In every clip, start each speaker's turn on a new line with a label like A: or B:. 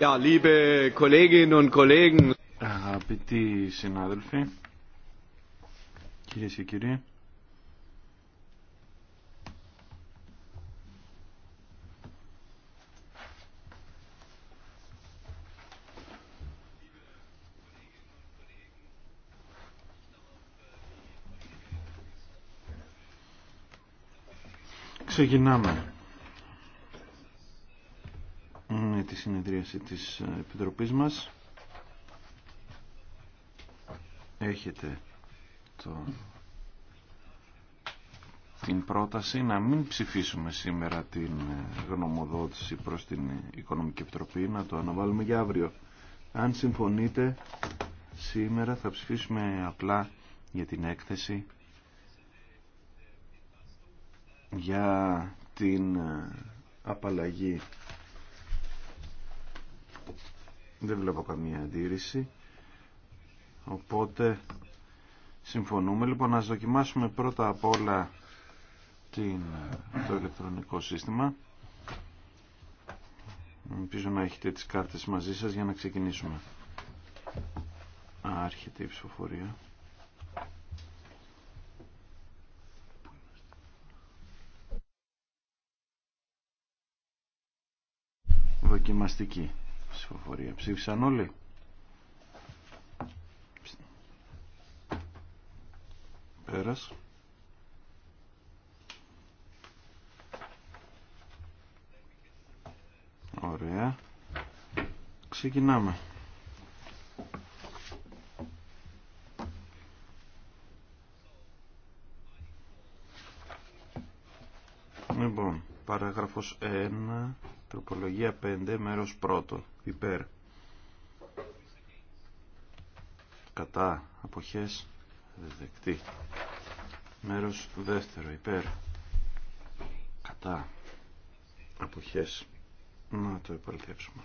A: Ja, liebe Kolleginnen und Kollegen. Αγαπητοί συνάδελφοι, κυρίες και κύριοι, ξεκινάμε. συνεδρίαση της Επιτροπής μας. Έχετε το... την πρόταση να μην ψηφίσουμε σήμερα την ε, γνωμοδότηση προς την Οικονομική Επιτροπή, να το αναβάλουμε για αύριο. Αν συμφωνείτε, σήμερα θα ψηφίσουμε απλά για την έκθεση για την ε, απαλλαγή δεν βλέπω καμία αντίρρηση. Οπότε συμφωνούμε. Λοιπόν, να δοκιμάσουμε πρώτα απ' όλα την, το ηλεκτρονικό σύστημα. Ελπίζω να έχετε τις κάρτες μαζί σας για να ξεκινήσουμε. Άρχεται η ψηφοφορία. Δοκιμαστική ψηφοφορία. Ψήφισαν όλοι. Πέρας. Ωραία. Ξεκινάμε. Λοιπόν, παράγραφος 1 Τροπολογία 5, μέρος πρώτο. Υπέρ. Κατά. Αποχές. Δεκτή. Μέρος δεύτερο. Υπέρ. Κατά. Αποχές. Να το επαληθεύσουμε.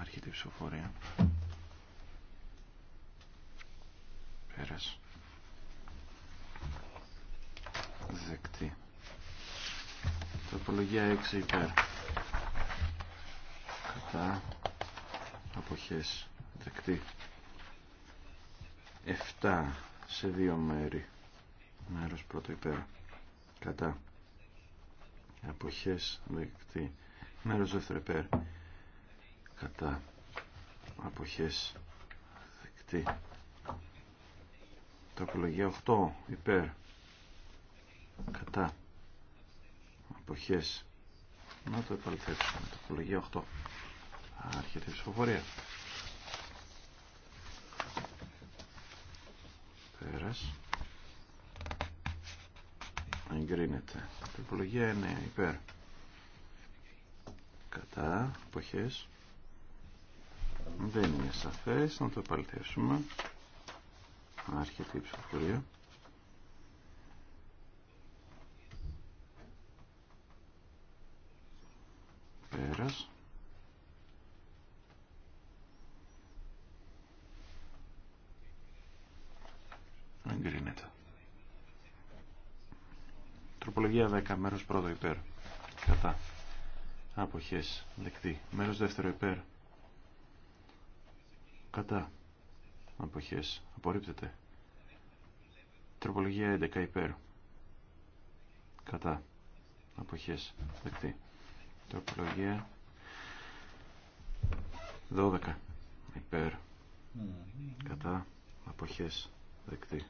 A: Άρχεται η ψηφοφορία. Πέρασε. Δεκτή. Τροπολογία 6 υπέρ. Κατά αποχές δεκτή. 7 σε δύο μέρη. Μέρος πρώτο υπέρ. Κατά αποχές δεκτή. Μέρος δεύτερο υπέρ. Κατά αποχές δεκτή. Τροπολογία 8 υπέρ. Κατά εποχέ. να το επαληθεύσουμε τροπολογία 8 άρχεται η ψηφοφορία πέρας εγκρίνεται τροπολογία 9 υπέρ κατά εποχέ. δεν είναι σαφές να το επαληθεύσουμε άρχεται η ψηφοφορία Πέρας. Εγκρίνεται. Τροπολογία 10. Μέρος πρώτο υπέρ. Κατά. Αποχές. Δεκτή. Μέρος δεύτερο υπέρ. Κατά. Αποχές. Απορρίπτεται. Τροπολογία 11 υπέρ. Κατά. Αποχές. Δεκτή. Τροπολογία 12 υπέρ κατά αποχές δεκτή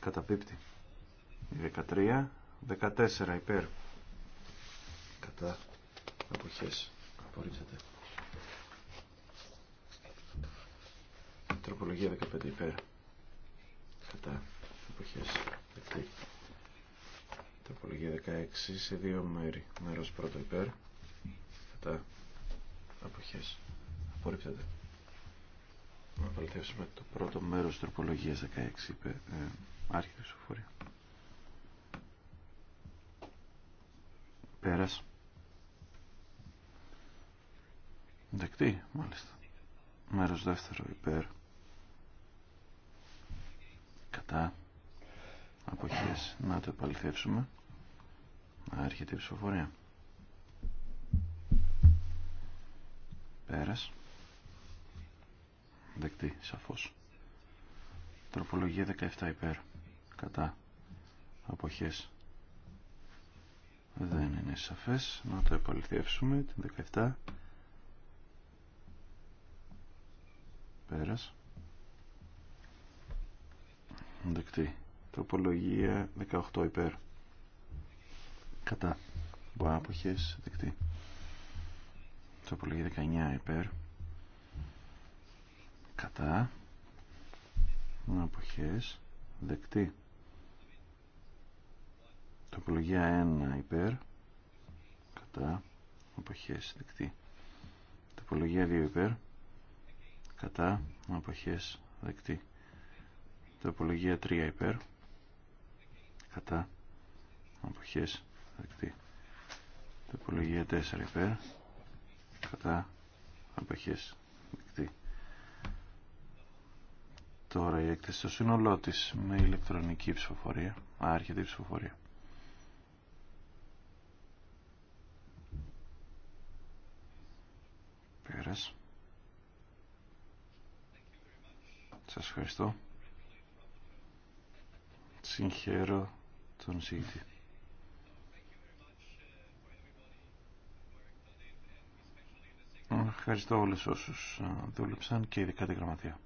A: καταπίπτει 13 14 υπέρ κατά αποχές απορρίφεται. τροπολογία 15 υπέρ κατά αποχές δεκτή Τροπολογία 16 σε δύο μέρη. Μέρος πρώτο υπέρ. Κατά. αποχέ Απορρίπτεται. Να παλαιθεύσουμε το πρώτο μέρος τροπολογίας 16 είπε Ε, άρχιτε Πέρας. Δεκτή, μάλιστα. Μέρος δεύτερο υπέρ. Κατά. Αποχές. Να το επαληθεύσουμε. Άρχεται η ψηφοφορία. Πέρας. Δεκτή, σαφώς. Τροπολογία 17 υπέρ. Κατά. Αποχές. Δεν είναι σαφές. Να το επαληθεύσουμε. Την 17. Πέρας. Δεκτή. Τροπολογία 18 υπέρ κατά αποχές δεκτή τοπολογία 19 υπέρ κατά αποχές δεκτή Τοπολογία 1 υπέρ κατά αποχές δεκτή τοπολογία 2 υπέρ κατά αποχές δεκτή τοπολογία 3 υπέρ κατά αποχές δεκτή. 4 υπέρ. Κατά αποχές Τώρα η έκθεση στο σύνολό τη με ηλεκτρονική ψηφοφορία. Άρχεται η ψηφοφορία. Πέρας. Σας ευχαριστώ. Συγχαίρω τον Σίγητη. Ευχαριστώ όλους όσους ε, δούλεψαν και ειδικά τη γραμματεία.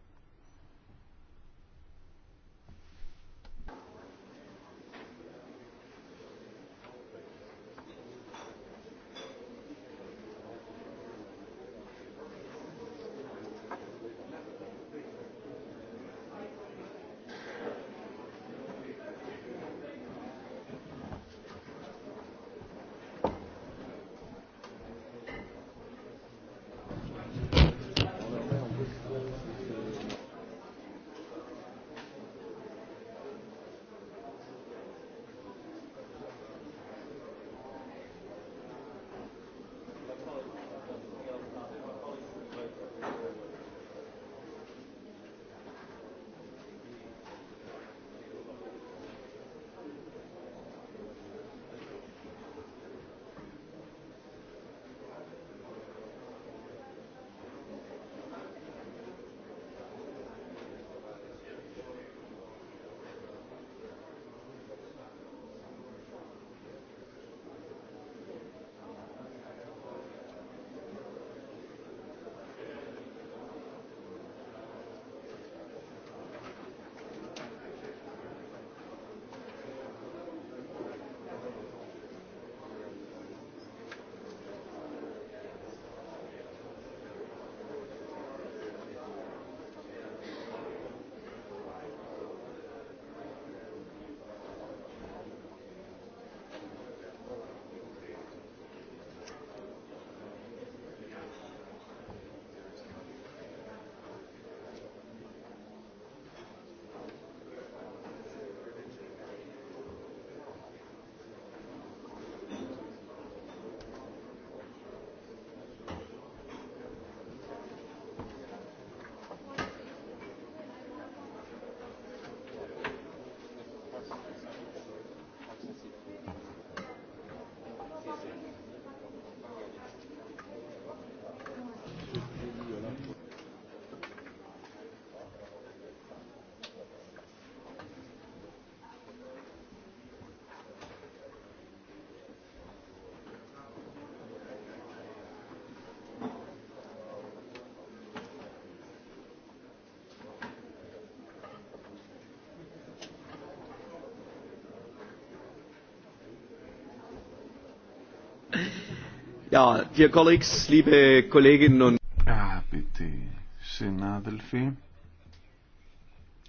A: Αγαπητοί συνάδελφοι,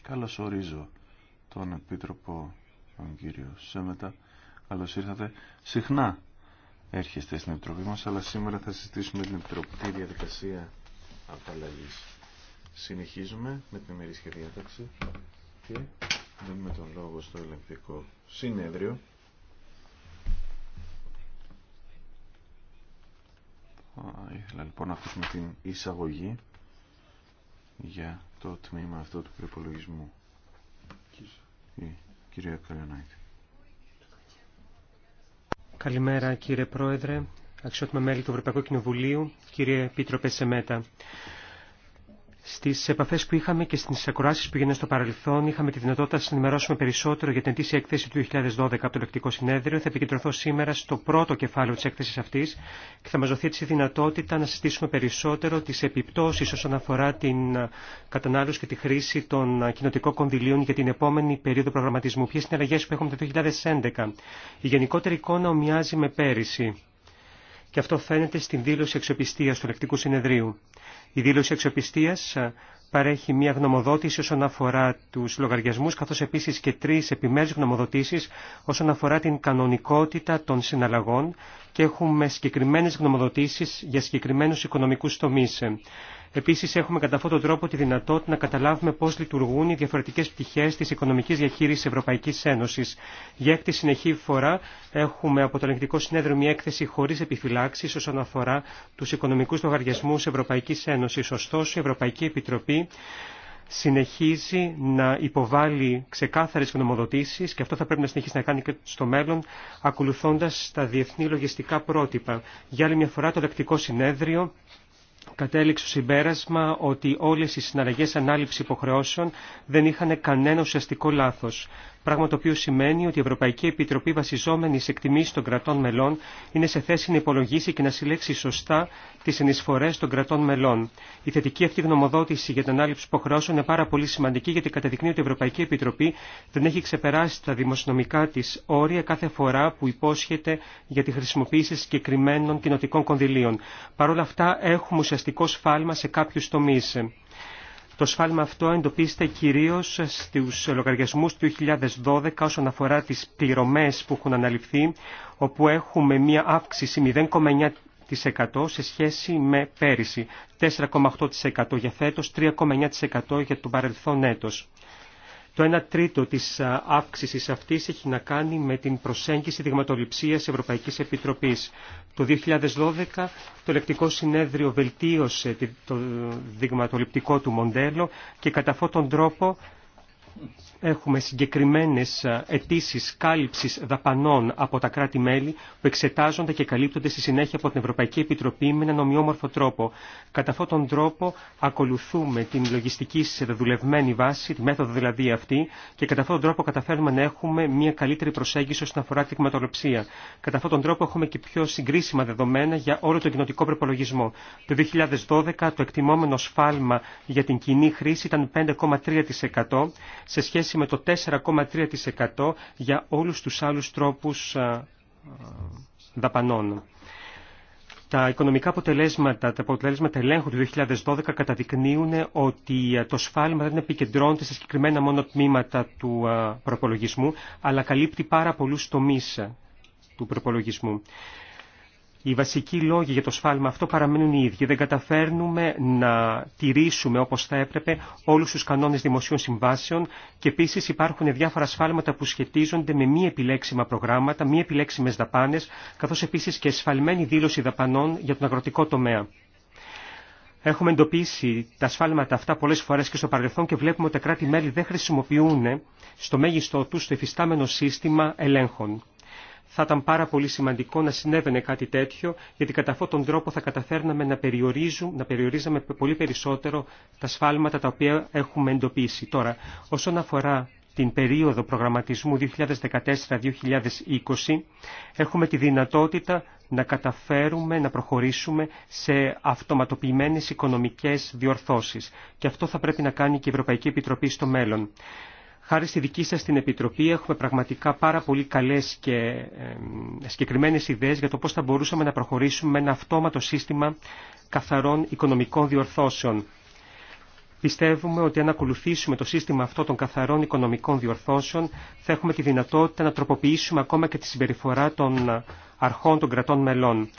A: καλώς ορίζω τον Επίτροπο, τον κύριο Σέμετα. Καλώς ήρθατε. Συχνά έρχεστε στην Επιτροπή μας, αλλά σήμερα θα συζητήσουμε την Επιτροπή διαδικασία απαλλαγής. Συνεχίζουμε με την ημερήσια διάταξη και δίνουμε τον λόγο στο ελεγκτικό συνέδριο. ήθελα λοιπόν να ακούσουμε την εισαγωγή για το τμήμα αυτό του προπολογισμού.
B: Κυρία Καλιονάιτη. Καλημέρα κύριε Πρόεδρε, αξιότιμα μέλη του Ευρωπαϊκού Κοινοβουλίου, κύριε Επίτροπε Σεμέτα. Στι επαφέ που είχαμε και στι ακροάσει που γίνανε στο παρελθόν, είχαμε τη δυνατότητα να συνημερώσουμε περισσότερο για την ετήσια έκθεση του 2012 από το Ελεκτικό Συνέδριο. Θα επικεντρωθώ σήμερα στο πρώτο κεφάλαιο τη έκθεση αυτή και θα μα δοθεί έτσι η δυνατότητα να συζητήσουμε περισσότερο τι επιπτώσει όσον αφορά την κατανάλωση και τη χρήση των κοινοτικών κονδυλίων για την επόμενη περίοδο προγραμματισμού. Ποιε είναι οι αλλαγέ που έχουμε το 2011. Η γενικότερη εικόνα ομοιάζει με πέρυσι και αυτό φαίνεται στην δήλωση αξιοπιστίας του Ελεκτικού Συνεδρίου. Η δήλωση αξιοπιστίας ε, παρέχει μια γνωμοδότηση όσον αφορά τους λογαριασμούς, καθώς επίσης και τρεις επιμέρους γνωμοδοτήσεις όσον αφορά την κανονικότητα των συναλλαγών και έχουμε συγκεκριμένες γνωμοδοτήσεις για συγκεκριμένους οικονομικούς τομείς. Επίση, έχουμε κατά αυτόν τον τρόπο τη δυνατότητα να καταλάβουμε πώ λειτουργούν οι διαφορετικές πτυχές της οικονομικής διαχείρισης Ευρωπαϊκή Ένωση. Για έκτη συνεχή φορά έχουμε από το Ελεγκτικό Συνέδριο μια έκθεση χωρί επιφυλάξει όσον αφορά τους οικονομικού λογαριασμού Ευρωπαϊκή Ένωση. Ωστόσο η Ευρωπαϊκή Επιτροπή συνεχίζει να υποβάλει ξεκάθαρες γνωμοδοτήσεις και αυτό θα πρέπει να συνεχίσει να κάνει και στο μέλλον ακολουθώντας τα διεθνή λογιστικά πρότυπα. Για άλλη μια φορά το λεκτικό συνέδριο κατέληξε ο συμπέρασμα ότι όλες οι συναλλαγές ανάληψη υποχρεώσεων δεν είχαν κανένα ουσιαστικό λάθος. Πράγμα το οποίο σημαίνει ότι η Ευρωπαϊκή Επιτροπή βασιζόμενη σε εκτιμήσει των κρατών μελών είναι σε θέση να υπολογίσει και να συλλέξει σωστά τι ενισφορέ των κρατών μελών. Η θετική αυτή γνωμοδότηση για την ανάληψη υποχρεώσεων είναι πάρα πολύ σημαντική γιατί καταδεικνύει ότι η Ευρωπαϊκή Επιτροπή δεν έχει ξεπεράσει τα δημοσιονομικά τη όρια κάθε φορά που υπόσχεται για τη χρησιμοποίηση συγκεκριμένων κοινοτικών κονδυλίων. Παρ' όλα αυτά έχουμε ουσιαστικό σφάλμα σε κάποιου τομεί. Το σφάλμα αυτό εντοπίζεται κυρίως στους λογαριασμούς του 2012 όσον αφορά τις πληρωμές που έχουν αναλυφθεί, όπου έχουμε μία αύξηση 0,9% σε σχέση με πέρυσι, 4,8% για φέτος, 3,9% για το παρελθόν έτος. Το 1 τρίτο της αύξησης αυτής έχει να κάνει με την προσέγγιση δειγματοληψίας Ευρωπαϊκής Επιτροπής. Το 2012 το Ελεκτικό Συνέδριο βελτίωσε το δειγματοληπτικό του μοντέλο και κατά αυτόν τον τρόπο έχουμε συγκεκριμένες αιτήσει κάλυψης δαπανών από τα κράτη-μέλη που εξετάζονται και καλύπτονται στη συνέχεια από την Ευρωπαϊκή Επιτροπή με έναν ομοιόμορφο τρόπο. Κατά αυτόν τον τρόπο ακολουθούμε την λογιστική σε δουλευμένη βάση, τη μέθοδο δηλαδή αυτή, και κατά αυτόν τον τρόπο καταφέρνουμε να έχουμε μια καλύτερη προσέγγιση όσον αφορά την κτηματολοψία. Κατά αυτόν τον τρόπο έχουμε και πιο συγκρίσιμα δεδομένα για όλο τον κοινοτικό προπολογισμό. Το 2012 το εκτιμόμενο σφάλμα για την κοινή χρήση ήταν 5,3% σε σχέση με το 4,3% για όλους τους άλλους τρόπους ε, ε, δαπανών. Τα οικονομικά αποτελέσματα, τα αποτελέσματα ελέγχου του 2012 καταδεικνύουν ότι ε, το σφάλμα δεν επικεντρώνεται σε συγκεκριμένα μόνο τμήματα του προπολογισμού, αλλά καλύπτει πάρα πολλούς τομείς του προπολογισμού. Οι βασικοί λόγοι για το σφάλμα αυτό παραμένουν οι ίδιοι. Δεν καταφέρνουμε να τηρήσουμε όπως θα έπρεπε όλους τους κανόνες δημοσίων συμβάσεων και επίσης υπάρχουν διάφορα σφάλματα που σχετίζονται με μη επιλέξιμα προγράμματα, μη επιλέξιμες δαπάνες, καθώς επίσης και σφαλμένη δήλωση δαπανών για τον αγροτικό τομέα. Έχουμε εντοπίσει τα σφάλματα αυτά πολλές φορές και στο παρελθόν και βλέπουμε ότι τα κράτη-μέλη δεν χρησιμοποιούν στο μέγιστό του το εφιστάμενο σύστημα ελέγχων θα ήταν πάρα πολύ σημαντικό να συνέβαινε κάτι τέτοιο, γιατί κατά αυτόν τον τρόπο θα καταφέρναμε να, να περιορίζαμε πολύ περισσότερο τα σφάλματα τα οποία έχουμε εντοπίσει. Τώρα, όσον αφορά την περίοδο προγραμματισμού 2014-2020, έχουμε τη δυνατότητα να καταφέρουμε να προχωρήσουμε σε αυτοματοποιημένες οικονομικές διορθώσεις. Και αυτό θα πρέπει να κάνει και η Ευρωπαϊκή Επιτροπή στο μέλλον. Χάρη στη δική σας την Επιτροπή έχουμε πραγματικά πάρα πολύ καλές και συγκεκριμένες ιδέες για το πώς θα μπορούσαμε να προχωρήσουμε με ένα αυτόματο σύστημα καθαρών οικονομικών διορθώσεων. Πιστεύουμε ότι αν ακολουθήσουμε το σύστημα αυτό των καθαρών οικονομικών διορθώσεων θα έχουμε τη δυνατότητα να τροποποιήσουμε ακόμα και τη συμπεριφορά των αρχών των κρατών μελών.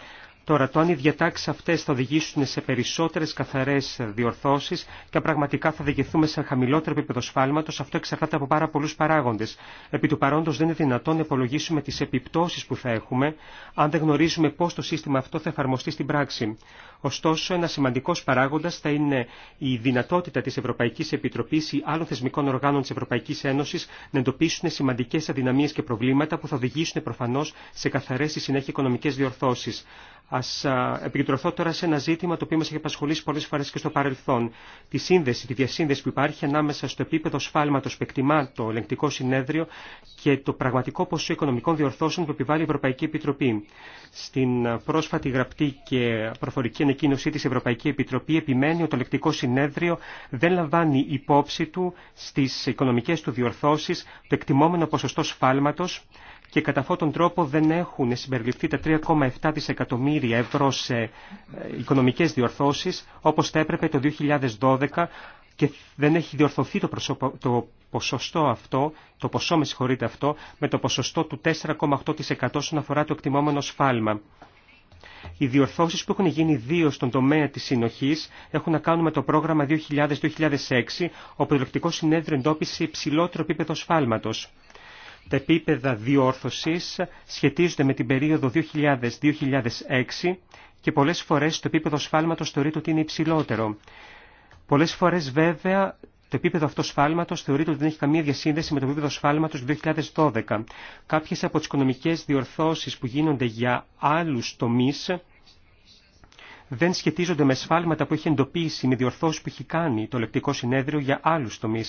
B: Τώρα, το αν οι διατάξει αυτέ θα οδηγήσουν σε περισσότερε καθαρέ διορθώσει και πραγματικά θα διηγηθούμε σε χαμηλότερο επίπεδο σφάλματο, αυτό εξαρτάται από πάρα πολλού παράγοντε. Επί του παρόντο δεν είναι δυνατόν να υπολογίσουμε τι επιπτώσει που θα έχουμε, αν δεν γνωρίζουμε πώ το σύστημα αυτό θα εφαρμοστεί στην πράξη. Ωστόσο, ένα σημαντικό παράγοντα θα είναι η δυνατότητα τη Ευρωπαϊκή Επιτροπή ή άλλων θεσμικών οργάνων τη Ευρωπαϊκή Ένωση να εντοπίσουν σημαντικέ αδυναμίε και προβλήματα που θα οδηγήσουν προφανώ σε καθαρέ ή συνέχεια οικονομικέ διορθώσει. Ας επικεντρωθώ τώρα σε ένα ζήτημα το οποίο μας έχει απασχολήσει πολλές φορές και στο παρελθόν. Τη σύνδεση, τη διασύνδεση που υπάρχει ανάμεσα στο επίπεδο σφάλματος που εκτιμά το ελεγκτικό συνέδριο και το πραγματικό ποσό οικονομικών διορθώσεων που επιβάλλει η Ευρωπαϊκή Επιτροπή. Στην πρόσφατη γραπτή και προφορική ανακοίνωσή της Ευρωπαϊκή Επιτροπή επιμένει ότι το ελεγκτικό συνέδριο δεν λαμβάνει υπόψη του στις οικονομικές του διορθώσεις το εκτιμόμενο ποσοστό σφάλματος και κατά αυτόν τον τρόπο δεν έχουν συμπεριληφθεί τα 3,7 δισεκατομμύρια ευρώ σε ε, οικονομικές διορθώσεις όπως θα έπρεπε το 2012 και δεν έχει διορθωθεί το, ποσοστό αυτό, το ποσό με συγχωρείτε αυτό, με το ποσοστό του 4,8% όσον αφορά το εκτιμόμενο σφάλμα. Οι διορθώσεις που έχουν γίνει δύο στον τομέα της συνοχής έχουν να κάνουν με το πρόγραμμα 2000-2006, όπου το Ελεκτικό Συνέδριο εντόπισε υψηλότερο επίπεδο σφάλματος. Τα επίπεδα διόρθωσης σχετίζονται με την περίοδο 2000-2006 και πολλές φορές το επίπεδο σφάλματος θεωρείται ότι είναι υψηλότερο. Πολλές φορές βέβαια το επίπεδο αυτό σφάλματος θεωρείται ότι δεν έχει καμία διασύνδεση με το επίπεδο σφάλματος του 2012. Κάποιες από τις οικονομικές διορθώσεις που γίνονται για άλλους τομείς δεν σχετίζονται με σφάλματα που έχει εντοπίσει, με διορθώσει που έχει κάνει το λεκτικό συνέδριο για άλλου τομεί.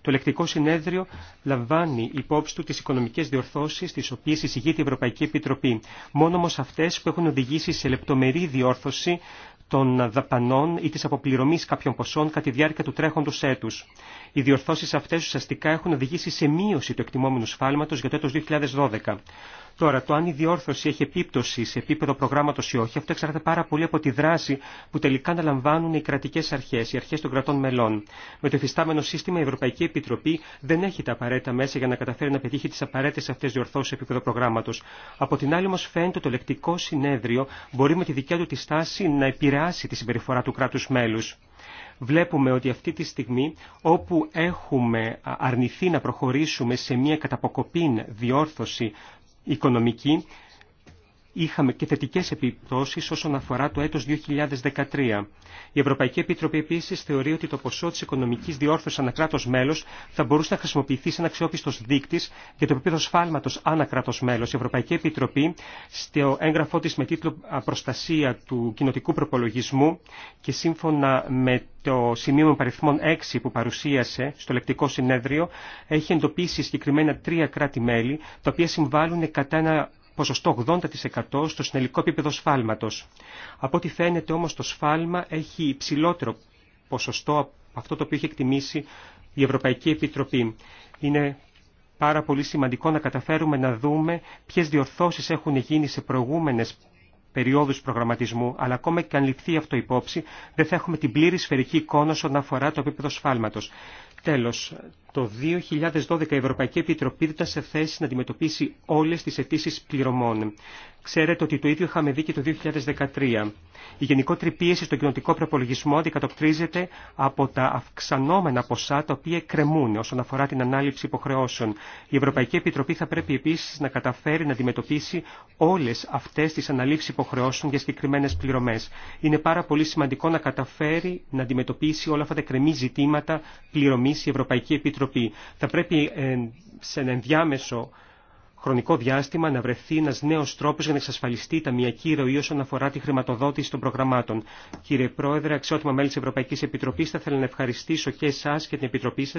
B: Το λεκτικό συνέδριο λαμβάνει υπόψη του τι οικονομικέ διορθώσει τι οποίε εισηγείται η Ευρωπαϊκή Επιτροπή. Μόνο όμω αυτέ που έχουν οδηγήσει σε λεπτομερή διόρθωση των δαπανών ή τη αποπληρωμή κάποιων ποσών κατά τη διάρκεια του τρέχοντο έτου. Οι διορθώσει αυτέ ουσιαστικά έχουν οδηγήσει σε μείωση του εκτιμόμενου σφάλματο για το έτο 2012. Τώρα, το αν η διόρθωση έχει επίπτωση σε επίπεδο προγράμματο ή όχι, αυτό εξαρτάται πάρα πολύ από τη δράση που τελικά αναλαμβάνουν οι κρατικέ αρχέ, οι αρχέ των κρατών μελών. Με το εφιστάμενο σύστημα, η Ευρωπαϊκή Επιτροπή δεν έχει τα απαραίτητα μέσα για να καταφέρει να πετύχει τι απαραίτητε αυτέ διορθώσει σε επίπεδο προγράμματο. Από την άλλη, όμω, φαίνεται το λεκτικό συνέδριο μπορεί με τη δικιά του τη στάση να επηρεάσει τη συμπεριφορά του κράτου μέλου βλέπουμε ότι αυτή τη στιγμή όπου έχουμε αρνηθεί να προχωρήσουμε σε μια καταποκοπήν διόρθωση οικονομική είχαμε και θετικές επιπτώσεις όσον αφορά το έτος 2013. Η Ευρωπαϊκή Επιτροπή επίσης θεωρεί ότι το ποσό της οικονομικής διόρθωσης κράτος μέλος θα μπορούσε να χρησιμοποιηθεί σε ένα αξιόπιστος δείκτης για το επίπεδο σφάλματος κράτος μέλος. Η Ευρωπαϊκή Επιτροπή στο έγγραφό της με τίτλο «Προστασία του κοινοτικού προπολογισμού» και σύμφωνα με το σημείο παριθμών 6 που παρουσίασε στο λεκτικό συνέδριο έχει εντοπίσει συγκεκριμένα τρία κράτη-μέλη τα οποία συμβάλλουν κατά ένα ποσοστό 80% στο συνολικό επίπεδο σφάλματο. Από ό,τι φαίνεται όμως το σφάλμα έχει υψηλότερο ποσοστό από αυτό το οποίο έχει εκτιμήσει η Ευρωπαϊκή Επιτροπή. Είναι πάρα πολύ σημαντικό να καταφέρουμε να δούμε ποιες διορθώσεις έχουν γίνει σε προηγούμενες περιόδους προγραμματισμού, αλλά ακόμα και αν ληφθεί αυτό υπόψη, δεν θα έχουμε την πλήρη σφαιρική εικόνα όσον αφορά το επίπεδο σφάλματο. Τέλος, το 2012 η Ευρωπαϊκή Επιτροπή ήταν σε θέση να αντιμετωπίσει όλες τις αιτήσει πληρωμών. Ξέρετε ότι το ίδιο είχαμε δει και το 2013. Η γενικότερη πίεση στον κοινοτικό προπολογισμό αντικατοπτρίζεται από τα αυξανόμενα ποσά τα οποία κρεμούν όσον αφορά την ανάληψη υποχρεώσεων. Η Ευρωπαϊκή Επιτροπή θα πρέπει επίση να καταφέρει να αντιμετωπίσει όλε αυτέ τι αναλήψει υποχρεώσεων για συγκεκριμένε πληρωμέ. Είναι πάρα πολύ σημαντικό να καταφέρει να αντιμετωπίσει όλα αυτά τα κρεμή ζητήματα πληρωμή η Ευρωπαϊκή Επιτροπή. Θα πρέπει ε, σε ένα ενδιάμεσο χρονικό διάστημα να βρεθεί ένα νέο τρόπο για να εξασφαλιστεί η ταμιακή ροή όσον αφορά τη χρηματοδότηση των προγραμμάτων. Κύριε Πρόεδρε, αξιότιμα μέλη τη Ευρωπαϊκή Επιτροπή, θα ήθελα να ευχαριστήσω και εσά και την Επιτροπή σα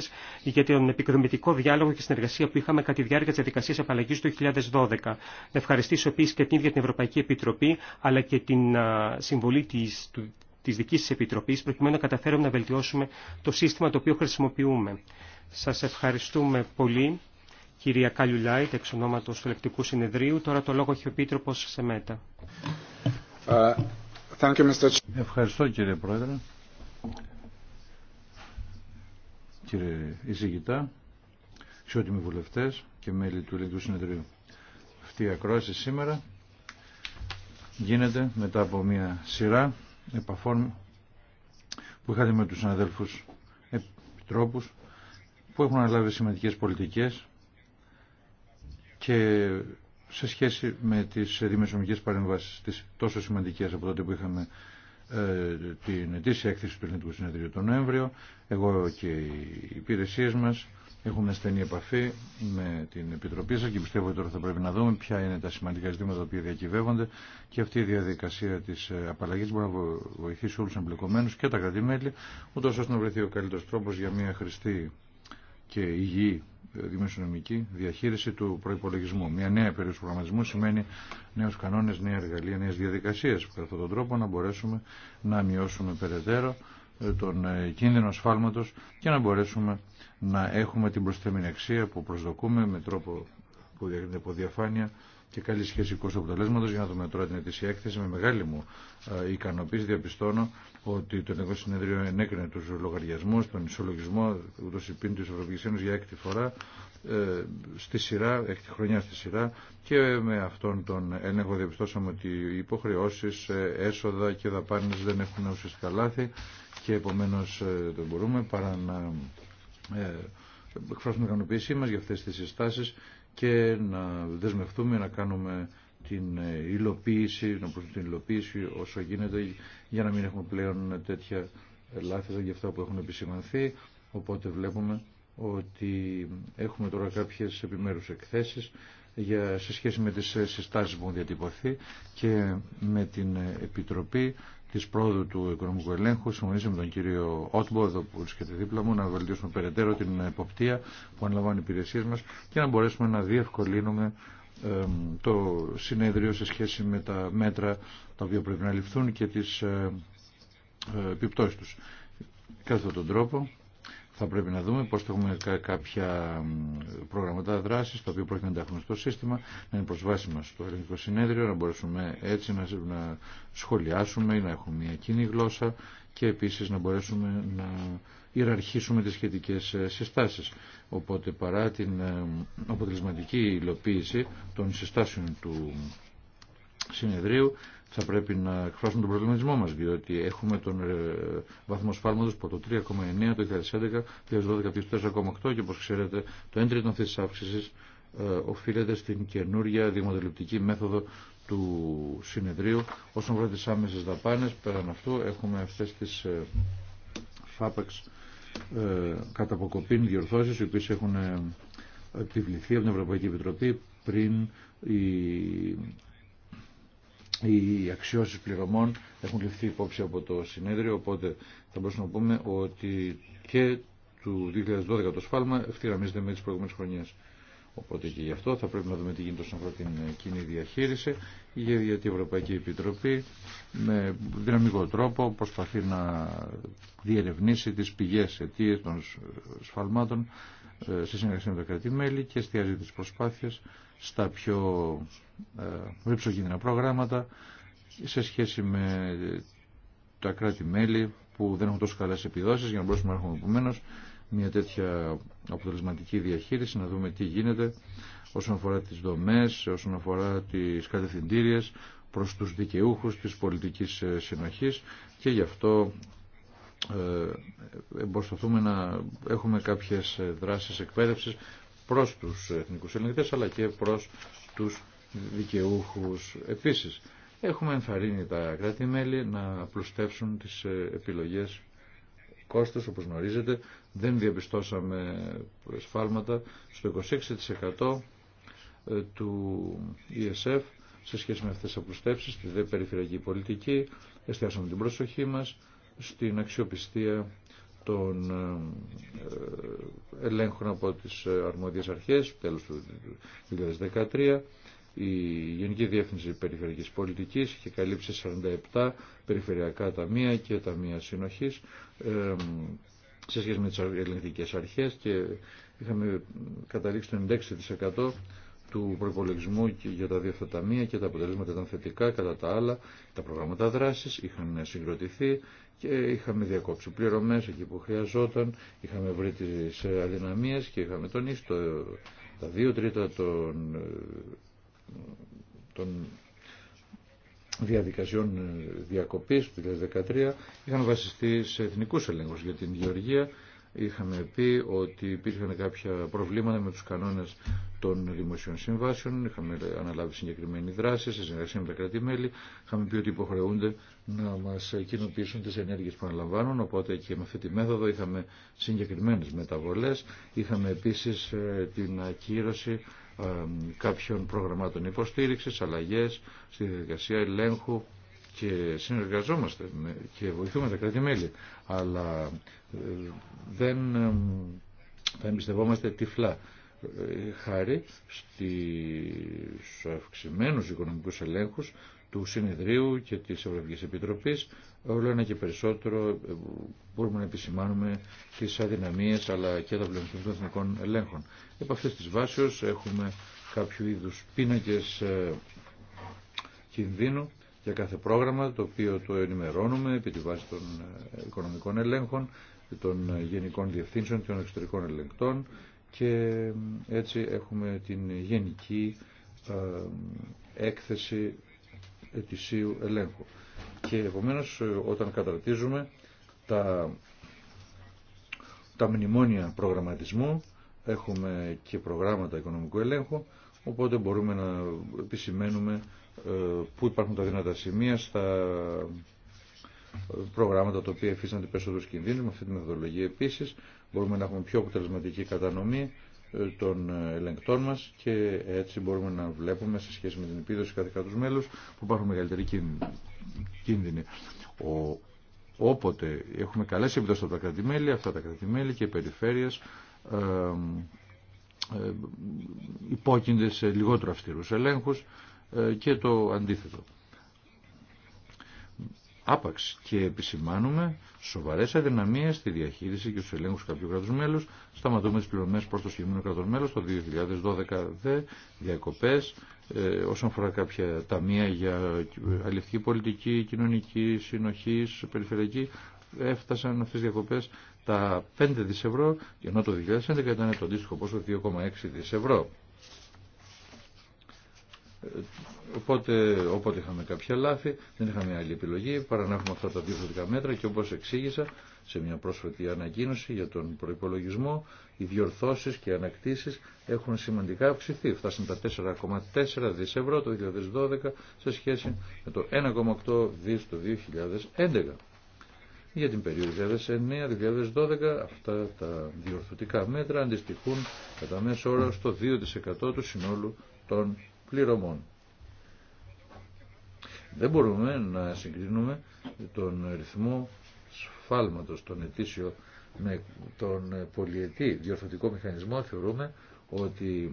B: για τον επικοδομητικό διάλογο και συνεργασία που είχαμε κατά τη διάρκεια τη διαδικασία απαλλαγή του 2012. Να ευχαριστήσω επίση και την ίδια την Ευρωπαϊκή Επιτροπή, αλλά και την συμβολή τη της δικής της Επιτροπής, προκειμένου να καταφέρουμε να βελτιώσουμε το σύστημα το οποίο χρησιμοποιούμε. Σας ευχαριστούμε πολύ, κυρία Καλιουλάιτ, εξ ονόματος του Ελεκτικού Συνεδρίου. Τώρα το λόγο έχει ο Πίτροπος Σεμέτα.
C: Uh, Ευχαριστώ, κύριε Πρόεδρε. Κύριε Ισηγητά, ισότιμοι βουλευτές και μέλη του Ελεκτικού Συνεδρίου. Αυτή η ακρόαση σήμερα γίνεται μετά από μια σειρά επαφών που είχατε με τους συναδέλφους επιτρόπους που έχουν αναλάβει σημαντικές πολιτικές και σε σχέση με τις δημοσιονομικές παρεμβάσεις τις τόσο σημαντικές από τότε που είχαμε ε, την ετήσια έκθεση του Ελληνικού Συνεδρίου τον Νοέμβριο. Εγώ και οι υπηρεσίε μα έχουμε στενή επαφή με την Επιτροπή σα και πιστεύω ότι τώρα θα πρέπει να δούμε ποια είναι τα σημαντικά ζητήματα τα οποία διακυβεύονται και αυτή η διαδικασία τη ε, απαλλαγή μπορεί να βοηθήσει όλου του εμπλεκομένου και τα κρατημέλη, ούτω ώστε να βρεθεί ο καλύτερο τρόπο για μια χρηστή και υγιή ε, δημοσιονομική διαχείριση του προπολογισμού. Μια νέα περίοδο προγραμματισμού σημαίνει νέου κανόνε, νέα εργαλεία, νέε διαδικασίε που αυτόν τον τρόπο να μπορέσουμε να μειώσουμε περαιτέρω ε, τον ε, κίνδυνο ασφάλματο και να μπορέσουμε να έχουμε την προσθέμενη αξία που προσδοκούμε με τρόπο που διακρίνεται από διαφάνεια και καλή σχέση κόστο αποτελέσματο. Για να δούμε τώρα την ετήσια έκθεση. Με μεγάλη μου ικανοποίηση διαπιστώνω ότι το ενεργό Συνέδριο ενέκρινε του λογαριασμού, τον ισολογισμό ούτω πίνη τη Ευρωπαϊκή Ένωση για έκτη φορά ε, στη σειρά, έκτη χρονιά στη σειρά και με αυτόν τον έλεγχο διαπιστώσαμε ότι οι υποχρεώσει, ε, έσοδα και δαπάνε δεν έχουν ουσιαστικά λάθη και επομένω ε, δεν μπορούμε παρά να εκφράσουμε την ικανοποίησή μα για αυτέ τι συστάσει και να δεσμευτούμε να κάνουμε την υλοποίηση, να προσθέτουμε την υλοποίηση όσο γίνεται για να μην έχουμε πλέον τέτοια λάθη για αυτά που έχουν επισημανθεί. Οπότε βλέπουμε ότι έχουμε τώρα κάποιες επιμέρους εκθέσεις για, σε σχέση με τις συστάσεις που έχουν διατυπωθεί και με την Επιτροπή τη πρόοδου του οικονομικού ελέγχου. Συμφωνήσαμε με τον κύριο Ότμπο, εδώ που βρίσκεται δίπλα μου, να βελτιώσουμε περαιτέρω την εποπτεία που αναλαμβάνουν οι υπηρεσίε μα και να μπορέσουμε να διευκολύνουμε το συνέδριο σε σχέση με τα μέτρα τα οποία πρέπει να ληφθούν και τις ε, ε, επιπτώσει του Κάθε τον τρόπο θα πρέπει να δούμε πώς θα έχουμε κάποια προγραμματά δράσης τα οποία πρέπει να ενταχθούν στο σύστημα, να είναι προσβάσιμα στο ελληνικό συνέδριο, να μπορέσουμε έτσι να, σχολιάσουμε ή να έχουμε μια κοινή γλώσσα και επίσης να μπορέσουμε να ιεραρχήσουμε τις σχετικές ε, συστάσεις. Οπότε παρά την ε, αποτελεσματική υλοποίηση των συστάσεων του συνεδρίου θα πρέπει να εκφράσουμε τον προβληματισμό μας, διότι έχουμε τον ε, βαθμό σφάλματος από το 3,9 το 2011, το 2012 4,8 και όπως ξέρετε το έντριτο αυτής της αύξησης ε, οφείλεται στην καινούρια δημοτελεπτική μέθοδο του συνεδρίου. Όσον αφορά τις άμεσες δαπάνες, πέραν αυτού έχουμε αυτές τις ε, φάπεξ κατά διορθώσεις, οι οποίες έχουν επιβληθεί από την Ευρωπαϊκή Επιτροπή πριν η οι αξιώσεις πληρωμών έχουν ληφθεί υπόψη από το συνέδριο, οπότε θα μπορούσαμε να πούμε ότι και του 2012 το σφάλμα ευθυγραμμίζεται με τις προηγούμενες χρονιές. Οπότε και γι' αυτό θα πρέπει να δούμε τι γίνεται όσον αφορά την κοινή διαχείριση, γιατί η Ευρωπαϊκή Επιτροπή με δυναμικό τρόπο προσπαθεί να διερευνήσει τις πηγές αιτίες των σφαλμάτων ε, σε συνεργασία με τα κρατή-μέλη και εστιάζει τις προσπάθειες στα πιο ρυψογίνδυνα ε, προγράμματα σε σχέση με τα κράτη-μέλη που δεν έχουν τόσο καλές επιδόσεις για να μπορέσουμε να έχουμε επομένω μια τέτοια αποτελεσματική διαχείριση, να δούμε τι γίνεται όσον αφορά τις δομές, όσον αφορά τις κατευθυντήριες προς τους δικαιούχους της πολιτικής ε, συνοχής και γι' αυτό ε, εμπορσταθούμε να έχουμε κάποιες δράσεις εκπαίδευσης προς τους εθνικούς ελεγκτές αλλά και προς τους δικαιούχους. Επίσης, έχουμε ενθαρρύνει τα κράτη-μέλη να απλουστεύσουν τις ε, επιλογές κόστος, όπως γνωρίζετε. Δεν διαπιστώσαμε σφάλματα στο 26% ε, του ESF σε σχέση με αυτές τις απλουστεύσεις, τη δε περιφερειακή πολιτική, εστιάσαμε την προσοχή μας στην αξιοπιστία των ε, ε, ελέγχων από τις ε, αρμόδιες αρχές τέλος του 2013 η Γενική Διεύθυνση Περιφερειακής Πολιτικής είχε καλύψει 47 περιφερειακά ταμεία και ταμεία συνοχής σε σχέση με τις ελληνικές αρχές και είχαμε καταλήξει το 96% του προπολογισμού για τα δύο αυτά ταμεία και τα αποτελέσματα ήταν θετικά κατά τα άλλα. Τα προγράμματα δράση είχαν συγκροτηθεί και είχαμε διακόψει πληρωμές εκεί που χρειαζόταν, είχαμε βρει τι αδυναμίε και είχαμε τονίσει το, τα δύο τρίτα των, των διαδικασιών διακοπής του 2013 είχαν βασιστεί σε εθνικού ελέγχου για την γεωργία είχαμε πει ότι υπήρχαν κάποια προβλήματα με τους κανόνες των δημοσίων συμβάσεων, είχαμε αναλάβει συγκεκριμένη δράση σε συνεργασία με τα κράτη-μέλη, είχαμε πει ότι υποχρεούνται να μας κοινοποιήσουν τις ενέργειες που αναλαμβάνουν, οπότε και με αυτή τη μέθοδο είχαμε συγκεκριμένες μεταβολές, είχαμε επίσης ε, την ακύρωση ε, κάποιων προγραμμάτων υποστήριξης, αλλαγές στη διαδικασία ελέγχου και συνεργαζόμαστε και βοηθούμε τα κράτη-μέλη, αλλά ε, δεν θα ε, εμπιστευόμαστε τυφλά ε, χάρη στις αυξημένους οικονομικούς ελέγχους του Συνεδρίου και της Ευρωπαϊκής Επιτροπής όλο ένα και περισσότερο μπορούμε να επισημάνουμε τις αδυναμίες αλλά και τα πλεονεκτήματα των εθνικών ελέγχων. Επ' αυτές τις βάσεις έχουμε κάποιο είδους πίνακες κινδύνου για κάθε πρόγραμμα το οποίο το ενημερώνουμε επί τη βάση των ε, οικονομικών ελέγχων, των ε, γενικών διευθύνσεων, των εξωτερικών ελεγκτών και ε, έτσι έχουμε την γενική έκθεση ετησίου ελέγχου. Και επομένως όταν καταρτίζουμε τα, τα μνημόνια προγραμματισμού έχουμε και προγράμματα οικονομικού ελέγχου Οπότε μπορούμε να επισημαίνουμε ε, πού υπάρχουν τα δυνατά σημεία στα ε, προγράμματα τα οποία εφίστανται περισσότερου κινδύνου με αυτή τη μεθοδολογία. Επίση, μπορούμε να έχουμε πιο αποτελεσματική κατανομή ε, των ελεγκτών μα και έτσι μπορούμε να βλέπουμε σε σχέση με την επίδοση κάθε κράτου μέλου που υπάρχουν μεγαλύτεροι κίνδυνοι. Ο, όποτε έχουμε καλέ επιδόσει από τα κράτη-μέλη, αυτά τα κράτη-μέλη και περιφέρειε ε, υπόκεινται σε λιγότερο αυστηρούς ελέγχους ε, και το αντίθετο. Άπαξ και επισημάνουμε σοβαρές αδυναμίες στη διαχείριση και στους ελέγχους κάποιου κράτους μέλους. Σταματούμε τις πληρωμές προς το συγκεκριμένο κράτος μέλος το 2012 δε διακοπές ε, όσον αφορά κάποια ταμεία για αληθική πολιτική, κοινωνική, συνοχής, περιφερειακή έφτασαν αυτές τις διακοπές τα 5 δις ευρώ και ενώ το 2011 ήταν το αντίστοιχο πόσο 2,6 δις ευρώ. Ε, οπότε, όποτε είχαμε κάποια λάθη, δεν είχαμε άλλη επιλογή παρά να έχουμε αυτά τα διαφορετικά μέτρα και όπως εξήγησα σε μια πρόσφατη ανακοίνωση για τον προϋπολογισμό, οι διορθώσεις και οι ανακτήσεις έχουν σημαντικά αυξηθεί. Φτάσαν τα 4,4 δις ευρώ το 2012 σε σχέση με το 1,8 δις το 2011 για την περίοδο 2009-2012 αυτά τα διορθωτικά μέτρα αντιστοιχούν κατά μέσο όρο στο 2% του συνόλου των πληρωμών. Δεν μπορούμε να συγκρίνουμε τον ρυθμό σφάλματος των ετήσιων με τον πολιετή διορθωτικό μηχανισμό θεωρούμε ότι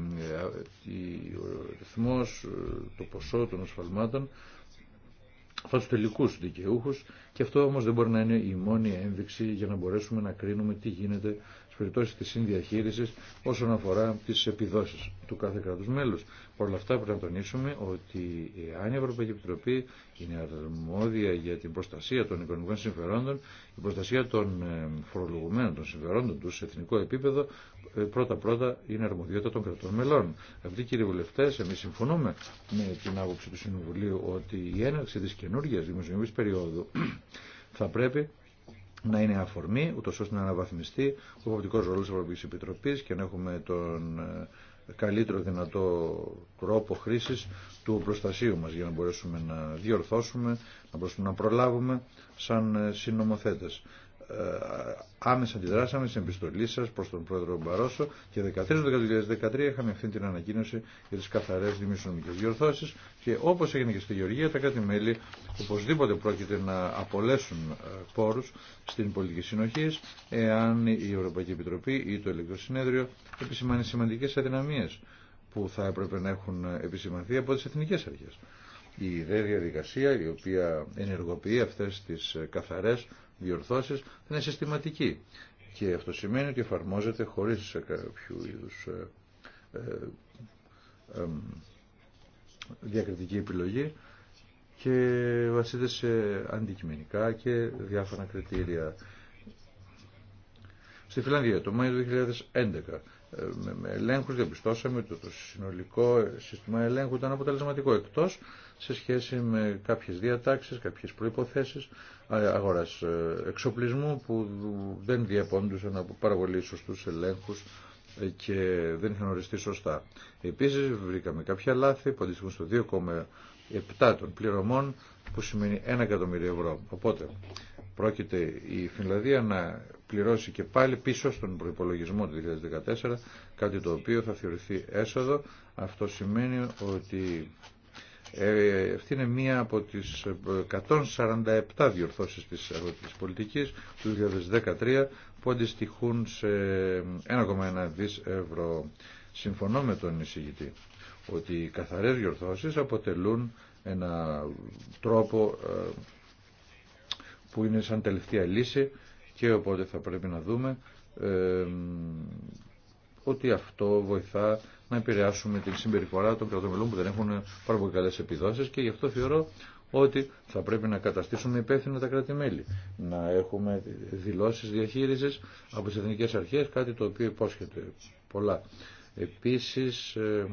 C: ε, ο ρυθμός, ε, το ποσό των σφαλμάτων αυτά τελικού τελικούς δικαιούχους και αυτό όμως δεν μπορεί να είναι η μόνη ένδειξη για να μπορέσουμε να κρίνουμε τι γίνεται τις περιπτώσεις της συνδιαχείρισης όσον αφορά τις επιδόσεις του κάθε κράτους μέλους. Όλα αυτά πρέπει να τονίσουμε ότι αν η Ευρωπαϊκή Επιτροπή είναι αρμόδια για την προστασία των οικονομικών συμφερόντων, η προστασία των ε, φορολογουμένων των συμφερόντων του σε εθνικό επίπεδο πρώτα-πρώτα ε, είναι αρμοδιότητα των κρατών μελών. Αυτοί κύριοι βουλευτέ, εμεί συμφωνούμε με την άποψη του Συμβουλίου ότι η έναρξη τη καινούργια δημοσιονομική περίοδου θα πρέπει να είναι αφορμή, ούτω ώστε να αναβαθμιστεί ο υποπτικό ρόλο τη Ευρωπαϊκή Επιτροπή και να έχουμε τον ε, καλύτερο δυνατό τρόπο χρήση του προστασίου μας για να μπορέσουμε να διορθώσουμε, να μπορέσουμε να προλάβουμε σαν ε, συνομοθέτε. Ε, άμεσα αντιδράσαμε στην επιστολή σας προς τον πρόεδρο Μπαρόσο και 13 2013 είχαμε αυτή την ανακοίνωση για τις καθαρές δημιουργικές διορθώσεις και όπως έγινε και στη Γεωργία τα κράτη-μέλη οπωσδήποτε πρόκειται να απολέσουν ε, πόρους στην πολιτική συνοχή εάν η Ευρωπαϊκή Επιτροπή ή το Ελεκτροσυνέδριο Συνέδριο επισημάνει σημαντικές αδυναμίες που θα έπρεπε να έχουν επισημανθεί από τις εθνικές αρχές. Η ιδέα διαδικασία η οποία ενεργοποιεί αυτές τις ε, καθαρέ διορθώσεις είναι συστηματική. Και αυτό σημαίνει ότι εφαρμόζεται χωρίς ε, κάποιου είδους ε, ε, διακριτική επιλογή και βασίζεται σε αντικειμενικά και διάφορα κριτήρια. Στη Φιλανδία το Μάιο του 2011 με ελέγχους διαπιστώσαμε ότι το συνολικό σύστημα ελέγχου ήταν αποτελεσματικό εκτός σε σχέση με κάποιες διατάξεις, κάποιες προϋποθέσεις ε, αγοράς ε, εξοπλισμού που δεν διαπόντουσαν από πάρα πολύ σωστούς ελέγχους ε, και δεν είχαν οριστεί σωστά. Επίσης βρήκαμε κάποια λάθη που αντιστοιχούν στο 2,7 των πληρωμών που σημαίνει 1 εκατομμύριο ευρώ. Οπότε πρόκειται η Φινλανδία να πληρώσει και πάλι πίσω στον προϋπολογισμό του 2014 κάτι το οποίο θα θεωρηθεί έσοδο. Αυτό σημαίνει ότι ε, αυτή είναι μία από τις 147 ε, διορθώσεις της αγροτικής ε, πολιτικής του 2013 που αντιστοιχούν σε 1,1 ε, δις ευρώ. Συμφωνώ με τον εισηγητή ότι οι καθαρές διορθώσεις αποτελούν ένα τρόπο που είναι σαν τελευταία λύση και οπότε θα πρέπει να δούμε ότι αυτό βοηθά να επηρεάσουμε την συμπεριφορά των κρατομελών που δεν έχουν πάρα πολύ καλές επιδόσεις και γι' αυτό θεωρώ ότι θα πρέπει να καταστήσουμε υπεύθυνα τα κράτη-μέλη. Να έχουμε δηλώσεις διαχείρισης από τις εθνικές αρχές, κάτι το οποίο υπόσχεται πολλά. Επίσης, ε,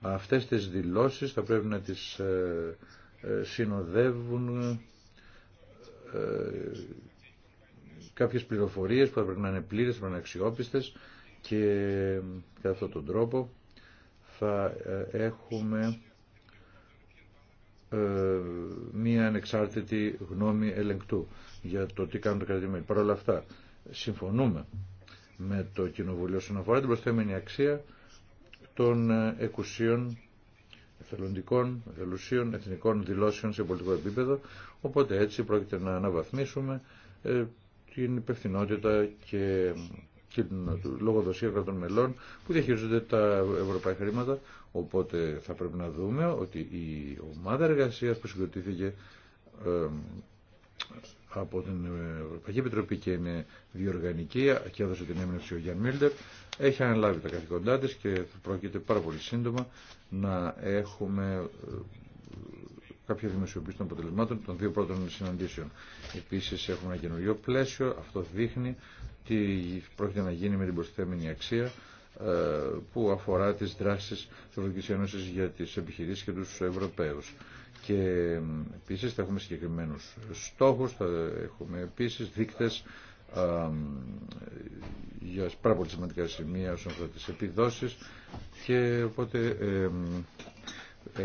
C: αυτές τις δηλώσεις θα πρέπει να τις ε, ε, συνοδεύουν κάποιες πληροφορίες που θα πρέπει να είναι πλήρες, να είναι αξιόπιστες και κατά αυτόν τον τρόπο θα ε, έχουμε ε, μία ανεξάρτητη γνώμη ελεγκτού για το τι κάνουν τα μελη Παρ' όλα αυτά, συμφωνούμε με το Κοινοβουλίο Συναφορά, αφορά την προσθέμενη αξία των ε, εκουσίων εθελοντικών, εθελουσίων, εθνικών δηλώσεων σε πολιτικό επίπεδο, οπότε έτσι πρόκειται να αναβαθμίσουμε την υπευθυνότητα και και την λογοδοσία των μελών που διαχειρίζονται τα ευρωπαϊκά χρήματα. Οπότε θα πρέπει να δούμε ότι η ομάδα εργασίας που συγκροτήθηκε από την Ευρωπαϊκή Επιτροπή και είναι διοργανική και έδωσε την έμεινευση ο Γιάν Μίλτερ έχει αναλάβει τα καθηκοντά της και θα πρόκειται πάρα πολύ σύντομα να έχουμε ε, κάποια δημοσιοποίηση των αποτελεσμάτων των δύο πρώτων συναντήσεων. Επίσης έχουμε ένα καινούριο πλαίσιο, αυτό δείχνει τι πρόκειται να γίνει με την προσθέμενη αξία ε, που αφορά τις δράσεις της Ευρωπαϊκής Ένωσης για τις επιχειρήσεις και τους Ευρωπαίους. Και επίσης θα έχουμε συγκεκριμένους στόχους, θα έχουμε επίσης δείκτες ε, για πάρα πολύ σημαντικά σημεία όσον αφορά τις επιδόσεις και οπότε ε,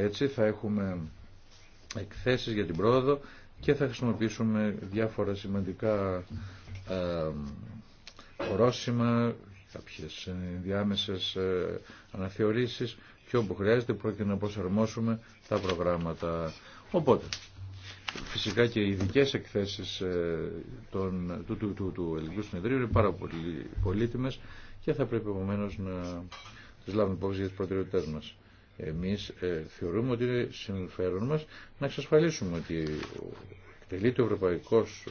C: έτσι θα έχουμε εκθέσεις για την πρόοδο και θα χρησιμοποιήσουμε διάφορα σημαντικά ορόσημα, κάποιες διάμεσες ε, αναθεωρήσεις και όπου χρειάζεται πρόκειται να προσαρμόσουμε τα προγράμματα. Οπότε, φυσικά και οι ειδικέ εκθέσεις ε, των, του, του, του, του Ελληνικού Συνεδρίου είναι πάρα πολύ πολύτιμες και θα πρέπει επομένως να τις λάβουμε υπόψη για τις προτεραιότητές μας. Εμείς ε, θεωρούμε ότι είναι συμφέρον μας να εξασφαλίσουμε ότι εκτελείται ο ευρωπαϊκός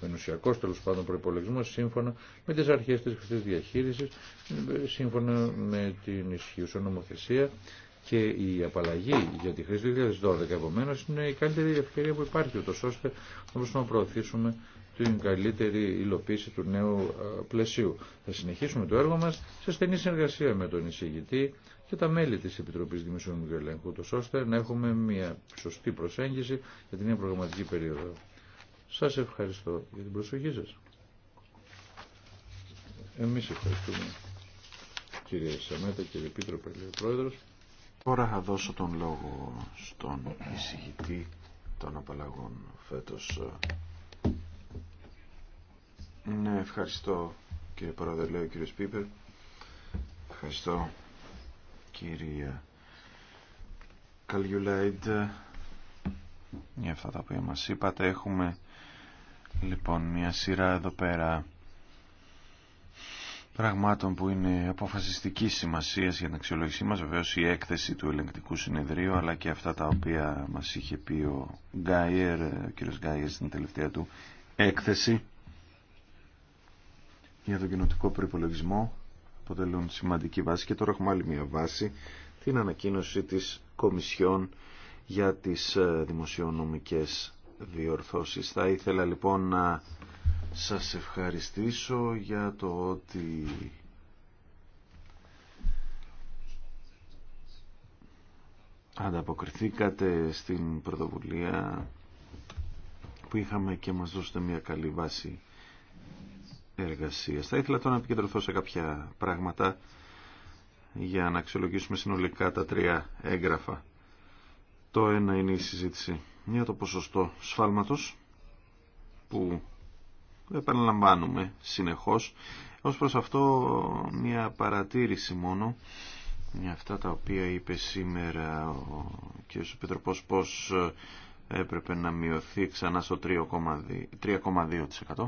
C: μενουσιακός τέλο πάντων προπολογισμό σύμφωνα με τις αρχές της χρηστής διαχείρισης, σύμφωνα με την ισχύουσα νομοθεσία και η απαλλαγή για τη χρήση του 2012 επομένω είναι η καλύτερη ευκαιρία που υπάρχει ούτω ώστε να προωθήσουμε την καλύτερη υλοποίηση του νέου ε, πλαισίου. Θα συνεχίσουμε το έργο μας σε στενή συνεργασία με τον εισηγητή και τα μέλη της Επιτροπής Δημοσιονομικού Ελέγχου, ώστε να έχουμε μια σωστή προσέγγιση για την νέα προγραμματική περίοδο. Σας ευχαριστώ για την προσοχή σας. Εμείς ευχαριστούμε κύριε Σαμέτα, κύριε πίτρο, κύριε Πρόεδρος.
A: Τώρα θα δώσω τον λόγο στον εισηγητή των απαλλαγών φέτος. Ναι, ευχαριστώ κύριε Πρόεδρε, λέει ο κύριος Πίπερ. Ευχαριστώ κύριε Καλιουλάιντ για αυτά τα οποία μας είπατε. Έχουμε Λοιπόν, μια σειρά εδώ πέρα πραγμάτων που είναι αποφασιστική σημασίας για την αξιολόγησή μας, βεβαίως η έκθεση του ελεγκτικού συνεδρίου, αλλά και αυτά τα οποία μας είχε πει ο Γκάιερ, ο κύριος Γκάιερ στην τελευταία του έκθεση για τον κοινοτικό προπολογισμό, αποτελούν σημαντική βάση και τώρα έχουμε άλλη μια βάση την ανακοίνωση της Κομισιόν για τις ε, δημοσιονομικές διορθώσεις. Θα ήθελα λοιπόν να σας ευχαριστήσω για το ότι ανταποκριθήκατε στην πρωτοβουλία που είχαμε και μας δώσετε μια καλή βάση εργασίας. Θα ήθελα τώρα να επικεντρωθώ σε κάποια πράγματα για να αξιολογήσουμε συνολικά τα τρία έγγραφα. Το ένα είναι η συζήτηση για το ποσοστό σφάλματος που επαναλαμβάνουμε συνεχώς. Ως προς αυτό μια παρατήρηση μόνο για αυτά τα οποία είπε σήμερα ο κ. Πετροπός πως έπρεπε να μειωθεί ξανά στο 3,2%.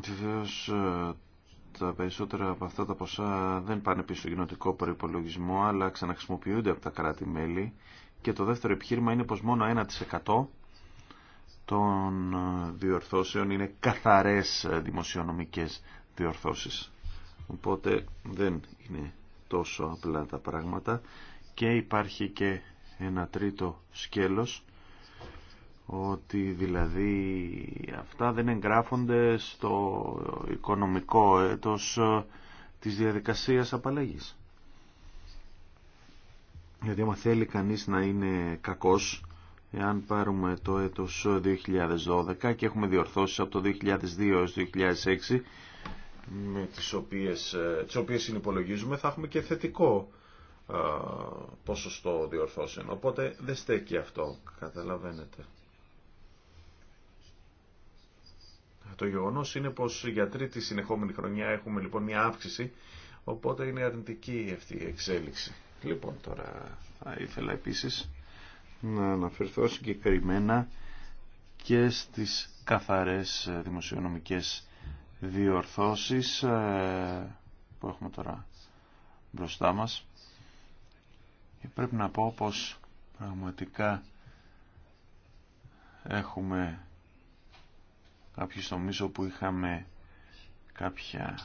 A: Βεβαίω τα περισσότερα από αυτά τα ποσά δεν πάνε πίσω στο κοινοτικό προπολογισμό, αλλά ξαναχρησιμοποιούνται από τα κράτη-μέλη. Και το δεύτερο επιχείρημα είναι πως μόνο 1% των διορθώσεων είναι καθαρές δημοσιονομικές διορθώσεις. Οπότε δεν είναι τόσο απλά τα πράγματα και υπάρχει και ένα τρίτο σκέλος ότι δηλαδή αυτά δεν εγγράφονται στο οικονομικό έτος ε, της διαδικασίας απαλλαγής. Γιατί άμα θέλει κανείς να είναι κακός, εάν πάρουμε το έτος 2012 και έχουμε διορθώσεις από το 2002 έως το 2006, με τις οποίες, ε, τις οποίες συνυπολογίζουμε, θα έχουμε και θετικό ε, ποσοστό διορθώσεων. Οπότε δεν στέκει αυτό, καταλαβαίνετε. Το γεγονός είναι πως για τρίτη συνεχόμενη χρονιά έχουμε λοιπόν μια αύξηση, οπότε είναι αρνητική αυτή η εξέλιξη. Λοιπόν, τώρα θα ήθελα επίση να αναφερθώ συγκεκριμένα και στις καθαρέ δημοσιονομικές διορθώσεις ε, που έχουμε τώρα μπροστά μας. Και πρέπει να πω πως πραγματικά έχουμε κάποιους νομίζω που είχαμε κάποια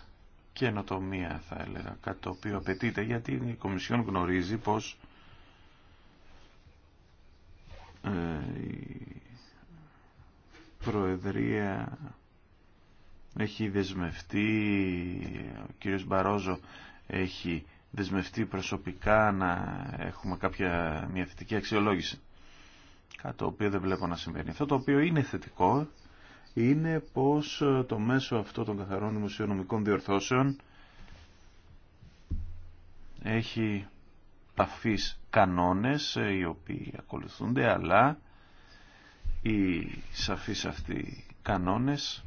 A: καινοτομία θα έλεγα, κάτι το οποίο απαιτείται γιατί η Κομισιόν γνωρίζει πως ε, η Προεδρία έχει δεσμευτεί, ο κύριος Μπαρόζο έχει δεσμευτεί προσωπικά να έχουμε κάποια μια θετική αξιολόγηση. Κάτι το οποίο δεν βλέπω να συμβαίνει. Αυτό το οποίο είναι θετικό είναι πως ε, το μέσο αυτό των καθαρών δημοσιονομικών διορθώσεων έχει παφείς κανόνες ε, οι οποίοι ακολουθούνται αλλά οι σαφείς αυτοί κανόνες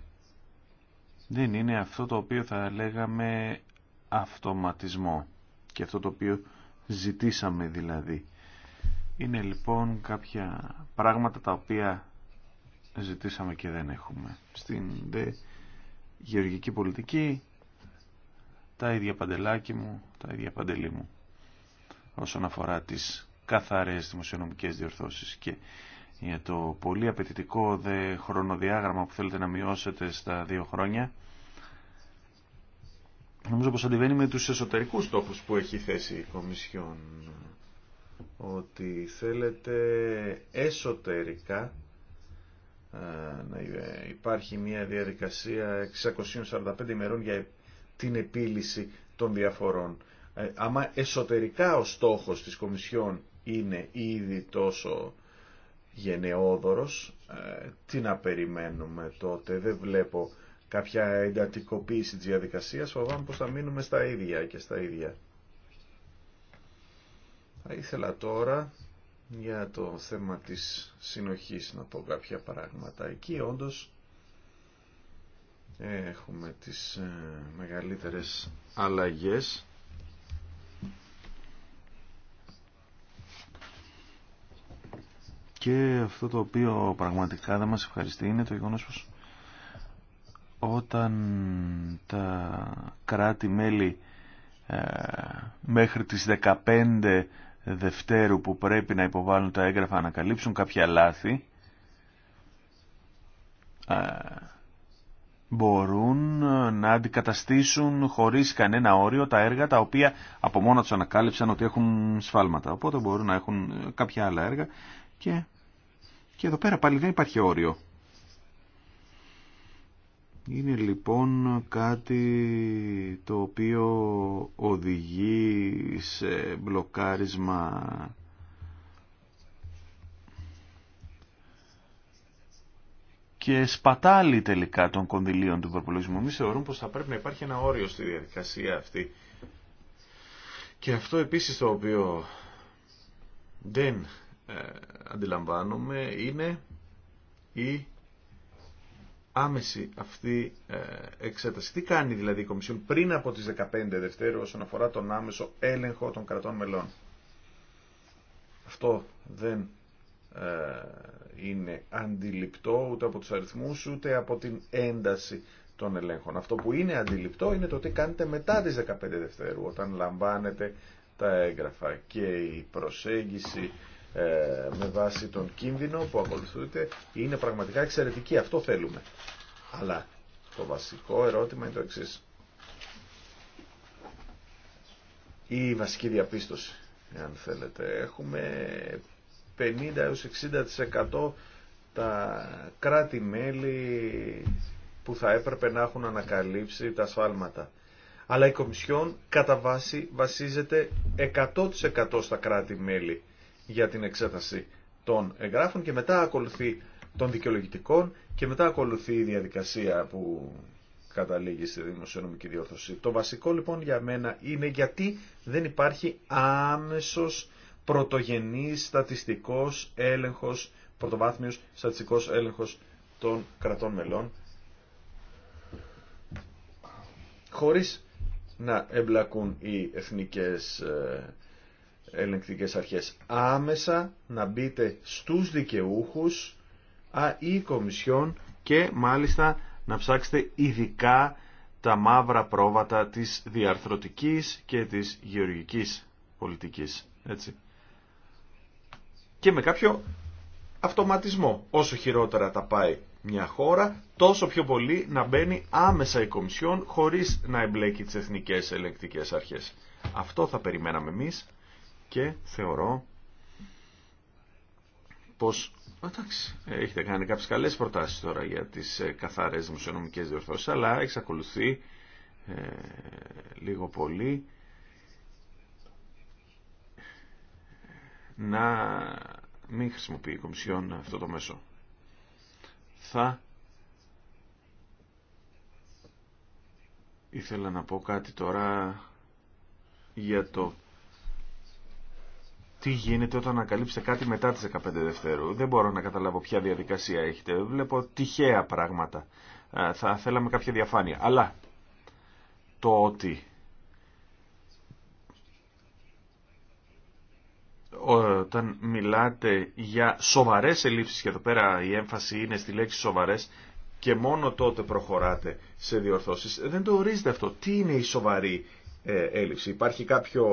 A: δεν είναι αυτό το οποίο θα λέγαμε αυτοματισμό και αυτό το οποίο ζητήσαμε δηλαδή. Είναι λοιπόν κάποια πράγματα τα οποία ζητήσαμε και δεν έχουμε. Στην δε γεωργική πολιτική τα ίδια παντελάκι μου, τα ίδια παντελή μου όσον αφορά τις καθαρές δημοσιονομικές διορθώσεις και για το πολύ απαιτητικό δε χρονοδιάγραμμα που θέλετε να μειώσετε στα δύο χρόνια νομίζω πως αντιβαίνει με τους εσωτερικούς στόχους που έχει θέσει η Κομισιόν ότι θέλετε εσωτερικά ε, να ε, υπάρχει μια διαδικασία 645 ημερών για την επίλυση των διαφορών. Ε, άμα εσωτερικά ο στόχος της Κομισιόν είναι ήδη τόσο γενναιόδωρος, τι να περιμένουμε τότε. Δεν βλέπω κάποια εντατικοποίηση της διαδικασίας, φοβάμαι πως θα μείνουμε στα ίδια και στα ίδια. Θα ήθελα τώρα για το θέμα της συνοχής να πω κάποια πράγματα. Εκεί όντως έχουμε τις ε, μεγαλύτερες αλλαγές. Και αυτό το οποίο πραγματικά δεν μας ευχαριστεί είναι το γεγονός πως όταν τα κράτη-μέλη ε, μέχρι τις 15 Δευτέρου που πρέπει να υποβάλουν τα έγγραφα να καλύψουν κάποια λάθη μπορούν να αντικαταστήσουν χωρίς κανένα όριο τα έργα τα οποία από μόνα τους ανακάλυψαν ότι έχουν σφάλματα. Οπότε μπορούν να έχουν κάποια άλλα έργα και, και εδώ πέρα πάλι δεν υπάρχει όριο. Είναι λοιπόν κάτι το οποίο οδηγεί σε μπλοκάρισμα και σπατάλει τελικά των κονδυλίων του προπολογισμού. Εμεί θεωρούμε πως θα πρέπει να υπάρχει ένα όριο στη διαδικασία αυτή. Και αυτό επίσης το οποίο δεν ε, αντιλαμβάνομαι είναι η άμεση αυτή ε, εξέταση. Τι κάνει δηλαδή η Κομισιόν πριν από τις 15 Δευτέρου όσον αφορά τον άμεσο έλεγχο των κρατών μελών. Αυτό δεν ε, είναι αντιληπτό ούτε από τους αριθμούς ούτε από την ένταση των ελέγχων. Αυτό που είναι αντιληπτό είναι το τι κάνετε μετά τις 15 Δευτέρου όταν λαμβάνετε τα έγγραφα και η προσέγγιση ε, με βάση τον κίνδυνο που ακολουθούνται είναι πραγματικά εξαιρετική. Αυτό θέλουμε. Αλλά το βασικό ερώτημα είναι το εξής. Η βασική διαπίστωση, αν θέλετε. Έχουμε 50 έως 60% τα κράτη-μέλη που θα έπρεπε να έχουν ανακαλύψει τα σφάλματα. Αλλά η Κομισιόν κατά βάση βασίζεται 100% στα κράτη-μέλη για την εξέταση των εγγράφων και μετά ακολουθεί των δικαιολογητικών και μετά ακολουθεί η διαδικασία που καταλήγει στη δημοσιονομική διόρθωση. Το βασικό λοιπόν για μένα είναι γιατί δεν υπάρχει άμεσος πρωτογενής στατιστικός έλεγχος, πρωτοβάθμιος στατιστικός έλεγχος των κρατών μελών χωρίς να εμπλακούν οι εθνικές ε, ελεγκτικές αρχές. Άμεσα να μπείτε στους δικαιούχους ή κομισιόν και μάλιστα να ψάξετε ειδικά τα μαύρα πρόβατα της διαρθρωτικής και της γεωργικής πολιτικής. Έτσι. Και με κάποιο αυτοματισμό. Όσο χειρότερα τα πάει μια χώρα, τόσο πιο πολύ να μπαίνει άμεσα η Κομισιόν χωρίς να εμπλέκει τις εθνικές ελεκτικές αρχές. Αυτό θα περιμέναμε εμείς και θεωρώ πως εντάξει, έχετε κάνει κάποιες καλές προτάσεις τώρα για τις ε, καθαρές δημοσιονομικές διορθώσεις αλλά εξακολουθεί ε, λίγο πολύ να μην χρησιμοποιεί η Κομισιόν αυτό το μέσο. Θα ήθελα να πω κάτι τώρα για το τι γίνεται όταν ανακαλύψετε κάτι μετά τις 15 Δευτέρου. Δεν μπορώ να καταλάβω ποια διαδικασία έχετε. Βλέπω τυχαία πράγματα. Ε, θα θέλαμε κάποια διαφάνεια. Αλλά το ότι όταν μιλάτε για σοβαρές ελλείψεις και εδώ πέρα η έμφαση είναι στη λέξη σοβαρές και μόνο τότε προχωράτε σε διορθώσεις. Δεν το ορίζετε αυτό. Τι είναι η σοβαρή ε, έλλειψη. Υπάρχει κάποιο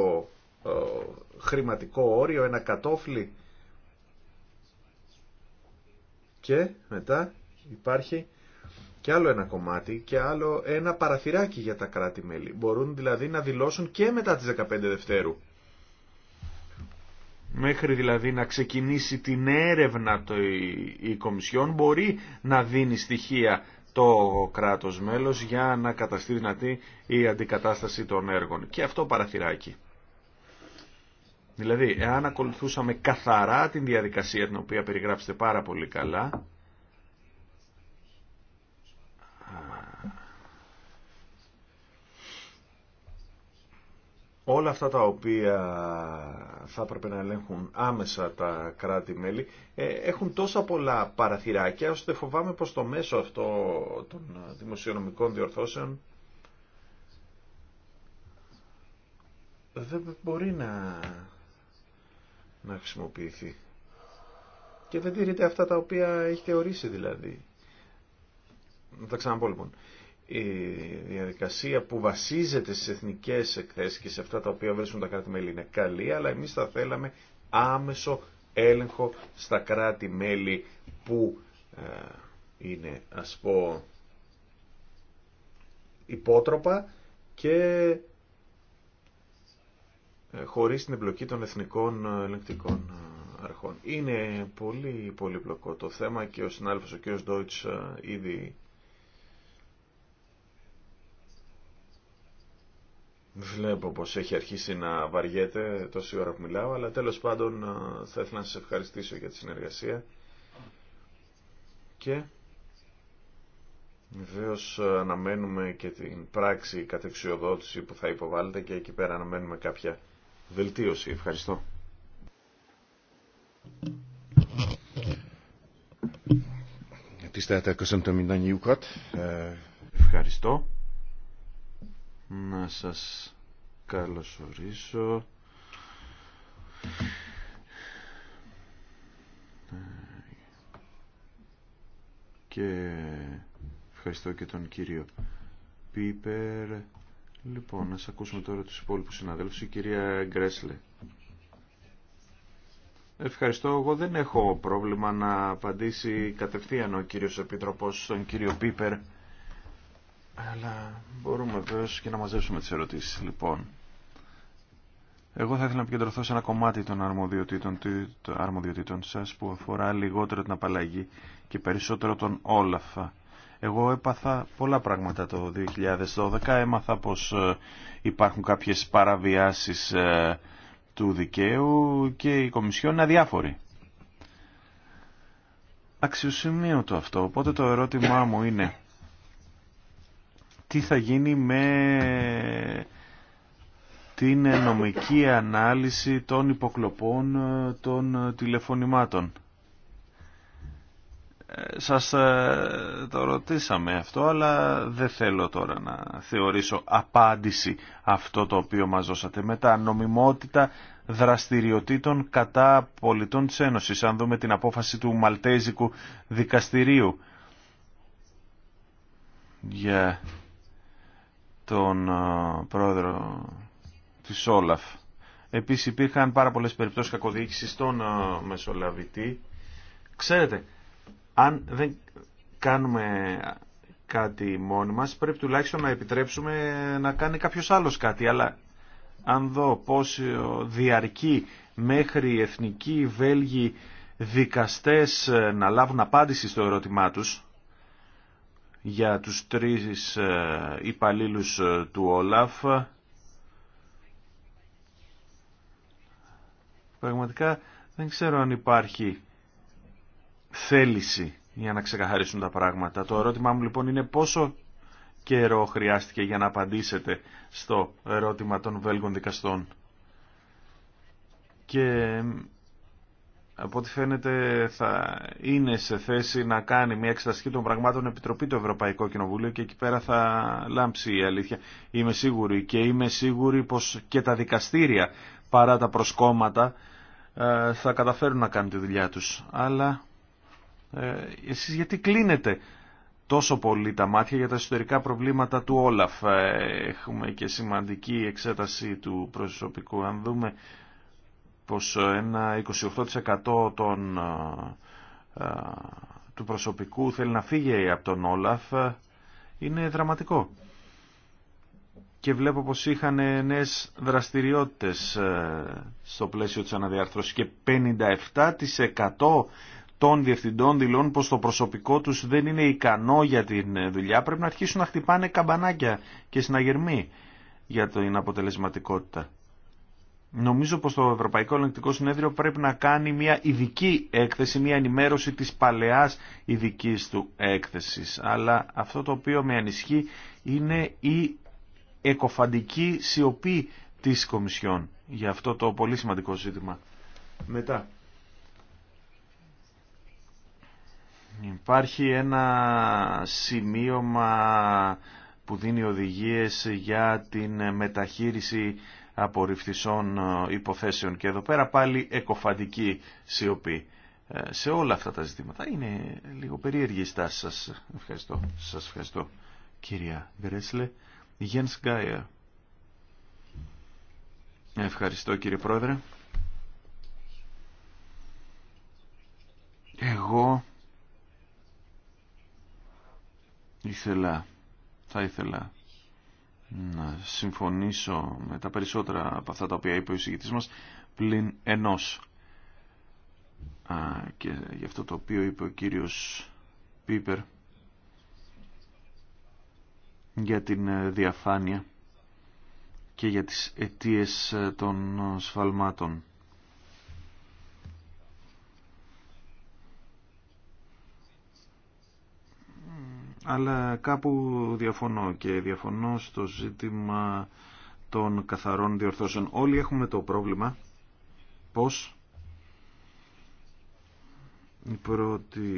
A: ε, χρηματικό όριο, ένα κατόφλι και μετά υπάρχει και άλλο ένα κομμάτι και άλλο ένα παραθυράκι για τα κράτη-μέλη. Μπορούν δηλαδή να δηλώσουν και μετά τις 15 Δευτέρου. Μέχρι δηλαδή να ξεκινήσει την έρευνα το, η, η Κομισιόν μπορεί να δίνει στοιχεία το κράτος μέλος για να καταστεί δυνατή η αντικατάσταση των έργων. Και αυτό παραθυράκι. Δηλαδή, εάν ακολουθούσαμε καθαρά την διαδικασία την οποία περιγράψετε πάρα πολύ καλά, όλα αυτά τα οποία θα έπρεπε να ελέγχουν άμεσα τα κράτη-μέλη ε, έχουν τόσα πολλά παραθυράκια ώστε φοβάμαι πως το μέσο αυτό των δημοσιονομικών διορθώσεων δεν μπορεί να να χρησιμοποιηθεί. Και δεν τηρείται αυτά τα οποία έχετε ορίσει δηλαδή. Να τα ξαναπώ λοιπόν. Η διαδικασία που βασίζεται στις εθνικές εκθέσεις και σε αυτά τα οποία βρίσκουν τα κράτη-μέλη είναι καλή, αλλά εμείς θα θέλαμε άμεσο έλεγχο στα κράτη-μέλη που ε, είναι ας πω υπότροπα και ε, χωρίς την εμπλοκή των εθνικών ε, ελεγκτικών ε, αρχών. Είναι πολύ πολύπλοκο το θέμα και ο συνάδελφος ο κ. Ντόιτς ήδη Βλέπω πως έχει αρχίσει να βαριέται τόση ώρα που μιλάω, αλλά τέλος πάντων θα ήθελα να σας ευχαριστήσω για τη συνεργασία και βεβαίω αναμένουμε και την πράξη κατεξιοδότηση που θα υποβάλλεται και εκεί πέρα αναμένουμε κάποια βελτίωση. Ευχαριστώ. Ευχαριστώ. Να σας καλωσορίσω. Και ευχαριστώ και τον κύριο Πίπερ Λοιπόν, να ακούσουμε τώρα τους υπόλοιπους συναδέλφους. Η κυρία Γκρέσλε. Ευχαριστώ. Εγώ δεν έχω πρόβλημα να απαντήσει κατευθείαν ο κύριος Επίτροπος στον κύριο Πίπερ. Αλλά μπορούμε βέβαια και να μαζέψουμε τις ερωτήσεις. Λοιπόν, εγώ θα ήθελα να επικεντρωθώ σε ένα κομμάτι των αρμοδιοτήτων, των αρμοδιοτήτων σας που αφορά λιγότερο την απαλλαγή και περισσότερο τον Όλαφα. Εγώ έπαθα πολλά πράγματα το 2012. Έμαθα πως ε, υπάρχουν κάποιες παραβιάσεις ε, του δικαίου και η Κομισιόν είναι αδιάφορη. Αξιοσημείωτο αυτό. Οπότε το ερώτημά μου είναι τι θα γίνει με την νομική ανάλυση των υποκλοπών ε, των τηλεφωνημάτων σας ε, το ρωτήσαμε αυτό, αλλά δεν θέλω τώρα να θεωρήσω απάντηση αυτό το οποίο μας δώσατε. Μετά, νομιμότητα δραστηριοτήτων κατά πολιτών της Ένωσης. Αν δούμε την απόφαση του Μαλτέζικου Δικαστηρίου για τον ε, πρόεδρο της Όλαφ. Επίσης υπήρχαν πάρα πολλές περιπτώσεις κακοδιοίκησης στον ε, Μεσολαβητή. Ξέρετε, αν δεν κάνουμε κάτι μόνοι μας, πρέπει τουλάχιστον να επιτρέψουμε να κάνει κάποιος άλλος κάτι. Αλλά αν δω πώς διαρκεί μέχρι οι εθνικοί Βέλγοι δικαστές να λάβουν απάντηση στο ερώτημά τους για τους τρεις ε, υπαλλήλους ε, του Όλαφ, πραγματικά δεν ξέρω αν υπάρχει θέληση για να ξεκαθαρίσουν τα πράγματα. Το ερώτημά μου λοιπόν είναι πόσο καιρό χρειάστηκε για να απαντήσετε στο ερώτημα των Βέλγων δικαστών. Και από ό,τι φαίνεται θα είναι σε θέση να κάνει μια εξεταστική των πραγμάτων επιτροπή του Ευρωπαϊκό Κοινοβούλιο και εκεί πέρα θα λάμψει η αλήθεια. Είμαι σίγουρη και είμαι σίγουρη πως και τα δικαστήρια παρά τα προσκόμματα ε, θα καταφέρουν να κάνουν τη δουλειά τους. Αλλά ε, εσείς γιατί κλείνετε τόσο πολύ τα μάτια για τα ιστορικά προβλήματα του Όλαφ. Ε, έχουμε και σημαντική εξέταση του προσωπικού. Αν δούμε πως ένα 28% ε, του προσωπικού θέλει να φύγει από τον Όλαφ, είναι δραματικό. Και βλέπω πως είχαν νέες δραστηριότητες στο πλαίσιο της αναδιάρθρωσης και 57% των διευθυντών δηλώνουν πως το προσωπικό τους δεν είναι ικανό για την ε, δουλειά, πρέπει να αρχίσουν να χτυπάνε καμπανάκια και συναγερμοί για την αποτελεσματικότητα. Νομίζω πως το Ευρωπαϊκό Ελεγκτικό Συνέδριο πρέπει να κάνει μια ειδική έκθεση, μια ενημέρωση της παλαιάς ειδική του έκθεσης. Αλλά αυτό το οποίο με ανισχύει είναι η εκοφαντική σιωπή της Κομισιόν για αυτό το πολύ σημαντικό ζήτημα. Μετά. Υπάρχει ένα σημείωμα που δίνει οδηγίες για την μεταχείριση απορριφθησών ε, υποθέσεων και εδώ πέρα πάλι εκοφαντική σιωπή ε, σε όλα αυτά τα ζητήματα. Είναι λίγο περίεργη η σας. Ευχαριστώ. Σας ευχαριστώ κυρία Γκρέσλε. Γιένς Γκάια. Ευχαριστώ κύριε Πρόεδρε. Εγώ Ήθελα, θα ήθελα να συμφωνήσω με τα περισσότερα από αυτά τα οποία είπε ο εισηγητής μας πλην ενός και γι' αυτό το οποίο είπε ο κύριος Πίπερ για την ε, διαφάνεια και για τις αιτίες ε, των ε, σφαλμάτων. αλλά κάπου διαφωνώ και διαφωνώ στο ζήτημα των καθαρών διορθώσεων. Όλοι έχουμε το πρόβλημα πως η πρώτη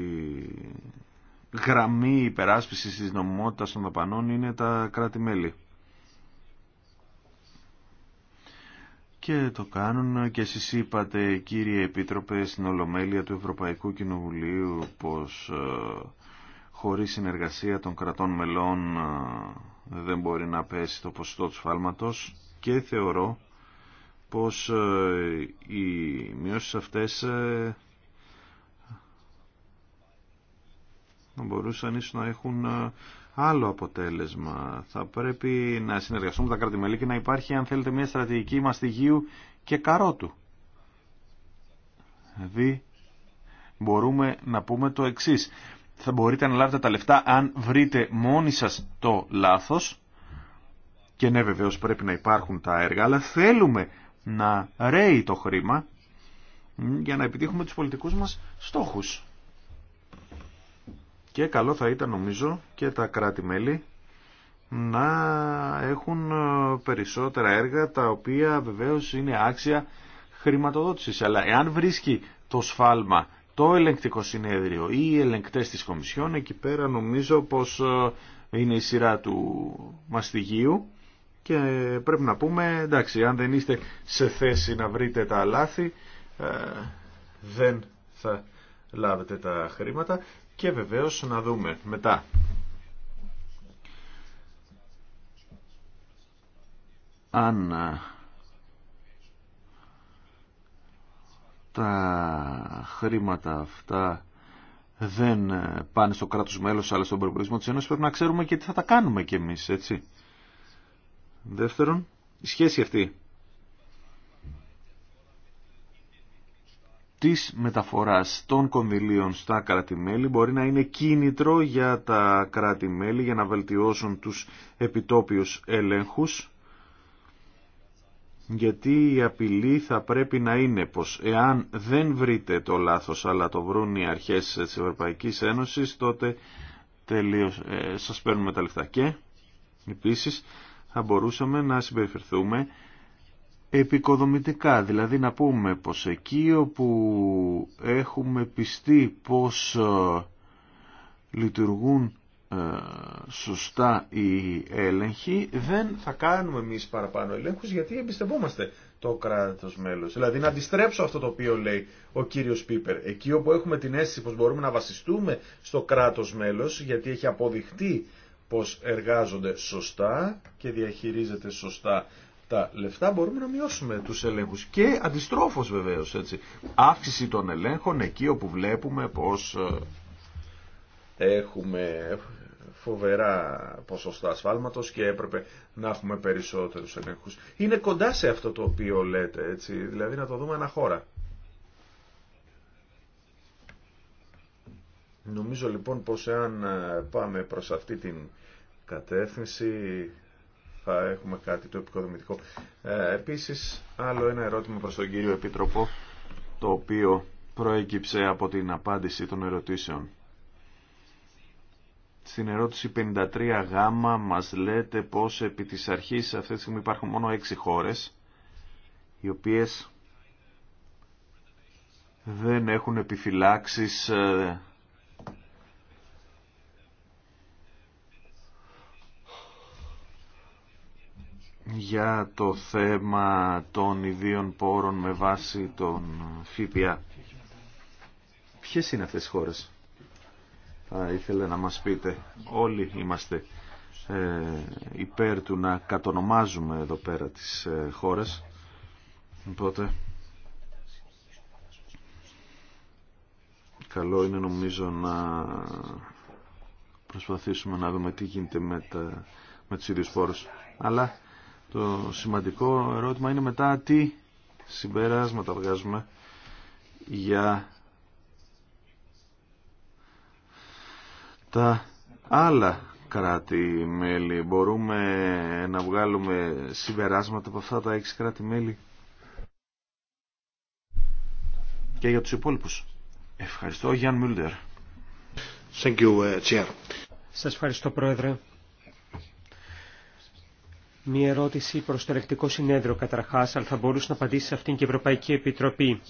A: γραμμή υπεράσπισης της νομιμότητας των δαπανών είναι τα κράτη-μέλη. Και το κάνουν και εσείς είπατε κύριε Επίτροπε στην Ολομέλεια του Ευρωπαϊκού Κοινοβουλίου πως ε, χωρίς συνεργασία των κρατών μελών δεν μπορεί να πέσει το ποσοστό του σφάλματος και θεωρώ πως οι μειώσεις αυτές να μπορούσαν ίσως να έχουν άλλο αποτέλεσμα. Θα πρέπει να συνεργαστούμε τα κράτη-μέλη και να υπάρχει, αν θέλετε, μια στρατηγική μαστιγίου και καρότου. Δηλαδή, μπορούμε να πούμε το εξής θα μπορείτε να λάβετε τα λεφτά αν βρείτε μόνοι σας το λάθος και ναι βεβαίως πρέπει να υπάρχουν τα έργα αλλά θέλουμε να ρέει το χρήμα για να επιτύχουμε τους πολιτικούς μας στόχους. Και καλό θα ήταν νομίζω και τα κράτη-μέλη να έχουν ε, περισσότερα έργα τα οποία βεβαίως είναι άξια χρηματοδότησης. Αλλά εάν βρίσκει το σφάλμα το ελεγκτικό συνέδριο ή οι ελεγκτές της Κομισιόν, εκεί πέρα νομίζω πως ε, είναι η σειρά του μαστιγίου και πρέπει να πούμε, εντάξει, αν δεν είστε σε θέση να βρείτε τα λάθη, ε, δεν θα λάβετε τα χρήματα και βεβαίως να δούμε μετά. Αν ε, τα χρήματα αυτά δεν πάνε στο κράτος μέλος αλλά στον προπολογισμό της Ένωσης πρέπει να ξέρουμε και τι θα τα κάνουμε κι εμείς, έτσι. Δεύτερον, η σχέση αυτή της μεταφοράς των κονδυλίων στα κράτη-μέλη μπορεί να είναι κίνητρο για τα κράτη-μέλη για να βελτιώσουν τους επιτόπιους ελέγχους γιατί η απειλή θα πρέπει να είναι πως εάν δεν βρείτε το λάθος αλλά το βρουν οι αρχές της Ευρωπαϊκής Ένωσης τότε τελείως, ε, σας παίρνουμε τα λεφτά και επίσης θα μπορούσαμε να συμπεριφερθούμε επικοδομητικά, δηλαδή να πούμε πως εκεί όπου έχουμε πιστεί πως ε, λειτουργούν ε, σωστά οι έλεγχοι, δεν θα κάνουμε εμεί παραπάνω ελέγχους γιατί εμπιστευόμαστε το κράτος μέλο. Δηλαδή να αντιστρέψω αυτό το οποίο λέει ο κύριος Πίπερ. Εκεί όπου έχουμε την αίσθηση πω μπορούμε να βασιστούμε στο κράτος μέλο, γιατί έχει αποδειχτεί πως εργάζονται σωστά και διαχειρίζεται σωστά τα λεφτά μπορούμε να μειώσουμε του ελέγχου. και αντιστρόφως βεβαίω. έτσι. Αύξηση των ελέγχων εκεί όπου βλέπουμε πώ. Ε, έχουμε φοβερά ποσοστά ασφάλματος και έπρεπε να έχουμε περισσότερους ελέγχους. Είναι κοντά σε αυτό το οποίο λέτε, έτσι, δηλαδή να το δούμε ένα χώρα. Νομίζω λοιπόν πως εάν ε, πάμε προς αυτή την κατεύθυνση θα έχουμε κάτι το επικοδομητικό. Ε, επίσης, άλλο ένα ερώτημα προς τον κύριο Επίτροπο, το οποίο προέκυψε από την απάντηση των ερωτήσεων. Στην ερώτηση 53 γάμα μας λέτε πως επί της αρχής αυτή τη στιγμή υπάρχουν μόνο 6 χώρες οι οποίες δεν έχουν επιφυλάξεις ε, για το θέμα των ιδίων πόρων με βάση τον ΦΠΑ. Ποιες είναι αυτές οι χώρες? θα ήθελα να μας πείτε. Όλοι είμαστε ε, υπέρ του να κατονομάζουμε εδώ πέρα τις ε, χώρες. Οπότε, καλό είναι νομίζω να προσπαθήσουμε να δούμε τι γίνεται με, τα, με τους ίδιους Αλλά το σημαντικό ερώτημα είναι μετά τι συμπεράσματα βγάζουμε για τα άλλα κράτη-μέλη. Μπορούμε να βγάλουμε συμπεράσματα από αυτά τα έξι κράτη-μέλη και για τους υπόλοιπους. Ευχαριστώ, Γιάν Μιλντερ. Uh,
B: Σας ευχαριστώ, Πρόεδρε. Μία ερώτηση προς το ελεκτικό συνέδριο καταρχάς, αλλά θα μπορούσε να απαντήσει σε αυτήν και η Ευρωπαϊκή Επιτροπή.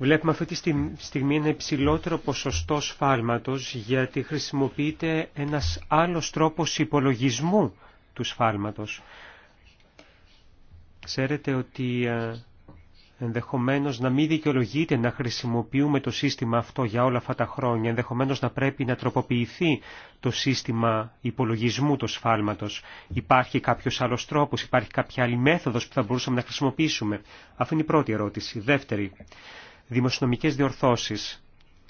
B: Βλέπουμε αυτή τη στιγμή ένα υψηλότερο ποσοστό σφάλματος γιατί χρησιμοποιείται ένας άλλος τρόπος υπολογισμού του σφάλματος. Ξέρετε ότι ε, ενδεχομένως να μην δικαιολογείται να χρησιμοποιούμε το σύστημα αυτό για όλα αυτά τα χρόνια, ενδεχομένως να πρέπει να τροποποιηθεί το σύστημα υπολογισμού του σφάλματος. Υπάρχει κάποιος άλλος τρόπος, υπάρχει κάποια άλλη μέθοδος που θα μπορούσαμε να χρησιμοποιήσουμε. Αυτή είναι η πρώτη ερώτηση. Δεύτερη, δημοσιονομικές διορθώσεις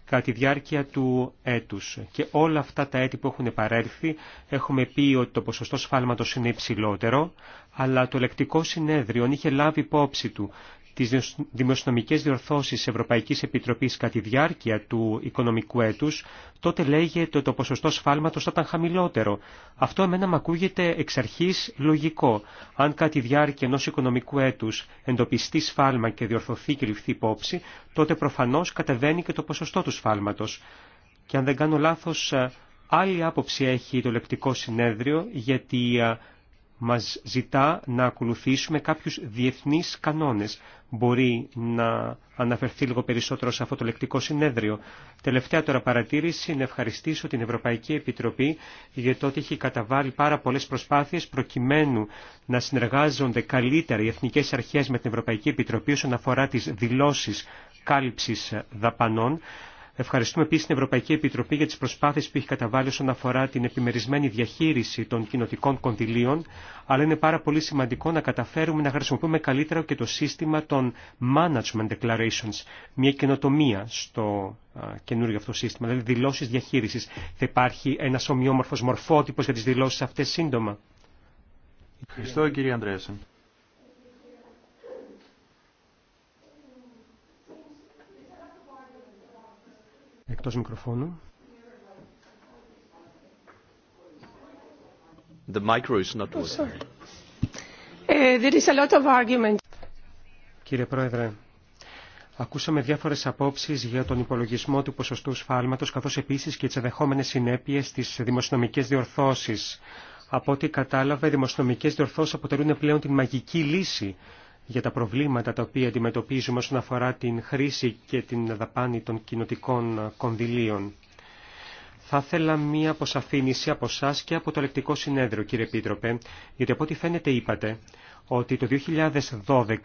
B: κατά τη διάρκεια του έτους. Και όλα αυτά τα έτη που έχουν παρέλθει έχουμε πει ότι το ποσοστό σφάλματος είναι υψηλότερο, αλλά το λεκτικό συνέδριο είχε λάβει υπόψη του τις δημοσιονομικές διορθώσεις Ευρωπαϊκής Επιτροπής κατά τη διάρκεια του οικονομικού έτους, τότε λέγεται ότι το ποσοστό σφάλματος θα ήταν χαμηλότερο. Αυτό εμένα μου ακούγεται εξ αρχής λογικό. Αν κατά τη διάρκεια ενός οικονομικού έτους εντοπιστεί σφάλμα και διορθωθεί και ληφθεί υπόψη, τότε προφανώς κατεβαίνει και το ποσοστό του σφάλματος. Και αν δεν κάνω λάθος, άλλη άποψη έχει το λεπτικό συνέδριο, γιατί μας ζητά να ακολουθήσουμε κάποιους διεθνείς κανόνες. Μπορεί να αναφερθεί λίγο περισσότερο σε αυτό το λεκτικό συνέδριο. Τελευταία τώρα παρατήρηση να ευχαριστήσω την Ευρωπαϊκή Επιτροπή για το ότι έχει καταβάλει πάρα πολλές προσπάθειες προκειμένου να συνεργάζονται καλύτερα οι εθνικές αρχές με την Ευρωπαϊκή Επιτροπή όσον αφορά τις δηλώσεις κάλυψης δαπανών. Ευχαριστούμε επίση την Ευρωπαϊκή Επιτροπή για τι προσπάθειε που έχει καταβάλει όσον αφορά την επιμερισμένη διαχείριση των κοινοτικών κονδυλίων, αλλά είναι πάρα πολύ σημαντικό να καταφέρουμε να χρησιμοποιούμε καλύτερα και το σύστημα των management declarations, μια καινοτομία στο καινούριο αυτό σύστημα, δηλαδή δηλώσει διαχείριση. Θα υπάρχει ένα ομοιόμορφο μορφότυπο για τι δηλώσει αυτέ σύντομα. Ευχαριστώ
A: κύριε Ανδρέασεν.
B: Εκτός μικροφώνου. The is not ε, There is a lot of Κύριε Πρόεδρε, ακούσαμε διάφορες απόψεις για τον υπολογισμό του ποσοστού σφάλματος, καθώς επίσης και τις ενδεχόμενε συνέπειες στις δημοσιονομικές διορθώσεις. Από ό,τι κατάλαβα, οι δημοσιονομικές διορθώσεις αποτελούν πλέον την μαγική λύση για τα προβλήματα τα οποία αντιμετωπίζουμε όσον αφορά την χρήση και την δαπάνη των κοινοτικών κονδυλίων. Θα ήθελα μία αποσαφήνιση από εσά και από το ελεκτικό συνέδριο, κύριε Επίτροπε, γιατί από ό,τι φαίνεται είπατε ότι το 2012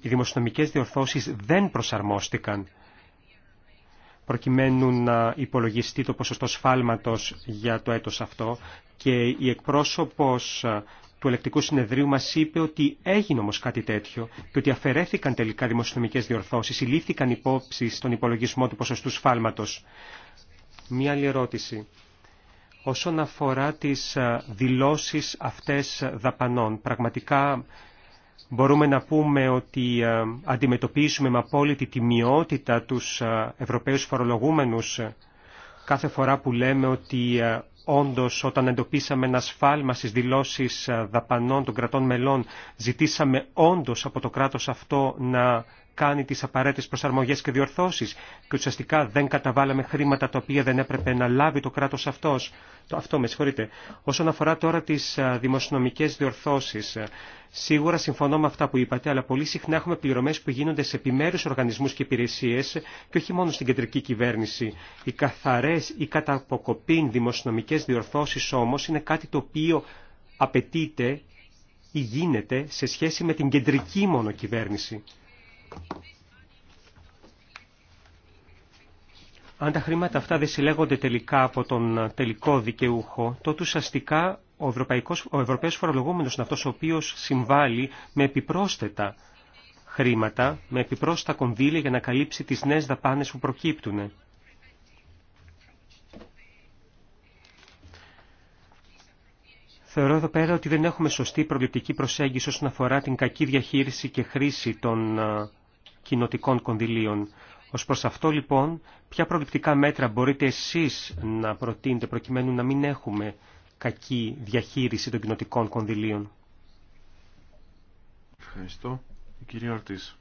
B: οι δημοσιονομικές διορθώσεις δεν προσαρμόστηκαν προκειμένου να υπολογιστεί το ποσοστό σφάλματος για το έτος αυτό και η εκπρόσωπος του Ελεκτικού Συνεδρίου μας είπε ότι έγινε όμως κάτι τέτοιο και ότι αφαιρέθηκαν τελικά δημοσιονομικές διορθώσεις, συλλήφθηκαν υπόψη στον υπολογισμό του ποσοστού σφάλματος. Μία άλλη ερώτηση. Όσον αφορά τις ε, δηλώσεις αυτές ε, δαπανών, πραγματικά μπορούμε να πούμε ότι ε, αντιμετωπίζουμε με απόλυτη τιμιότητα τους Ευρωπαίους φορολογούμενους κάθε φορά που λέμε ότι Όντως, όταν εντοπίσαμε ένα σφάλμα στις δηλώσεις ε, δαπανών των κρατών μελών, ζητήσαμε όντως από το κράτος αυτό να κάνει τις απαραίτητες προσαρμογές και διορθώσεις και ουσιαστικά δεν καταβάλαμε χρήματα τα οποία δεν έπρεπε να λάβει το κράτος αυτός. Το, αυτό με συγχωρείτε. Όσον αφορά τώρα τις δημοσιονομικές διορθώσεις, σίγουρα συμφωνώ με αυτά που είπατε, αλλά πολύ συχνά έχουμε πληρωμές που γίνονται σε επιμέρους οργανισμούς και υπηρεσίες και όχι μόνο στην κεντρική κυβέρνηση. Οι καθαρές ή κατά αποκοπήν δημοσιονομικές διορθώσεις όμως είναι κάτι το οποίο απαιτείται ή γίνεται σε σχέση με την κεντρική μόνο κυβέρνηση. Αν τα χρήματα αυτά δεν συλλέγονται τελικά από τον τελικό δικαιούχο, τότε ουσιαστικά ο, Ευρωπαϊκός, ο Ευρωπαίος φορολογούμενος είναι αυτός ο οποίος συμβάλλει με επιπρόσθετα χρήματα, με επιπρόσθετα κονδύλια για να καλύψει τις νέες δαπάνες που προκύπτουν. Θεωρώ εδώ πέρα ότι δεν έχουμε σωστή προληπτική προσέγγιση όσον αφορά την κακή διαχείριση και χρήση των ε, κοινοτικών κονδυλίων. Ως προς αυτό λοιπόν, ποια προληπτικά μέτρα μπορείτε εσείς να προτείνετε προκειμένου να μην έχουμε κακή διαχείριση των κοινοτικών κονδυλίων. Ευχαριστώ. Η κυρία Ορτής.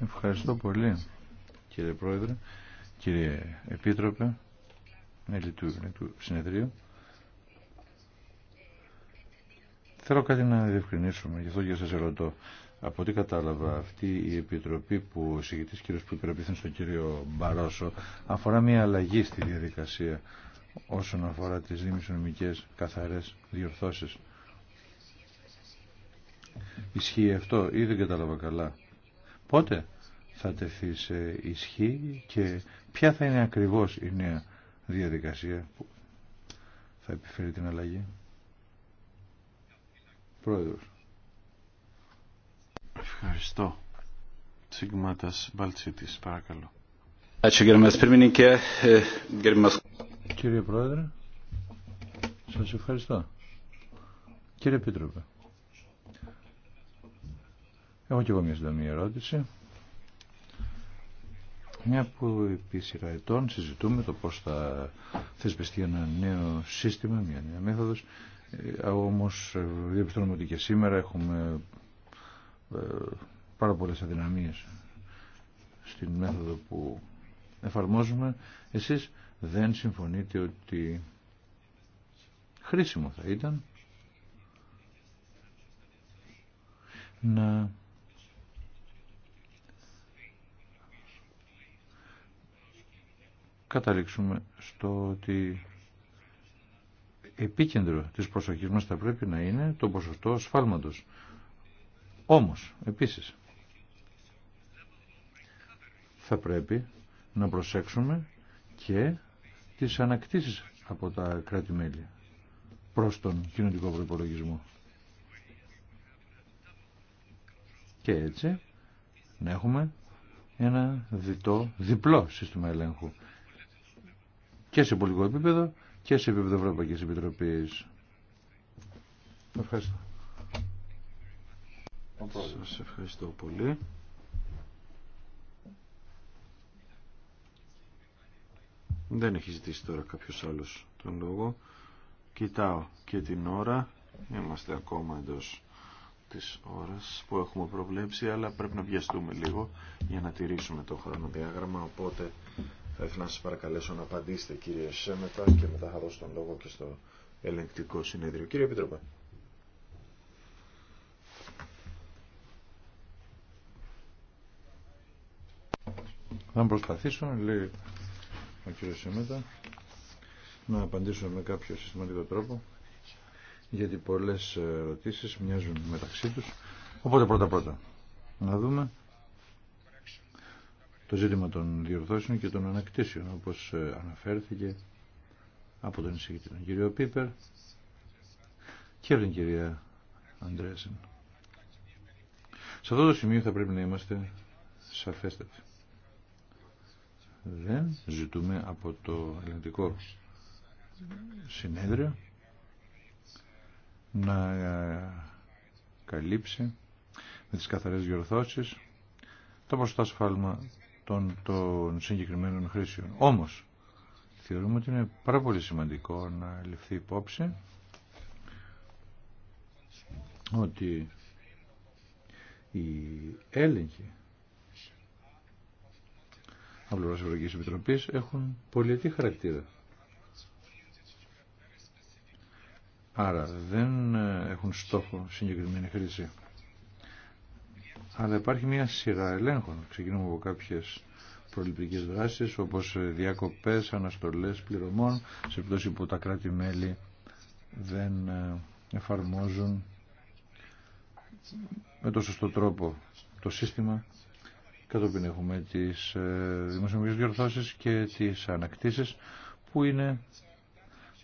C: Ευχαριστώ πολύ, κύριε Πρόεδρε, κύριε Επίτροπε, μέλη του, του συνεδρίου. Θέλω κάτι να διευκρινίσουμε, γι' αυτό και σας ερωτώ από ό,τι κατάλαβα αυτή η επιτροπή που ο συγκεκριτής κύριος που υπηρεπίθεν στον κύριο Μπαρόσο αφορά μια αλλαγή στη διαδικασία όσον αφορά τις δημοσιονομικές καθαρές διορθώσεις. Ισχύει αυτό ή δεν κατάλαβα καλά. Πότε θα τεθεί σε ισχύ και ποια θα είναι ακριβώς η νέα διαδικασία που θα επιφέρει την αλλαγή. Πρόεδρος. Ευχαριστώ.
A: Τσίγματα Μπαλτσίτης, παρακαλώ.
D: E,
C: Κύριε Πρόεδρε, σας ευχαριστώ. Κύριε Πίτροπε, έχω και εγώ μια συντομή ερώτηση. Μια που επί σειρά ετών συζητούμε το πώς θα θεσπιστεί ένα νέο σύστημα, μια νέα μέθοδος, ε, όμως ε, διαπιστώνουμε ότι και σήμερα έχουμε ε, πάρα πολλές αδυναμίες στην μέθοδο που εφαρμόζουμε. Εσείς δεν συμφωνείτε ότι χρήσιμο θα ήταν να καταλήξουμε στο ότι επίκεντρο της προσοχής μας θα πρέπει να είναι το ποσοστό σφάλματος όμως, επίσης, θα πρέπει να προσέξουμε και τις ανακτήσεις από τα κράτη-μέλη προς τον κοινωνικό προϋπολογισμό. Και έτσι να έχουμε ένα διτό, διπλό σύστημα ελέγχου και σε πολιτικό επίπεδο και σε επίπεδο Ευρωπαϊκής Επιτροπής. Ευχαριστώ.
A: Σας ευχαριστώ πολύ. Δεν έχει ζητήσει τώρα κάποιος άλλος τον λόγο. Κοιτάω και την ώρα. Είμαστε ακόμα εντός της ώρας που έχουμε προβλέψει, αλλά πρέπει να βιαστούμε λίγο για να τηρήσουμε το χρονοδιάγραμμα, οπότε θα ήθελα να σας παρακαλέσω να απαντήσετε κύριε Σέμετα και μετά θα δώσω τον λόγο και στο ελεγκτικό συνέδριο. Κύριε Επιτροπέ.
C: Θα προσπαθήσω, λέει ο κύριο Σέμετα, να απαντήσω με κάποιο συστηματικό τρόπο, γιατί πολλές ερωτήσεις μοιάζουν μεταξύ τους. Οπότε πρώτα-πρώτα, να δούμε το ζήτημα των διορθώσεων και των ανακτήσεων, όπως ε, αναφέρθηκε από τον εισηγητή, τον κύριο Πίπερ και από την κυρία Αντρέσεν. Σε αυτό το σημείο θα πρέπει να είμαστε σαφέστατοι δεν ζητούμε από το ελληνικό συνέδριο να ε, καλύψει με τις καθαρές διορθώσεις το ποσοστό ασφάλμα των, των συγκεκριμένων χρήσεων. Όμως, θεωρούμε ότι είναι πάρα πολύ σημαντικό να ληφθεί υπόψη ότι η έλεγχη από πλευρά Επιτροπή έχουν πολιετή χαρακτήρα. Άρα δεν ε, έχουν στόχο συγκεκριμένη χρήση. Αλλά υπάρχει μια σειρά ελέγχων. Ξεκινούμε από κάποιες προληπτικές δράσεις όπως ε, διακοπές, αναστολές πληρωμών σε πτώση που τα κράτη-μέλη δεν ε, εφαρμόζουν με το σωστό τρόπο το σύστημα Κατόπιν έχουμε τις ε, δημοσιονομικές διορθώσεις και τις ανακτήσεις που είναι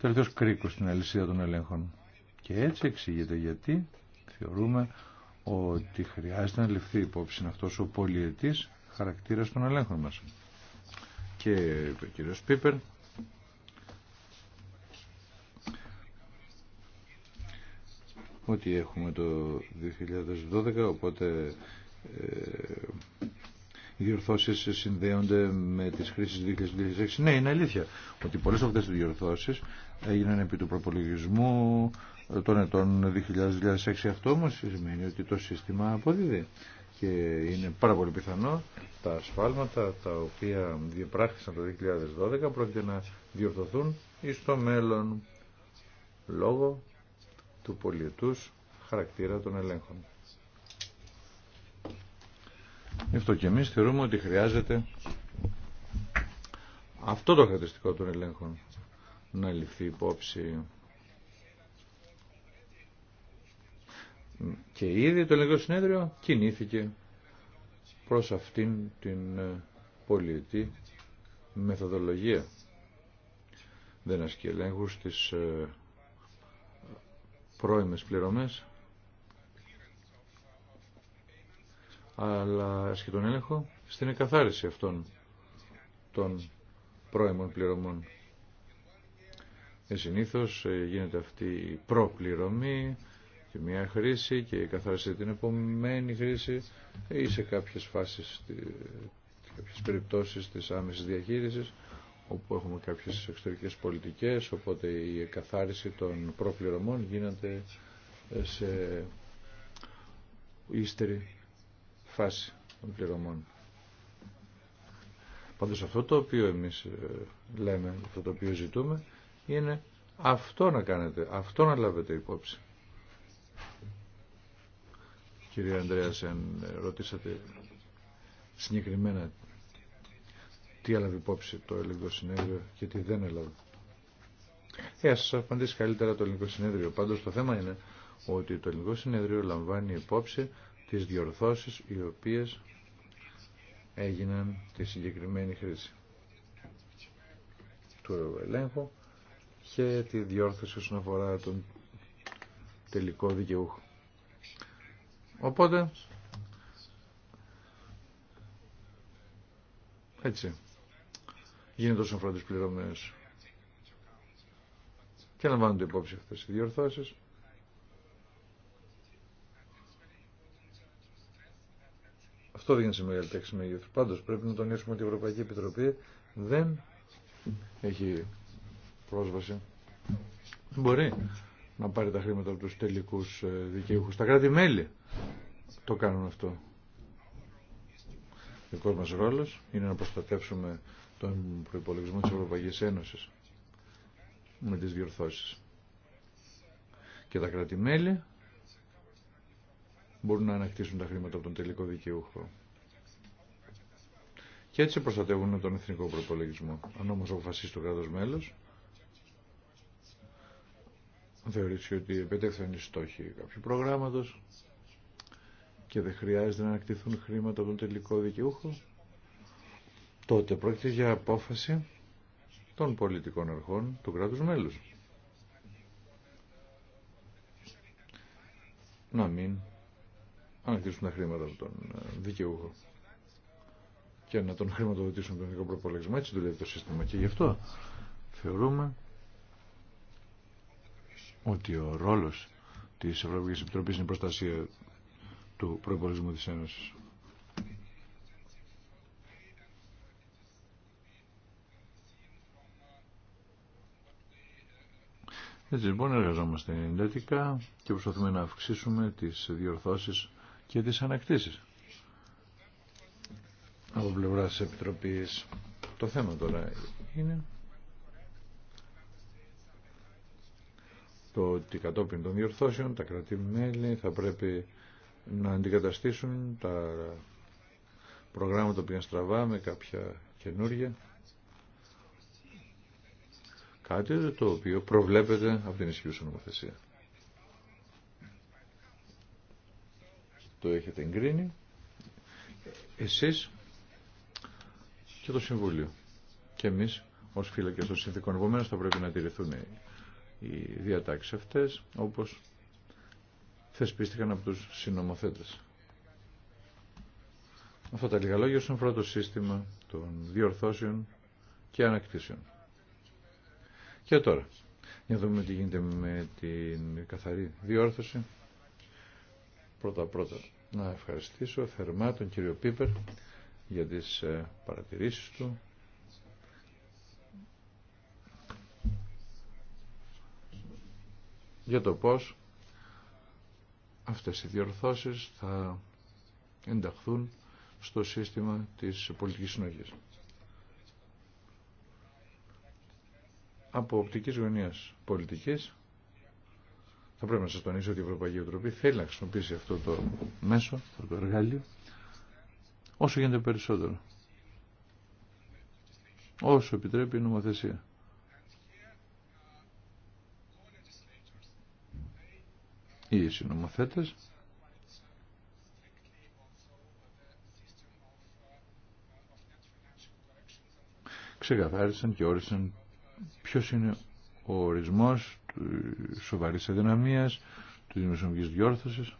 C: τελευταίος κρίκος στην αλυσίδα των ελέγχων. Και έτσι εξηγείται γιατί θεωρούμε ότι χρειάζεται να ληφθεί υπόψη αυτός ο πολιετής χαρακτήρας των ελέγχων μας. Και ο κύριος Πίπερ ότι έχουμε το 2012 οπότε ε, διορθώσεις συνδέονται με τις χρήσεις του 2006. Ναι, είναι αλήθεια ότι πολλές από αυτές τις διορθώσεις έγιναν επί του προπολογισμού των ετων 2000-2006. Αυτό όμως σημαίνει ότι το σύστημα αποδίδει και είναι πάρα πολύ πιθανό τα ασφάλματα τα οποία διεπράχθησαν το 2012 πρόκειται να διορθωθούν εις το μέλλον λόγω του πολιετούς χαρακτήρα των ελέγχων. Γι' αυτό και εμείς θεωρούμε ότι χρειάζεται αυτό το χαρακτηριστικό των ελέγχων να ληφθεί υπόψη. Και ήδη το Ελληνικό Συνέδριο κινήθηκε προς αυτήν την ε, πολιτική μεθοδολογία. Δεν ασκεί ελέγχου στις ε, πρώιμες πληρωμές αλλά και έλεγχο στην εκαθάριση αυτών των πρώιμων πληρωμών. Ε, ε, γίνεται αυτή η προπληρωμή και μια χρήση και η καθάριση την επομένη χρήση ή σε κάποιες φάσεις, ε, σε κάποιες περιπτώσεις της άμεσης διαχείρισης όπου έχουμε κάποιες εξωτερικές πολιτικές οπότε η καθάριση των προπληρωμών γίνεται ε, σε καποιες φασεις σε καποιες περιπτωσεις της αμεσης διαχειρισης οπου εχουμε καποιες εξωτερικες πολιτικες οποτε η εκαθαριση των προπληρωμων γινεται σε υστερη φάση των πληρωμών. Πάντως αυτό το οποίο εμείς ε, λέμε, αυτό το οποίο ζητούμε, είναι αυτό να κάνετε, αυτό να λάβετε υπόψη. Κύριε Ανδρέας, αν ε, ρωτήσατε συγκεκριμένα τι έλαβε υπόψη το ελληνικό συνέδριο και τι δεν έλαβε. Ε, ας απαντήσει καλύτερα το ελληνικό συνέδριο. Πάντως το θέμα είναι ότι το ελληνικό συνέδριο λαμβάνει υπόψη τις διορθώσεις οι οποίες έγιναν τη συγκεκριμένη χρήση του ελέγχου και τη διόρθωση όσον αφορά τον τελικό δικαιούχο. Οπότε, έτσι, γίνεται όσον αφορά τις πληρωμένες και λαμβάνονται υπόψη αυτές οι διορθώσεις Αυτό δεν είναι σε μεγάλη μεγέθου. Πάντως πρέπει να τονίσουμε ότι η Ευρωπαϊκή Επιτροπή δεν έχει πρόσβαση. Μπορεί να πάρει τα χρήματα από τους τελικούς ε, δικαιούχους. Τα κράτη-μέλη το κάνουν αυτό. Ο δικός μας ρόλος είναι να προστατεύσουμε τον προϋπολογισμό της Ευρωπαϊκή Ένωση με τι διορθώσει. Και τα κράτη-μέλη μπορούν να ανακτήσουν τα χρήματα από τον τελικό δικαιούχο. Και έτσι προστατεύουν τον εθνικό προπολογισμό. Αν όμως αποφασίσει το κράτος μέλος, θεωρήσει ότι επέτευθαν οι στόχοι κάποιου προγράμματος και δεν χρειάζεται να ανακτηθούν χρήματα από τον τελικό δικαιούχο, τότε πρόκειται για απόφαση των πολιτικών αρχών του κράτους μέλους. Να μην ανακτήσουν τα χρήματα από τον ε, δικαιούχο και να τον χρηματοδοτήσουν τον δικό προπολογισμό. Έτσι δουλεύει το σύστημα. Και γι' αυτό θεωρούμε ότι ο ρόλος της Ευρωπαϊκής Επιτροπής είναι η προστασία του προπολογισμού της Ένωσης. Έτσι λοιπόν εργαζόμαστε εντατικά και προσπαθούμε να αυξήσουμε τις διορθώσεις και τις ανακτήσεις. Από πλευρά τη Επιτροπής το θέμα τώρα είναι το ότι κατόπιν των διορθώσεων τα κρατή-μέλη θα πρέπει να αντικαταστήσουν τα προγράμματα που είναι στραβά με κάποια καινούργια. Κάτι το οποίο προβλέπεται από την ισχύουσα νομοθεσία. το έχετε εγκρίνει εσείς και το Συμβούλιο και εμείς ως φύλακες των συνθήκων. Επομένως θα πρέπει να τηρηθούν οι διατάξεις αυτές όπως θεσπίστηκαν από τους συνομοθέτες. Αυτά τα λίγα λόγια όσον το σύστημα των διορθώσεων και ανακτήσεων. Και τώρα, για να δούμε τι γίνεται με την καθαρή διόρθωση πρώτα πρώτα να ευχαριστήσω θερμά τον κύριο Πίπερ για τις ε, παρατηρήσεις του για το πώς αυτές οι διορθώσεις θα ενταχθούν στο σύστημα της πολιτικής συνοχής. Από οπτικής γωνίας πολιτικής θα πρέπει να σα τονίσω ότι η Ευρωπαϊκή Επιτροπή θέλει να χρησιμοποιήσει αυτό το μέσο, αυτό το εργαλείο, όσο γίνεται περισσότερο. Όσο επιτρέπει η νομοθεσία. Οι συνομοθέτες ξεκαθάρισαν και όρισαν ποιος είναι ο ορισμός σοβαρής αδυναμίας, του δημοσιονομικής διόρθωσης.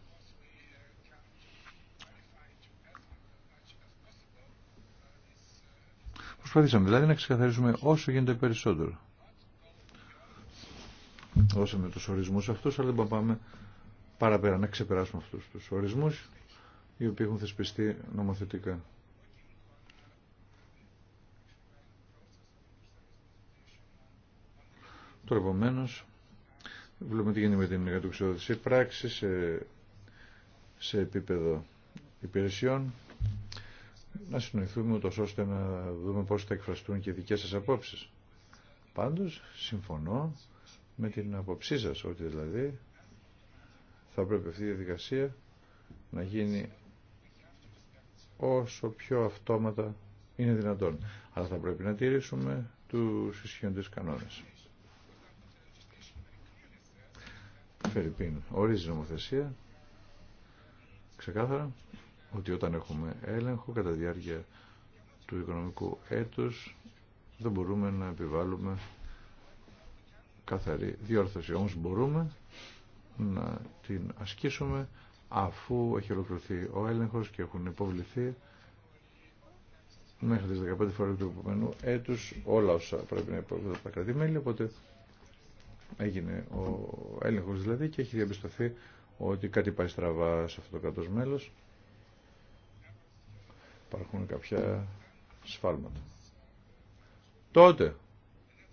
C: Προσπαθήσαμε δηλαδή να ξεκαθαρίσουμε όσο γίνεται περισσότερο. Όσο με τους ορισμούς αυτούς, αλλά δεν πάμε παραπέρα να ξεπεράσουμε αυτούς τους ορισμούς οι οποίοι έχουν θεσπιστεί νομοθετικά. Τώρα επομένως Βλέπουμε τι γίνεται με την κατοξιδότηση πράξη σε, επίπεδο υπηρεσιών. Να συνοηθούμε ούτως ώστε να δούμε πώς θα εκφραστούν και οι δικές σας απόψεις. Πάντως, συμφωνώ με την απόψή σας, ότι δηλαδή θα πρέπει αυτή η διαδικασία να γίνει όσο πιο αυτόματα είναι δυνατόν. Αλλά θα πρέπει να τηρήσουμε τους ισχύοντες κανόνες. Φερρυπίν ορίζει νομοθεσία ξεκάθαρα ότι όταν έχουμε έλεγχο κατά διάρκεια του οικονομικού έτους δεν μπορούμε να επιβάλλουμε καθαρή διόρθωση. Όμως μπορούμε να την ασκήσουμε αφού έχει ολοκληρωθεί ο έλεγχος και έχουν υποβληθεί μέχρι τις 15 φορές του επομένου έτους όλα όσα πρέπει να υποβληθούν τα κρατημέλη, οπότε έγινε ο έλεγχος δηλαδή και έχει διαπιστωθεί ότι κάτι πάει στραβά σε αυτό το κράτος μέλος. Υπάρχουν κάποια σφάλματα. Τότε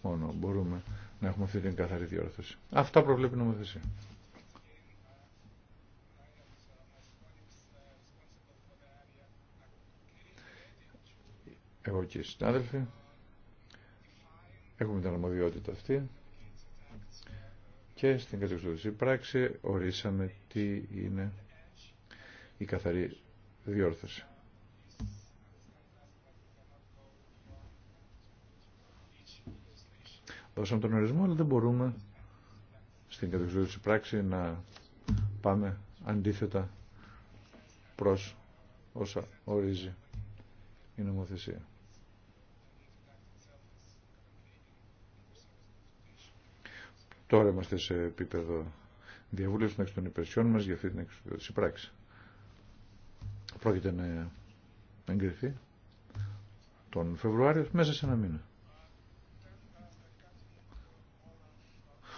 C: μόνο μπορούμε να έχουμε αυτή την καθαρή διόρθωση. Αυτά προβλέπει η νομοθεσία. Εγώ και οι συνάδελφοι έχουμε την αρμοδιότητα αυτή και στην κατεξοδοτική πράξη ορίσαμε τι είναι η καθαρή διόρθωση. Δώσαμε τον ορισμό, αλλά δεν μπορούμε στην κατευθυντική πράξη να πάμε αντίθετα προς όσα ορίζει η νομοθεσία. Τώρα είμαστε σε επίπεδο διαβούλευση των υπηρεσιών μας για αυτή την εξουσιακή πράξη. Πρόκειται να εγκριθεί τον Φεβρουάριο μέσα σε ένα μήνα.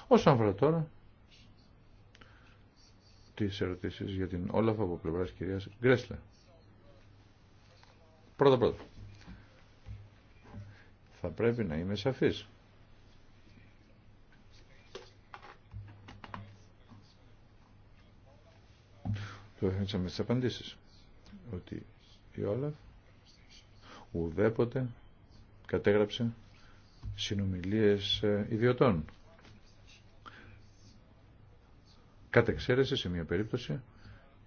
C: Όσον αφορά τώρα Τι ερωτήσει για την Όλαφ από τη κυρία Γκρέσλε. Πρώτα πρώτα. Θα πρέπει να είμαι σαφής. Το στις απαντήσεις. Ότι η Όλαφ ουδέποτε κατέγραψε συνομιλίες ε, ιδιωτών. Κατ' εξαίρεση σε μια περίπτωση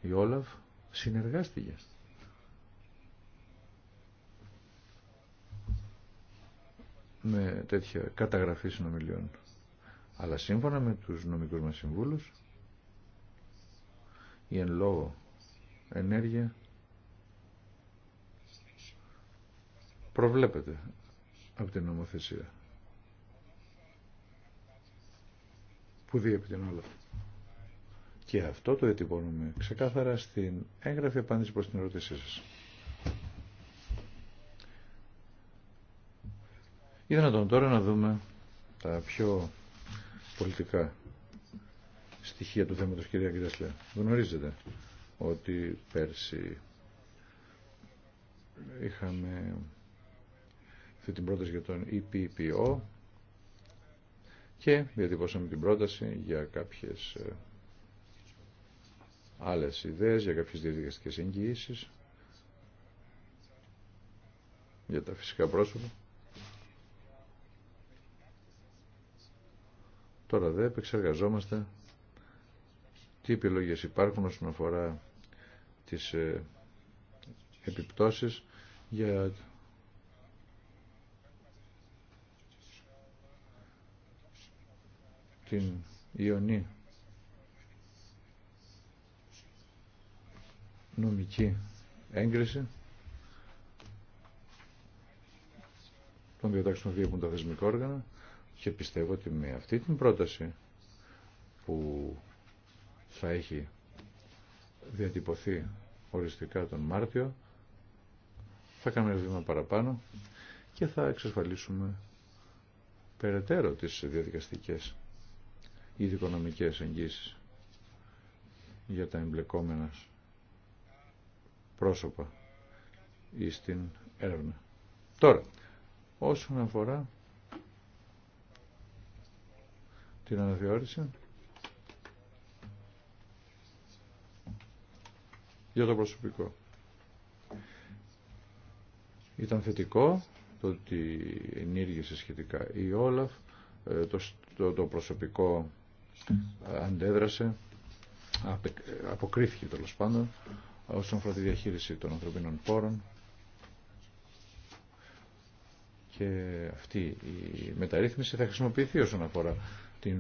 C: η Όλαφ συνεργάστηκε. με τέτοια καταγραφή συνομιλιών. Αλλά σύμφωνα με τους νομικούς μας συμβούλους η εν λόγω ενέργεια προβλέπεται από την νομοθεσία που διέπει την όλα. Και αυτό το ετυπώνουμε ξεκάθαρα στην έγγραφη απάντηση προς την ερώτησή σας. να τον τώρα να δούμε τα πιο πολιτικά στοιχεία του θέματος κυρία Κυριασλέα. Γνωρίζετε ότι πέρσι είχαμε αυτή την πρόταση για τον EPPO και διατυπώσαμε την πρόταση για κάποιες ε, άλλες ιδέες, για κάποιες διαδικαστικές εγγυήσεις για τα φυσικά πρόσωπα. Τώρα δε επεξεργαζόμαστε τι επιλογές υπάρχουν όσον αφορά τις ε, επιπτώσεις για την Ιωνή νομική έγκριση των διατάξεων που τα θεσμικά όργανα και πιστεύω ότι με αυτή την πρόταση που θα έχει διατυπωθεί οριστικά τον Μάρτιο. Θα κάνουμε ένα βήμα παραπάνω και θα εξασφαλίσουμε περαιτέρω τις διαδικαστικές ή δικονομικές εγγύσεις για τα εμπλεκόμενα πρόσωπα ή στην έρευνα. Τώρα, όσον αφορά την αναθεώρηση για το προσωπικό. Ήταν θετικό το ότι ενήργησε σχετικά η Όλαφ, ε, το, το, προσωπικό ε, αντέδρασε, αποκρίθηκε τέλο πάντων όσον αφορά τη διαχείριση των ανθρωπίνων πόρων και αυτή η μεταρρύθμιση θα χρησιμοποιηθεί όσον αφορά την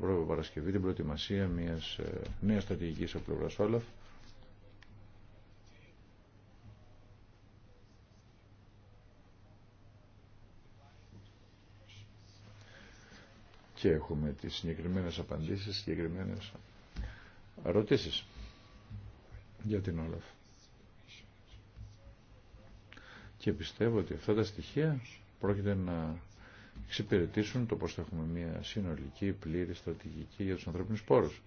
C: πρώτη ε, Παρασκευή, την προετοιμασία μιας νέας στρατηγικής από πλευράς Όλαφ και έχουμε τις συγκεκριμένες απαντήσεις, συγκεκριμένες ερωτήσεις για την Όλαφ. Και πιστεύω ότι αυτά τα στοιχεία πρόκειται να εξυπηρετήσουν το πώς θα έχουμε μια συνολική, πλήρη στρατηγική για τους ανθρώπινους πόρους.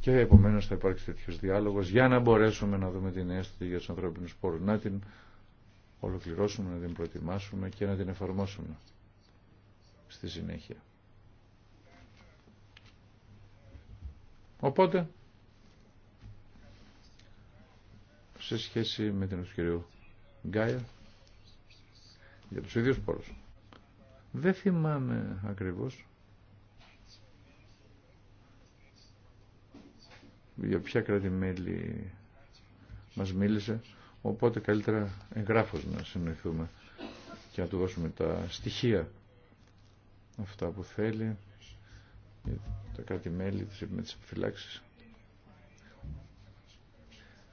C: και επομένως θα υπάρξει τέτοιος διάλογος για να μπορέσουμε να δούμε την αίσθηση για τους ανθρώπινους πόρους, να την ολοκληρώσουμε, να την προετοιμάσουμε και να την εφαρμόσουμε στη συνέχεια. Οπότε, σε σχέση με την κύριο Γκάια, για τους ίδιους πόρους. Δεν θυμάμαι ακριβώς για ποια κράτη-μέλη μας μίλησε, οπότε καλύτερα εγγράφως να συνοηθούμε και να του δώσουμε τα στοιχεία αυτά που θέλει για τα κράτη-μέλη με τις επιφυλάξεις.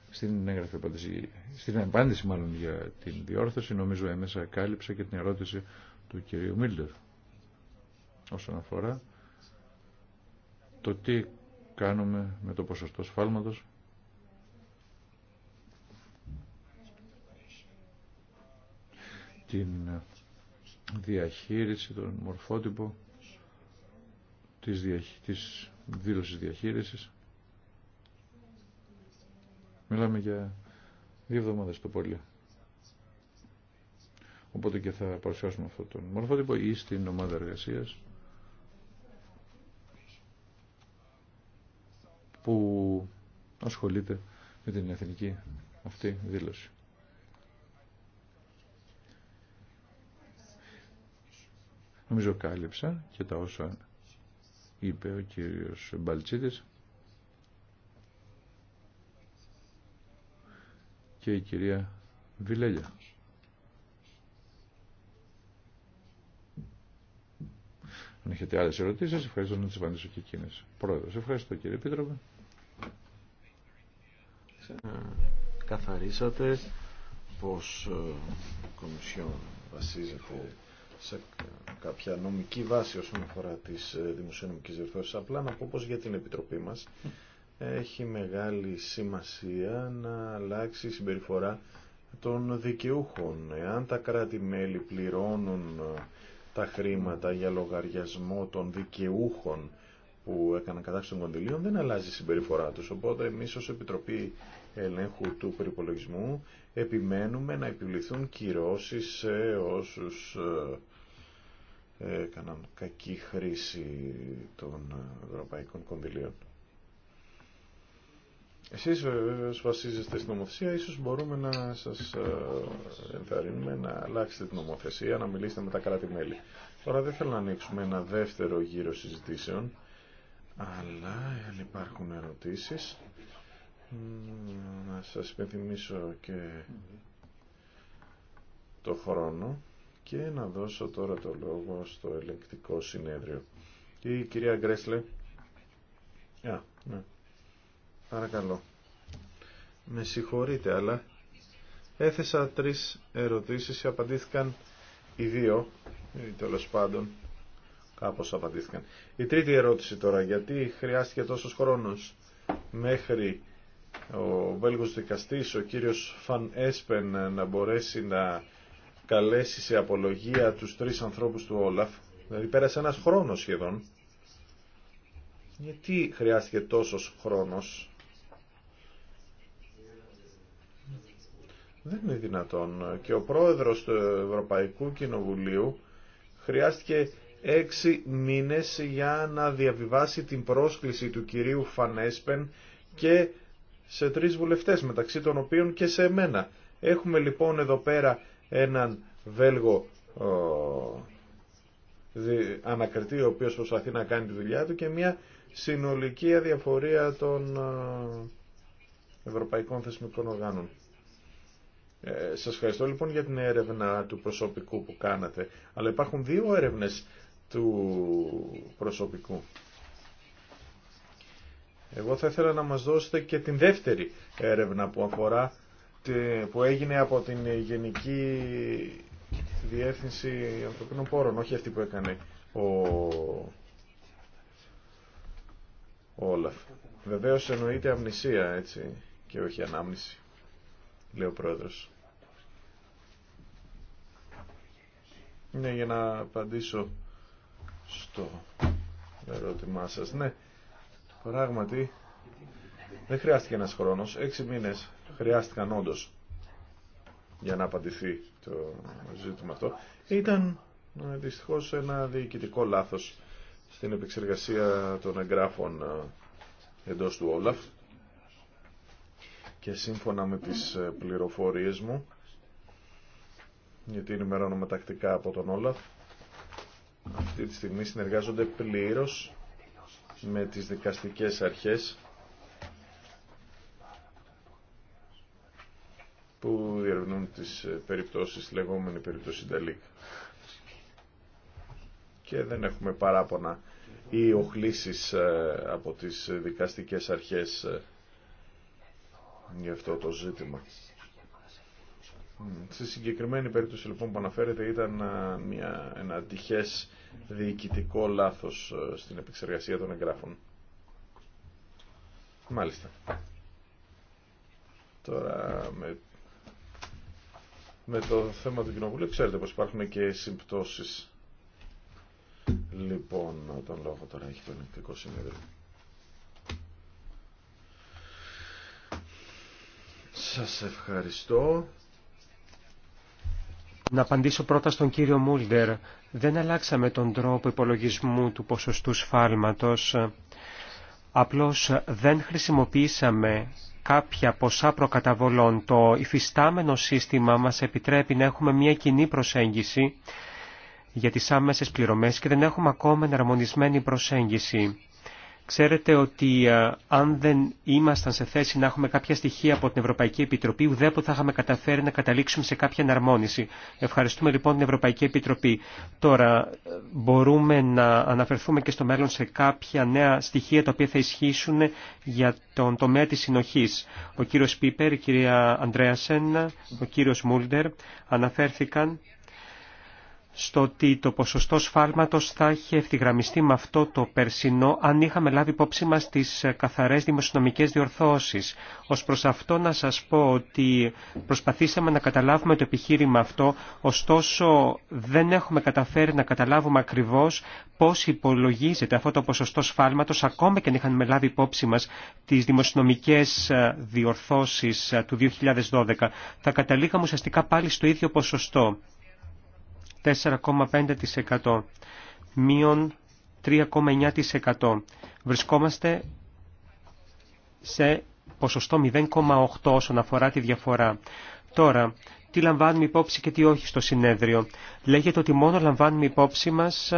C: Στην, έγραφη, απάντηση, στην απάντηση μάλλον για την διόρθωση νομίζω έμεσα κάλυψα και την ερώτηση του κυρίου Μίλτερ όσον αφορά το τι κάνουμε με το ποσοστό σφάλματος. Την διαχείριση, τον μορφότυπο της, διαχ... της δήλωσης διαχείρισης. Μιλάμε για δύο εβδομάδες το πολύ. Οπότε και θα παρουσιάσουμε αυτόν τον μορφότυπο ή στην ομάδα εργασίας που ασχολείται με την εθνική αυτή δήλωση. Νομίζω κάλυψα και τα όσα είπε ο κύριος Μπαλτσίτης και η κυρία Βιλέλια. Αν έχετε άλλες ερωτήσεις, ευχαριστώ να τις απαντήσω και εκείνες. Πρόεδρος, ευχαριστώ κύριε Επίτροπε. Ε, καθαρίσατε
A: πως ε, η Κομισιόν βασίζεται σε κάποια νομική βάση όσον αφορά τις ε, δημοσιονομικές διορθώσεις. Απλά να πω πως για την Επιτροπή μας έχει μεγάλη σημασία να αλλάξει η συμπεριφορά των δικαιούχων. Εάν τα κράτη-μέλη πληρώνουν τα χρήματα για λογαριασμό των δικαιούχων που έκαναν κατάξη των κονδυλίων, δεν αλλάζει η συμπεριφορά τους. Οπότε εμείς ως Επιτροπή ελέγχου του περιπολογισμού επιμένουμε να επιβληθούν κυρώσεις σε όσους ε, ε, έκαναν κακή χρήση των ευρωπαϊκών κονδυλίων. Εσείς ε, βεβαίως βασίζεστε στην νομοθεσία, ίσως μπορούμε να σας ενθαρρύνουμε να αλλάξετε την νομοθεσία, να μιλήσετε με τα κράτη-μέλη. Τώρα δεν θέλω να ανοίξουμε ένα δεύτερο γύρο συζητήσεων, αλλά αν υπάρχουν ερωτήσεις να σας υπενθυμίσω και το χρόνο και να δώσω τώρα το λόγο στο ελεκτικό συνέδριο. η κυρία Γκρέσλε. Α, ναι. Παρακαλώ. Με συγχωρείτε, αλλά έθεσα τρεις ερωτήσεις και απαντήθηκαν οι δύο, ή τέλος πάντων κάπως απαντήθηκαν. Η τρίτη ερώτηση τώρα, γιατί χρειάστηκε τόσος χρόνος μέχρι ο Βέλγος δικαστής, ο κύριος Φαν Έσπεν, να μπορέσει να καλέσει σε απολογία τους τρεις ανθρώπους του Όλαφ. Δηλαδή πέρασε ένας χρόνος σχεδόν. Γιατί χρειάστηκε τόσος χρόνος. Δεν είναι δυνατόν. Και ο πρόεδρος του Ευρωπαϊκού Κοινοβουλίου χρειάστηκε έξι μήνες για να διαβιβάσει την πρόσκληση του κυρίου Φανέσπεν και σε τρεις βουλευτές, μεταξύ των οποίων και σε εμένα. Έχουμε λοιπόν εδώ πέρα έναν Βέλγο ανακριτή, ο οποίος προσπαθεί να κάνει τη δουλειά του και μια συνολική αδιαφορία των ε, ευρωπαϊκών θεσμικών οργάνων. Ε, σας ευχαριστώ λοιπόν για την έρευνα του προσωπικού που κάνατε, αλλά υπάρχουν δύο έρευνες του προσωπικού. Εγώ θα ήθελα να μας δώσετε και την δεύτερη έρευνα που αφορά που έγινε από την Γενική Διεύθυνση Ανθρωπίνων Πόρων, όχι αυτή που έκανε ο, Όλαφ. Βεβαίως εννοείται αμνησία, έτσι, και όχι ανάμνηση, λέει ο Πρόεδρος. Ναι, για να απαντήσω στο ερώτημά σας. Ναι, Πράγματι, δεν χρειάστηκε ένας χρόνος. Έξι μήνες χρειάστηκαν όντω για να απαντηθεί το ζήτημα αυτό. Ήταν ε, δυστυχώ ένα διοικητικό λάθος στην επεξεργασία των εγγράφων ε, εντός του Όλαφ και σύμφωνα με τις ε, πληροφορίες μου γιατί ενημερώνομαι τακτικά από τον Όλαφ αυτή τη στιγμή συνεργάζονται πλήρως με τις δικαστικές αρχές που διερευνούν τις ε, περιπτώσεις, τη λεγόμενη περίπτωση Νταλίκ. Και δεν έχουμε παράπονα ή οχλήσεις ε, από τις δικαστικές αρχές ε, για αυτό το ζήτημα. Στη συγκεκριμένη περίπτωση λοιπόν που αναφέρεται ήταν μια, ένα τυχές διοικητικό λάθος στην επεξεργασία των εγγράφων. Μάλιστα. Τώρα με, με το θέμα του κοινοβουλίου ξέρετε πως υπάρχουν και συμπτώσεις. Λοιπόν, τον λόγο τώρα έχει το ελεγκτικό συνέδριο. Σας ευχαριστώ.
B: Να απαντήσω πρώτα στον κύριο Μούλτερ. Δεν αλλάξαμε τον τρόπο υπολογισμού του ποσοστού σφάλματος. Απλώς δεν χρησιμοποίησαμε κάποια ποσά προκαταβολών. Το υφιστάμενο σύστημα μας επιτρέπει να έχουμε μια κοινή προσέγγιση για τις άμεσες πληρωμές και δεν έχουμε ακόμα εναρμονισμένη προσέγγιση. Ξέρετε ότι ε, αν δεν ήμασταν σε θέση να έχουμε κάποια στοιχεία από την Ευρωπαϊκή Επιτροπή, ουδέποτε θα είχαμε καταφέρει να καταλήξουμε σε κάποια εναρμόνιση. Ευχαριστούμε λοιπόν την Ευρωπαϊκή Επιτροπή. Τώρα, ε, μπορούμε να αναφερθούμε και στο μέλλον σε κάποια νέα στοιχεία τα οποία θα ισχύσουν για τον τομέα της συνοχής. Ο κύριος Πίπερ, η κυρία Σένα, ο κύριος Μούλτερ αναφέρθηκαν στο ότι το ποσοστό σφάλματος θα είχε ευθυγραμμιστεί με αυτό το περσινό αν είχαμε λάβει υπόψη μας τις καθαρές δημοσιονομικές διορθώσεις. Ως προς αυτό να σας πω ότι προσπαθήσαμε να καταλάβουμε το επιχείρημα αυτό, ωστόσο δεν έχουμε καταφέρει να καταλάβουμε ακριβώς πώς υπολογίζεται αυτό το ποσοστό σφάλματος ακόμα και αν είχαμε λάβει υπόψη μας τις δημοσιονομικές διορθώσεις του 2012. Θα καταλήγαμε ουσιαστικά πάλι στο ίδιο ποσοστό. 4,5%. Μείον 3,9%. Βρισκόμαστε σε ποσοστό 0,8 όσον αφορά τη διαφορά. Τώρα, τι λαμβάνουμε υπόψη και τι όχι στο συνέδριο. Λέγεται ότι μόνο λαμβάνουμε υπόψη μας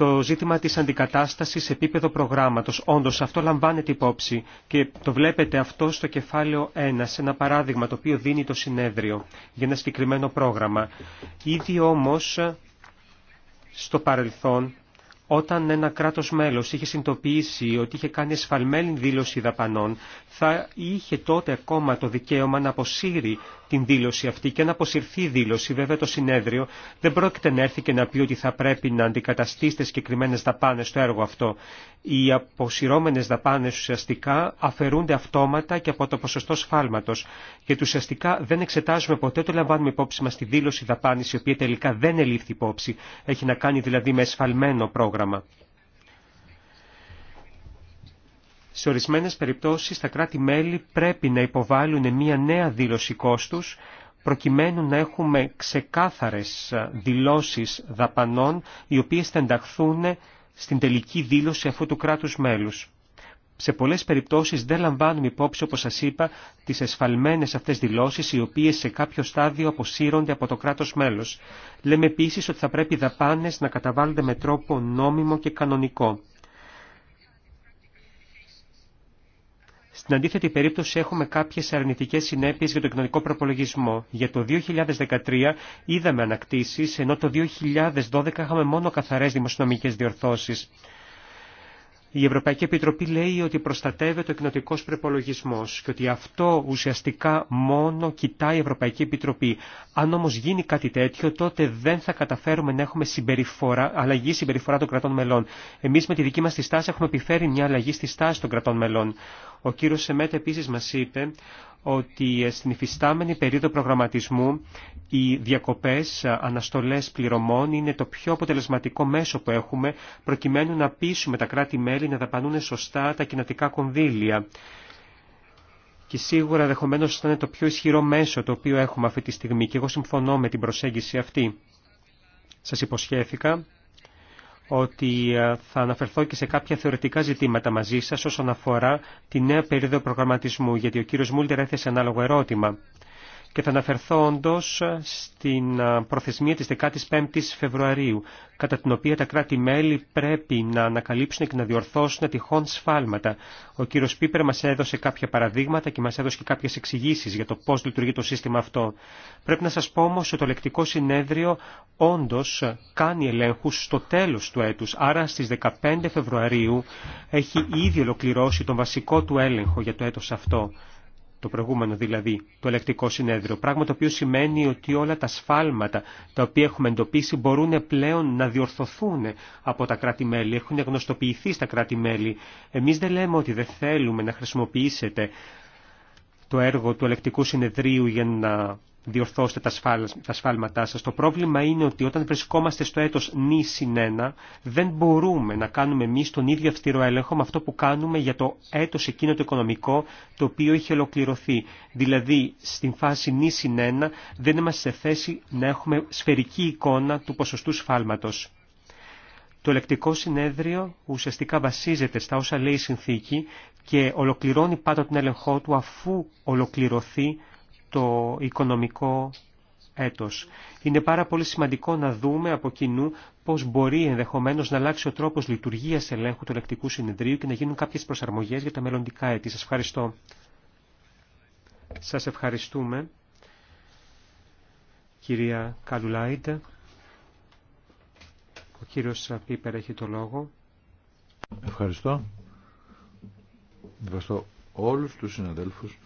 B: το ζήτημα της αντικατάστασης σε επίπεδο προγράμματος. Όντως αυτό λαμβάνεται υπόψη και το βλέπετε αυτό στο κεφάλαιο 1, σε ένα παράδειγμα το οποίο δίνει το συνέδριο για ένα συγκεκριμένο πρόγραμμα. Ήδη όμως στο παρελθόν όταν ένα κράτος μέλος είχε συνειδητοποιήσει ότι είχε κάνει εσφαλμένη δήλωση δαπανών, θα είχε τότε ακόμα το δικαίωμα να αποσύρει την δήλωση αυτή και να αποσυρθεί η δήλωση, βέβαια το συνέδριο δεν πρόκειται να έρθει και να πει ότι θα πρέπει να αντικαταστήσετε συγκεκριμένε δαπάνε στο έργο αυτό. Οι αποσυρώμενε δαπάνε ουσιαστικά αφαιρούνται αυτόματα και από το ποσοστό σφάλματο. Γιατί ουσιαστικά δεν εξετάζουμε ποτέ, το λαμβάνουμε υπόψη μα τη δήλωση δαπάνη η οποία τελικά δεν ελήφθη υπόψη. Έχει να κάνει δηλαδή με εσφαλμένο πρόγραμμα. Σε ορισμένες περιπτώσεις τα κράτη-μέλη πρέπει να υποβάλουν μια νέα δήλωση κόστους προκειμένου να έχουμε ξεκάθαρες δηλώσεις δαπανών οι οποίες θα ενταχθούν στην τελική δήλωση αφού του κράτους μέλους. Σε πολλές περιπτώσεις δεν λαμβάνουμε υπόψη, όπως σας είπα, τις εσφαλμένες αυτές δηλώσεις, οι οποίες σε κάποιο στάδιο αποσύρονται από το κράτος μέλος. Λέμε επίσης ότι θα πρέπει οι δαπάνες να καταβάλλονται με τρόπο νόμιμο και κανονικό. Στην αντίθετη περίπτωση έχουμε κάποιες αρνητικές συνέπειες για τον κοινωνικό προπολογισμό. Για το 2013 είδαμε ανακτήσεις, ενώ το 2012 είχαμε μόνο καθαρές δημοσιονομικές διορθώσεις. Η Ευρωπαϊκή Επιτροπή λέει ότι προστατεύεται ο κοινοτικό προπολογισμό και ότι αυτό ουσιαστικά μόνο κοιτάει η Ευρωπαϊκή Επιτροπή. Αν όμω γίνει κάτι τέτοιο, τότε δεν θα καταφέρουμε να έχουμε συμπεριφορά, αλλαγή συμπεριφορά των κρατών μελών. Εμεί με τη δική μα τη στάση έχουμε επιφέρει μια αλλαγή στη στάση των κρατών μελών. Ο κύριο Σεμέτ επίση μα είπε ότι στην υφιστάμενη περίοδο προγραμματισμού οι διακοπές, αναστολές πληρωμών είναι το πιο αποτελεσματικό μέσο που έχουμε προκειμένου να πείσουμε τα κράτη-μέλη να δαπανούν σωστά τα κοινοτικά κονδύλια. Και σίγουρα δεχομένω θα είναι το πιο ισχυρό μέσο το οποίο έχουμε αυτή τη στιγμή και εγώ συμφωνώ με την προσέγγιση αυτή. Σας υποσχέθηκα ότι ε, θα αναφερθώ και σε κάποια θεωρητικά ζητήματα μαζί σας όσον αφορά τη νέα περίοδο προγραμματισμού, γιατί ο κύριος Μούλτερ έθεσε ανάλογο ερώτημα και θα αναφερθώ όντω στην ε, προθεσμία της 15ης Φεβρουαρίου, κατά την οποία τα κράτη-μέλη πρέπει να ανακαλύψουν και να διορθώσουν τυχόν σφάλματα. Ο κύριος Πίπερ μας έδωσε κάποια παραδείγματα και μας έδωσε και κάποιες εξηγήσεις για το πώς λειτουργεί το σύστημα αυτό. Πρέπει να σας πω όμως ότι το λεκτικό συνέδριο όντω κάνει ελέγχους στο τέλος του έτους, άρα στις 15 Φεβρουαρίου έχει ήδη ολοκληρώσει τον βασικό του έλεγχο για το έτος αυτό το προηγούμενο δηλαδή, το ελεκτικό συνέδριο. Πράγμα το οποίο σημαίνει ότι όλα τα σφάλματα τα οποία έχουμε εντοπίσει μπορούν πλέον να διορθωθούν από τα κράτη-μέλη, έχουν γνωστοποιηθεί στα κράτη-μέλη. Εμείς δεν λέμε ότι δεν θέλουμε να χρησιμοποιήσετε το έργο του ελεκτικού συνεδρίου για να διορθώστε τα σφάλματά σας. Το πρόβλημα είναι ότι όταν βρισκόμαστε στο έτος νη συνένα, δεν μπορούμε να κάνουμε εμεί τον ίδιο αυστηρό έλεγχο με αυτό που κάνουμε για το έτος εκείνο το οικονομικό το οποίο είχε ολοκληρωθεί. Δηλαδή, στην φάση νη συνένα δεν είμαστε σε θέση να έχουμε σφαιρική εικόνα του ποσοστού σφάλματος. Το ελεκτικό συνέδριο ουσιαστικά βασίζεται στα όσα λέει η συνθήκη και ολοκληρώνει πάντα τον έλεγχό του αφού ολοκληρωθεί το οικονομικό έτος. Είναι πάρα πολύ σημαντικό να δούμε από κοινού πώς μπορεί ενδεχομένως να αλλάξει ο τρόπος λειτουργίας ελέγχου του ελεκτικού συνεδρίου και να γίνουν κάποιες προσαρμογές για τα μελλοντικά έτη. Σας ευχαριστώ. Σας ευχαριστούμε. Κυρία Καλουλάιντ, ο κύριος Πίπερ έχει το λόγο.
C: Ευχαριστώ. Ευχαριστώ όλους τους συναδέλφους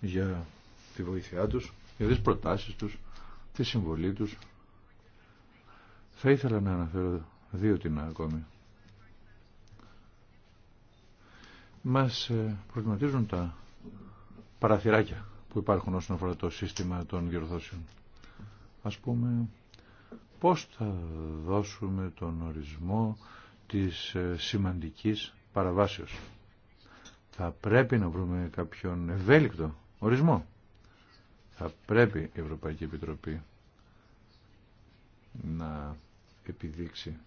C: για τη βοήθειά τους, για τις προτάσεις τους, τη συμβολή τους. Θα ήθελα να αναφέρω δύο την ακόμη. Μας ε, προβληματίζουν τα παραθυράκια που υπάρχουν όσον αφορά το σύστημα των διορθώσεων. Ας πούμε, πώς θα δώσουμε τον ορισμό της ε, σημαντικής παραβάσεως. Θα πρέπει να βρούμε κάποιον ευέλικτο ορισμό. Θα πρέπει η Ευρωπαϊκή Επιτροπή να επιδείξει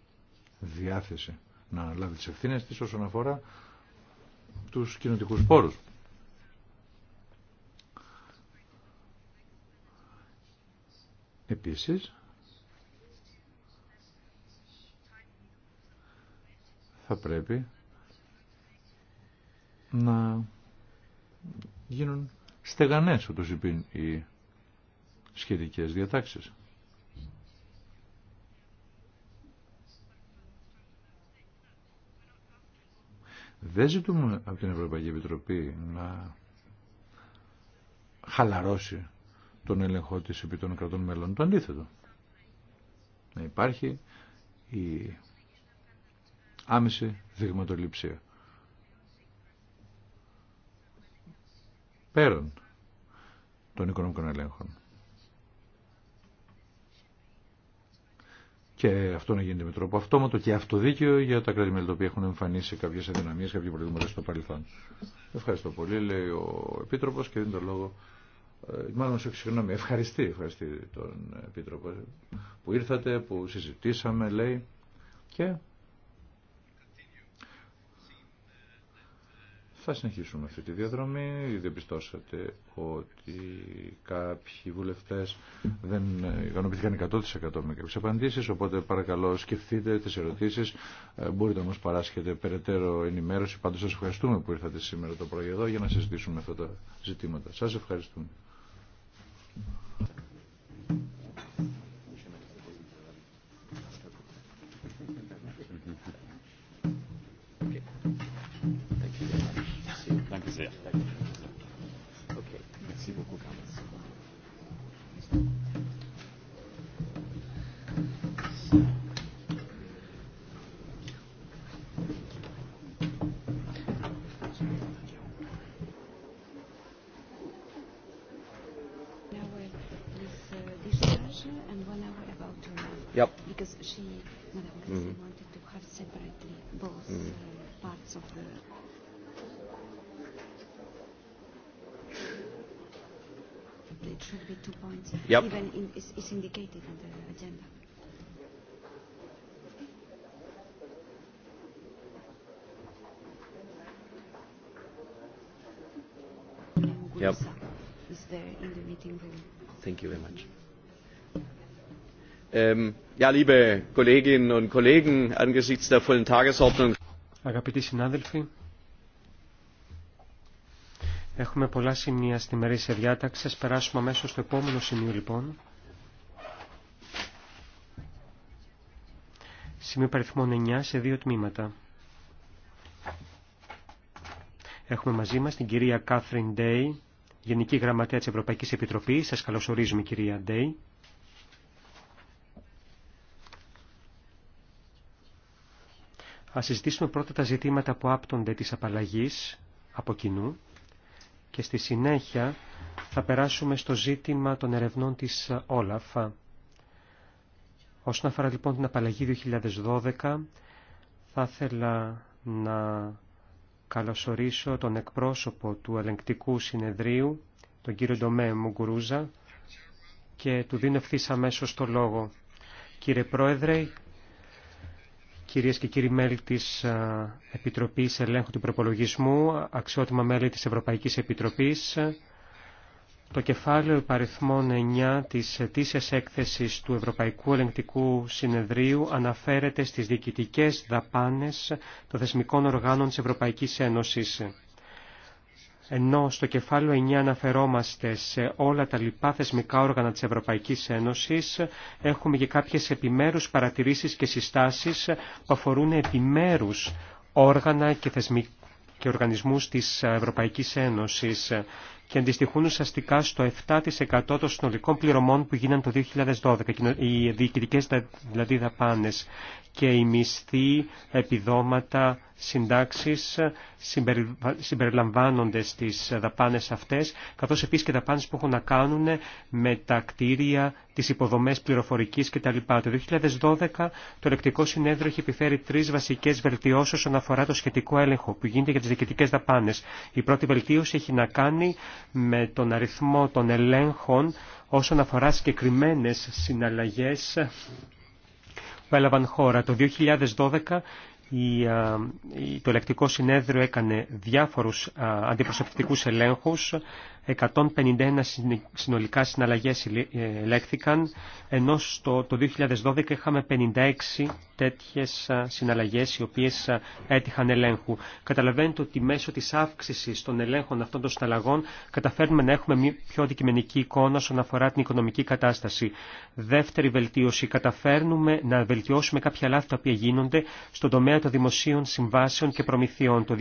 C: διάθεση να αναλάβει τις ευθύνες της όσον αφορά τους κοινωτικούς πόρους. Επίσης, θα πρέπει να γίνουν στεγανές, όπως είπαν οι σχετικές διατάξεις. Δεν ζητούμε από την Ευρωπαϊκή Επιτροπή να χαλαρώσει τον έλεγχο της επί των κρατών μέλων. Το αντίθετο. Να υπάρχει η άμεση δειγματοληψία. πέραν των οικονομικών ελέγχων. Και αυτό να γίνεται με τρόπο αυτόματο και αυτοδίκαιο για τα κράτη-μέλη τα οποία έχουν εμφανίσει κάποιε αδυναμίε, κάποια προβλήματα στο παρελθόν. Ευχαριστώ πολύ, λέει ο Επίτροπο και δίνει το λόγο. Ε, μάλλον, συγγνώμη, ευχαριστεί, ευχαριστεί τον Επίτροπο που ήρθατε, που συζητήσαμε, λέει. Και Θα συνεχίσουμε αυτή τη διαδρομή. Διαπιστώσατε ότι κάποιοι βουλευτέ δεν ικανοποιήθηκαν 100% με κάποιε απαντήσεις, οπότε παρακαλώ σκεφτείτε τις ερωτήσεις. Ε, μπορείτε να παράσχετε περαιτέρω ενημέρωση. Πάντως σα ευχαριστούμε που ήρθατε σήμερα το πρωί εδώ για να συζητήσουμε αυτά τα ζητήματα. Σα ευχαριστούμε.
D: It should be two points. Even it's indicated in the agenda. Yep. Is there in the meeting room.
A: Thank you very much. Ja, liebe Kolleginnen und Kollegen, angesichts der vollen Tagesordnung
B: Αγαπητοί συνάδελφοι, έχουμε πολλά σημεία στη μερίσια διάταξη. Σας περάσουμε αμέσω στο επόμενο σημείο λοιπόν. Σημείο παριθμών 9 σε δύο τμήματα. Έχουμε μαζί μας την κυρία Κάθριν Ντέι, Γενική Γραμματέα της Ευρωπαϊκής Επιτροπής. Σας καλωσορίζουμε κυρία Ντέι. Ας συζητήσουμε πρώτα τα ζητήματα που άπτονται της απαλλαγής από κοινού και στη συνέχεια θα περάσουμε στο ζήτημα των ερευνών της Όλαφ. Όσον αφορά λοιπόν την απαλλαγή 2012, θα ήθελα να καλωσορίσω τον εκπρόσωπο του ελεγκτικού συνεδρίου, τον κύριο Ντομέ Μουγκουρούζα, και του δίνω ευθύ αμέσω το λόγο. Κύριε Πρόεδρε, Κυρίες και κύριοι μέλη της Επιτροπής Ελέγχου του Προπολογισμού, αξιότιμα μέλη της Ευρωπαϊκής Επιτροπής, το κεφάλαιο υπαριθμών 9 της ετήσιας έκθεσης του Ευρωπαϊκού Ελεγκτικού Συνεδρίου αναφέρεται στις διοικητικές δαπάνες των θεσμικών οργάνων της Ευρωπαϊκής Ένωσης ενώ στο κεφάλαιο 9 αναφερόμαστε σε όλα τα λοιπά θεσμικά όργανα της Ευρωπαϊκής Ένωσης, έχουμε και κάποιες επιμέρους παρατηρήσεις και συστάσεις που αφορούν επιμέρους όργανα και θεσμικά και οργανισμούς της Ευρωπαϊκής Ένωσης και αντιστοιχούν ουσιαστικά στο 7% των συνολικών πληρωμών που γίναν το 2012, οι διοικητικές δηλαδή δαπάνες και οι μισθοί, επιδόματα, συντάξεις συμπεριλαμβάνονται στις δαπάνες αυτές, καθώς επίσης και δαπάνες που έχουν να κάνουν με τα κτίρια, τις υποδομές πληροφορικής κτλ. Το 2012 το Ελεκτικό Συνέδριο έχει επιφέρει τρεις βασικές βελτιώσεις όσον αφορά το σχετικό έλεγχο που γίνεται για τις διοικητικές δαπάνες. Η πρώτη βελτίωση έχει να κάνει με τον αριθμό των ελέγχων όσον αφορά συγκεκριμένε συναλλαγές που έλαβαν χώρα. Το 2012 το ελεκτικό συνέδριο έκανε διάφορους αντιπροσωπευτικούς ελέγχους 151 συνολικά συναλλαγές ε, ελέγχθηκαν, ενώ στο, το 2012 είχαμε 56 τέτοιες συναλλαγές οι οποίες έτυχαν ελέγχου. Καταλαβαίνετε ότι μέσω της αύξησης των ελέγχων αυτών των συναλλαγών καταφέρνουμε να έχουμε μια πιο δικημενική εικόνα όσον αφορά την οικονομική κατάσταση. Δεύτερη βελτίωση, καταφέρνουμε να βελτιώσουμε κάποια λάθη τα οποία γίνονται στον τομέα των δημοσίων συμβάσεων και προμηθειών. Το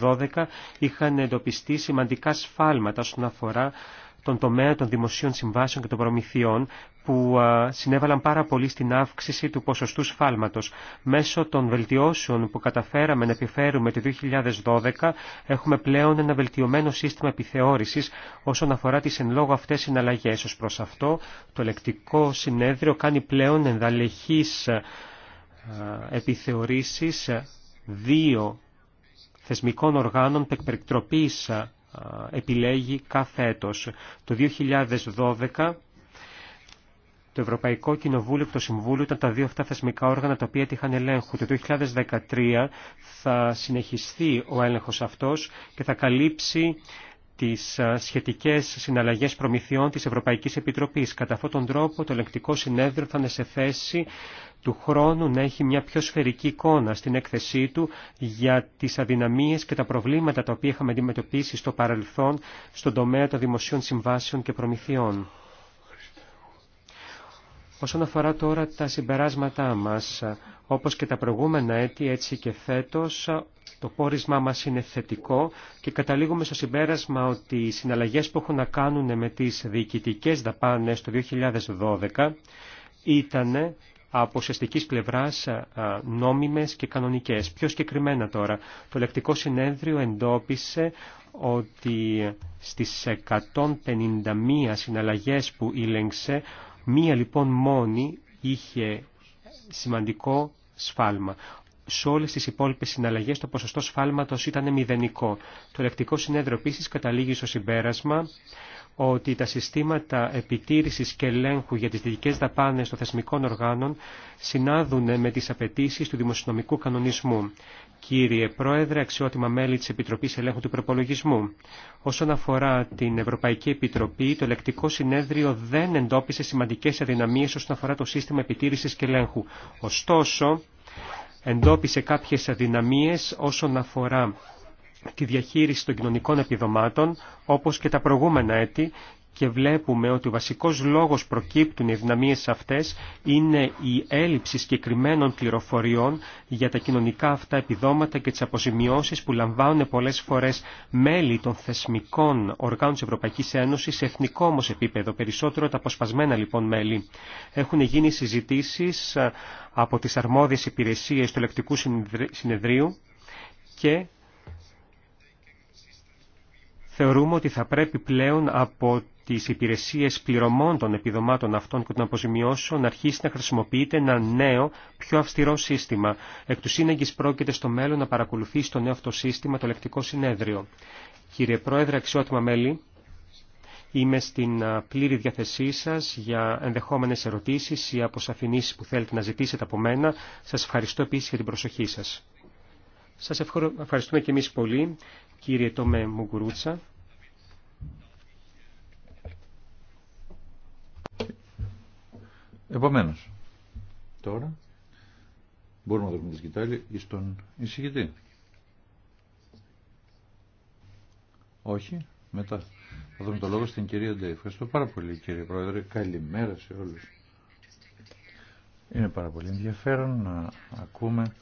B: 2012 είχαν εντοπιστεί σημαντικά σφάλματα όσον αφορά τον τομέα των δημοσίων συμβάσεων και των προμηθειών που συνέβαλαν πάρα πολύ στην αύξηση του ποσοστού σφάλματος. Μέσω των βελτιώσεων που καταφέραμε να επιφέρουμε το 2012 έχουμε πλέον ένα βελτιωμένο σύστημα επιθεώρησης όσον αφορά τις εν λόγω αυτές συναλλαγές. Ως προς αυτό το ελεκτικό συνέδριο κάνει πλέον ενδαλεχείς επιθεωρήσεις δύο θεσμικών οργάνων που ε, επιλέγει κάθε έτος. Το 2012 το Ευρωπαϊκό Κοινοβούλιο και το Συμβούλιο ήταν τα δύο αυτά θεσμικά όργανα τα οποία είχαν ελέγχου. Το 2013 θα συνεχιστεί ο έλεγχος αυτός και θα καλύψει τις ε, σχετικές συναλλαγές προμηθειών της Ευρωπαϊκής Επιτροπής. Κατά αυτόν τον τρόπο το ελεγκτικό συνέδριο θα είναι σε θέση του χρόνου να έχει μια πιο σφαιρική εικόνα στην έκθεσή του για τις αδυναμίες και τα προβλήματα τα οποία είχαμε αντιμετωπίσει στο παρελθόν στον τομέα των δημοσίων συμβάσεων και προμηθειών. Όσον αφορά τώρα τα συμπεράσματά μας, όπως και τα προηγούμενα έτη, έτσι και φέτος, το πόρισμά μας είναι θετικό και καταλήγουμε στο συμπέρασμα ότι οι συναλλαγές που έχουν να κάνουν με τις διοικητικές δαπάνες το 2012 ήταν από ουσιαστική πλευρά νόμιμες και κανονικές. Πιο συγκεκριμένα τώρα, το λεκτικό συνέδριο εντόπισε ότι στις 151 συναλλαγές που ήλεγξε Μία λοιπόν μόνη είχε σημαντικό σφάλμα. Σε όλε τι υπόλοιπε συναλλαγέ το ποσοστό σφάλματο ήταν μηδενικό. Το ελεκτικό συνέδριο επίση καταλήγει στο συμπέρασμα ότι τα συστήματα επιτήρησης και ελέγχου για τις δυτικές δαπάνες των θεσμικών οργάνων συνάδουν με τις απαιτήσεις του δημοσιονομικού κανονισμού. Κύριε Πρόεδρε, αξιότιμα μέλη της Επιτροπής Ελέγχου του Προπολογισμού. Όσον αφορά την Ευρωπαϊκή Επιτροπή, το Ελεκτικό Συνέδριο δεν εντόπισε σημαντικές αδυναμίες όσον αφορά το σύστημα επιτήρησης και ελέγχου. Ωστόσο, εντόπισε κάποιες αδυναμίες όσον αφορά τη διαχείριση των κοινωνικών επιδομάτων, όπως και τα προηγούμενα έτη, και βλέπουμε ότι ο βασικός λόγος προκύπτουν οι δυναμίες αυτές είναι η έλλειψη συγκεκριμένων πληροφοριών για τα κοινωνικά αυτά επιδόματα και τις αποζημιώσεις που λαμβάνουν πολλές φορές μέλη των θεσμικών οργάνων της Ευρωπαϊκής Ένωσης σε εθνικό όμως επίπεδο, περισσότερο τα αποσπασμένα λοιπόν μέλη. Έχουν γίνει συζητήσεις ε, από τις αρμόδιες υπηρεσίες του Ελεκτικού Συνεδρίου και θεωρούμε ότι θα πρέπει πλέον από τις υπηρεσίες πληρωμών των επιδομάτων αυτών και των αποζημιώσεων να αρχίσει να χρησιμοποιείται ένα νέο, πιο αυστηρό σύστημα. Εκ του σύνεγγυ πρόκειται στο μέλλον να παρακολουθήσει το νέο αυτό σύστημα το λεκτικό συνέδριο. Κύριε Πρόεδρε, αξιότιμα μέλη, είμαι στην πλήρη διαθεσή σας για ενδεχόμενες ερωτήσεις ή αποσαφηνήσεις που θέλετε να ζητήσετε από μένα. Σας ευχαριστώ επίσης για την προσοχή σας. Σας ευχαριστούμε και εμείς πολύ, κύριε Τόμε Μουγκουρούτσα. Επομένως, τώρα
C: μπορούμε να δούμε τη σκητάλη ή τον εισηγητή. Όχι, μετά. Θα δούμε το λόγο στην κυρία Ντέι. Ευχαριστώ πάρα πολύ κύριε Πρόεδρε. Καλημέρα σε όλους. Είναι πάρα πολύ ενδιαφέρον να ακούμε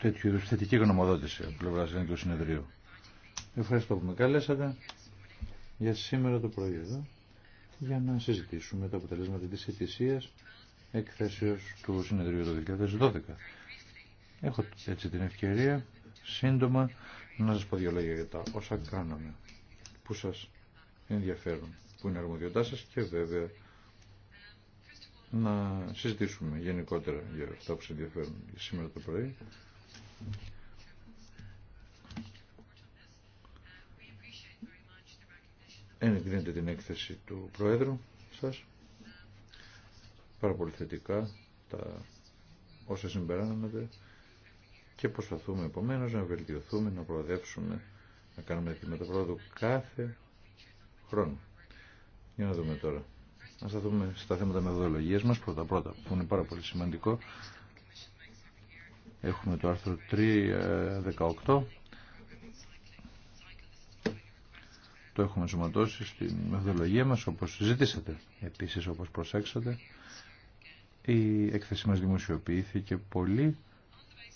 C: τέτοιου είδους θετική γνωμοδότηση από πλευρά του συνεδρίου. Ευχαριστώ που με καλέσατε για σήμερα το πρωί εδώ για να συζητήσουμε τα αποτελέσματα της ετησίας εκθέσεως του συνεδρίου του 2012. Έχω έτσι την ευκαιρία σύντομα να σας πω δύο λόγια για τα όσα κάναμε που σας ενδιαφέρουν, που είναι αρμοδιότητά σας και βέβαια να συζητήσουμε γενικότερα για αυτά που σας ενδιαφέρουν σήμερα το πρωί. Εγκρίνετε την έκθεση του Προέδρου σας. Πάρα πολύ θετικά τα όσα συμπεράνονται και προσπαθούμε επομένω να βελτιωθούμε, να προοδεύσουμε, να κάνουμε το κάθε χρόνο. Για να δούμε τώρα. Να σταθούμε στα θέματα μεθοδολογίας μας πρώτα-πρώτα, που είναι πάρα πολύ σημαντικό. Έχουμε το άρθρο 3.18 Το έχουμε σωματώσει στην μεθοδολογία μας όπως ζητήσατε. Επίσης όπως προσέξατε η έκθεση μας δημοσιοποιήθηκε πολύ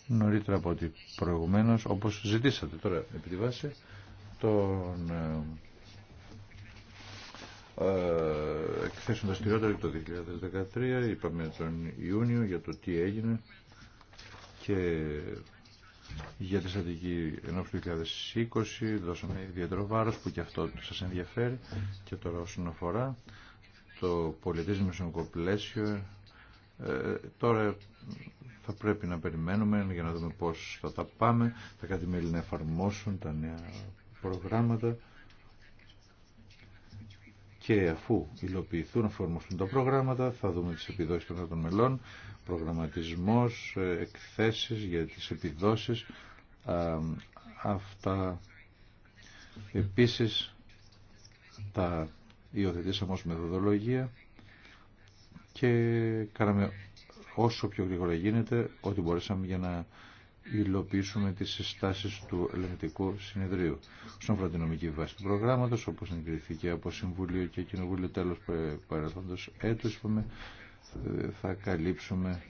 C: νωρίτερα από ότι προηγουμένως όπως ζητήσατε τώρα επί τη βάση των ε, ε εκθέσεων δραστηριότητα το 2013 είπαμε τον Ιούνιο για το τι έγινε και για τη στρατηγική ενόψη του 2020, δώσαμε ιδιαίτερο βάρο που και αυτό σας ενδιαφέρει και τώρα όσον αφορά το πολιτισμικό πλαίσιο, ε, τώρα θα πρέπει να περιμένουμε για να δούμε πώς θα τα πάμε, θα κάτι μέλη να εφαρμόσουν τα νέα προγράμματα και αφού υλοποιηθούν, εφαρμοστούν τα προγράμματα, θα δούμε τις επιδόσεις των μελών, προγραμματισμός, ε, εκθέσεις για τις επιδόσεις. Αυτά επίσης τα υιοθετήσαμε ως μεθοδολογία και κάναμε όσο πιο γρήγορα γίνεται ό,τι μπορέσαμε για να υλοποιήσουμε τις συστάσεις του ελεγχτικού συνεδρίου. Στον αφορά βάση του προγράμματος, όπως εγκριθήκε από Συμβουλίο και Κοινοβούλιο τέλος ε, παρελθόντος έτους, είπαμε, θα καλύψουμε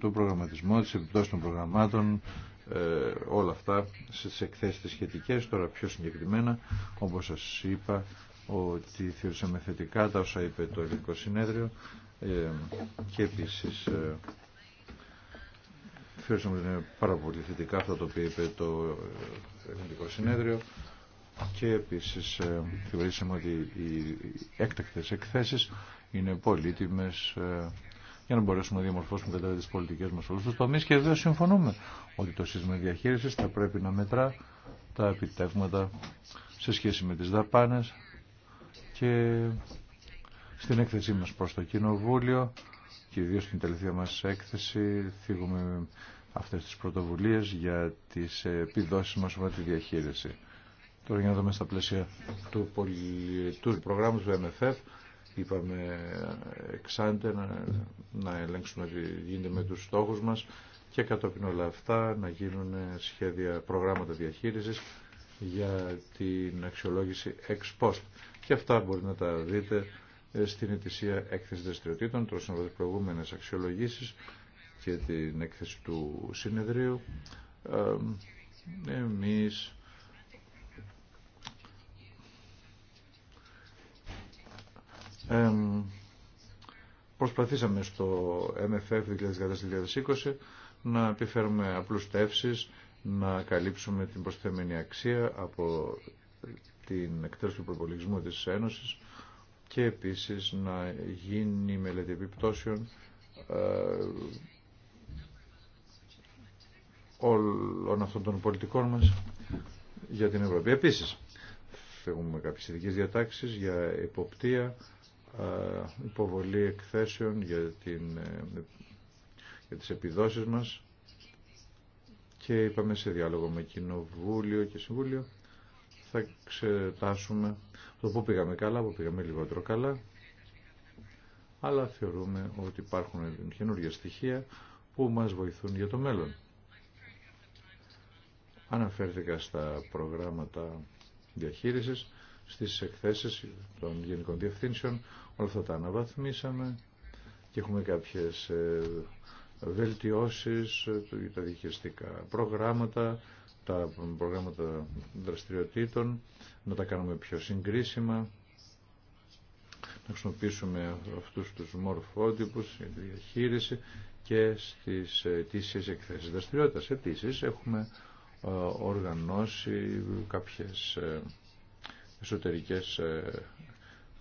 C: το προγραμματισμό, τις επιπτώσεις των προγραμμάτων, ε, όλα αυτά στις εκθέσεις τις σχετικές, τώρα πιο συγκεκριμένα, όπως σας είπα, ότι θεωρούσαμε θετικά τα όσα είπε το ελληνικό συνέδριο ε, και επίσης ε, θεωρήσαμε πάρα πολύ θετικά αυτά το οποίο είπε το ελληνικό συνέδριο και επίσης ε, θεωρήσαμε ότι οι έκτακτες εκθέσεις είναι πολύτιμες ε, για να μπορέσουμε να διαμορφώσουμε κατά τις πολιτικές μας όλους τους τομείς και βέβαια συμφωνούμε ότι το σύστημα διαχείρισης θα πρέπει να μετρά τα επιτεύγματα σε σχέση με τις δαπάνες και στην έκθεσή μας προς το Κοινοβούλιο και ιδίως στην τελευταία μας έκθεση θίγουμε αυτές τις πρωτοβουλίες για τις επιδόσεις μας με τη διαχείριση. Τώρα για να δούμε στα πλαίσια του πολιτού προγράμματος του MFF είπαμε ε, εξάντε να, να ελέγξουμε τι γίνεται με τους στόχους μας και κατόπιν όλα αυτά να γίνουν σχέδια προγράμματα διαχείρισης για την αξιολόγηση ex post. Και αυτά μπορείτε να τα δείτε ε, στην ετησία έκθεση δραστηριοτήτων, των στις προηγούμενες αξιολογήσεις και την έκθεση του συνεδρίου. Ε, εμείς Ε, προσπαθήσαμε στο MFF 2014-2020 να επιφέρουμε απλουστεύσεις, να καλύψουμε την προσθέμενη αξία από την εκτέλεση του προπολογισμού της Ένωσης και επίσης να γίνει η μελέτη επιπτώσεων ε, όλων αυτών των πολιτικών μας για την Ευρώπη. Επίσης, φεύγουμε κάποιες ειδικέ διατάξεις για υποπτία. Ε, υποβολή εκθέσεων για, την, ε, για τις επιδόσεις μας και είπαμε σε διάλογο με Κοινοβούλιο και Συμβούλιο θα εξετάσουμε το που πήγαμε καλά, που πήγαμε λιγότερο καλά αλλά θεωρούμε ότι υπάρχουν καινούργια στοιχεία που μας βοηθούν για το μέλλον. Αναφέρθηκα στα προγράμματα διαχείρισης στις εκθέσεις των Γενικών Διευθύνσεων. Όλα αυτά τα αναβαθμίσαμε και έχουμε κάποιες ε, βελτιώσεις, ε, τα διοικητικά προγράμματα, τα προγράμματα δραστηριοτήτων, να τα κάνουμε πιο συγκρίσιμα, να χρησιμοποιήσουμε αυτούς τους μορφότυπους για τη διαχείριση και στις αιτήσεις εκθέσεις δραστηριότητας. Επίσης έχουμε ε, οργανώσει κάποιες εσωτερικές ε,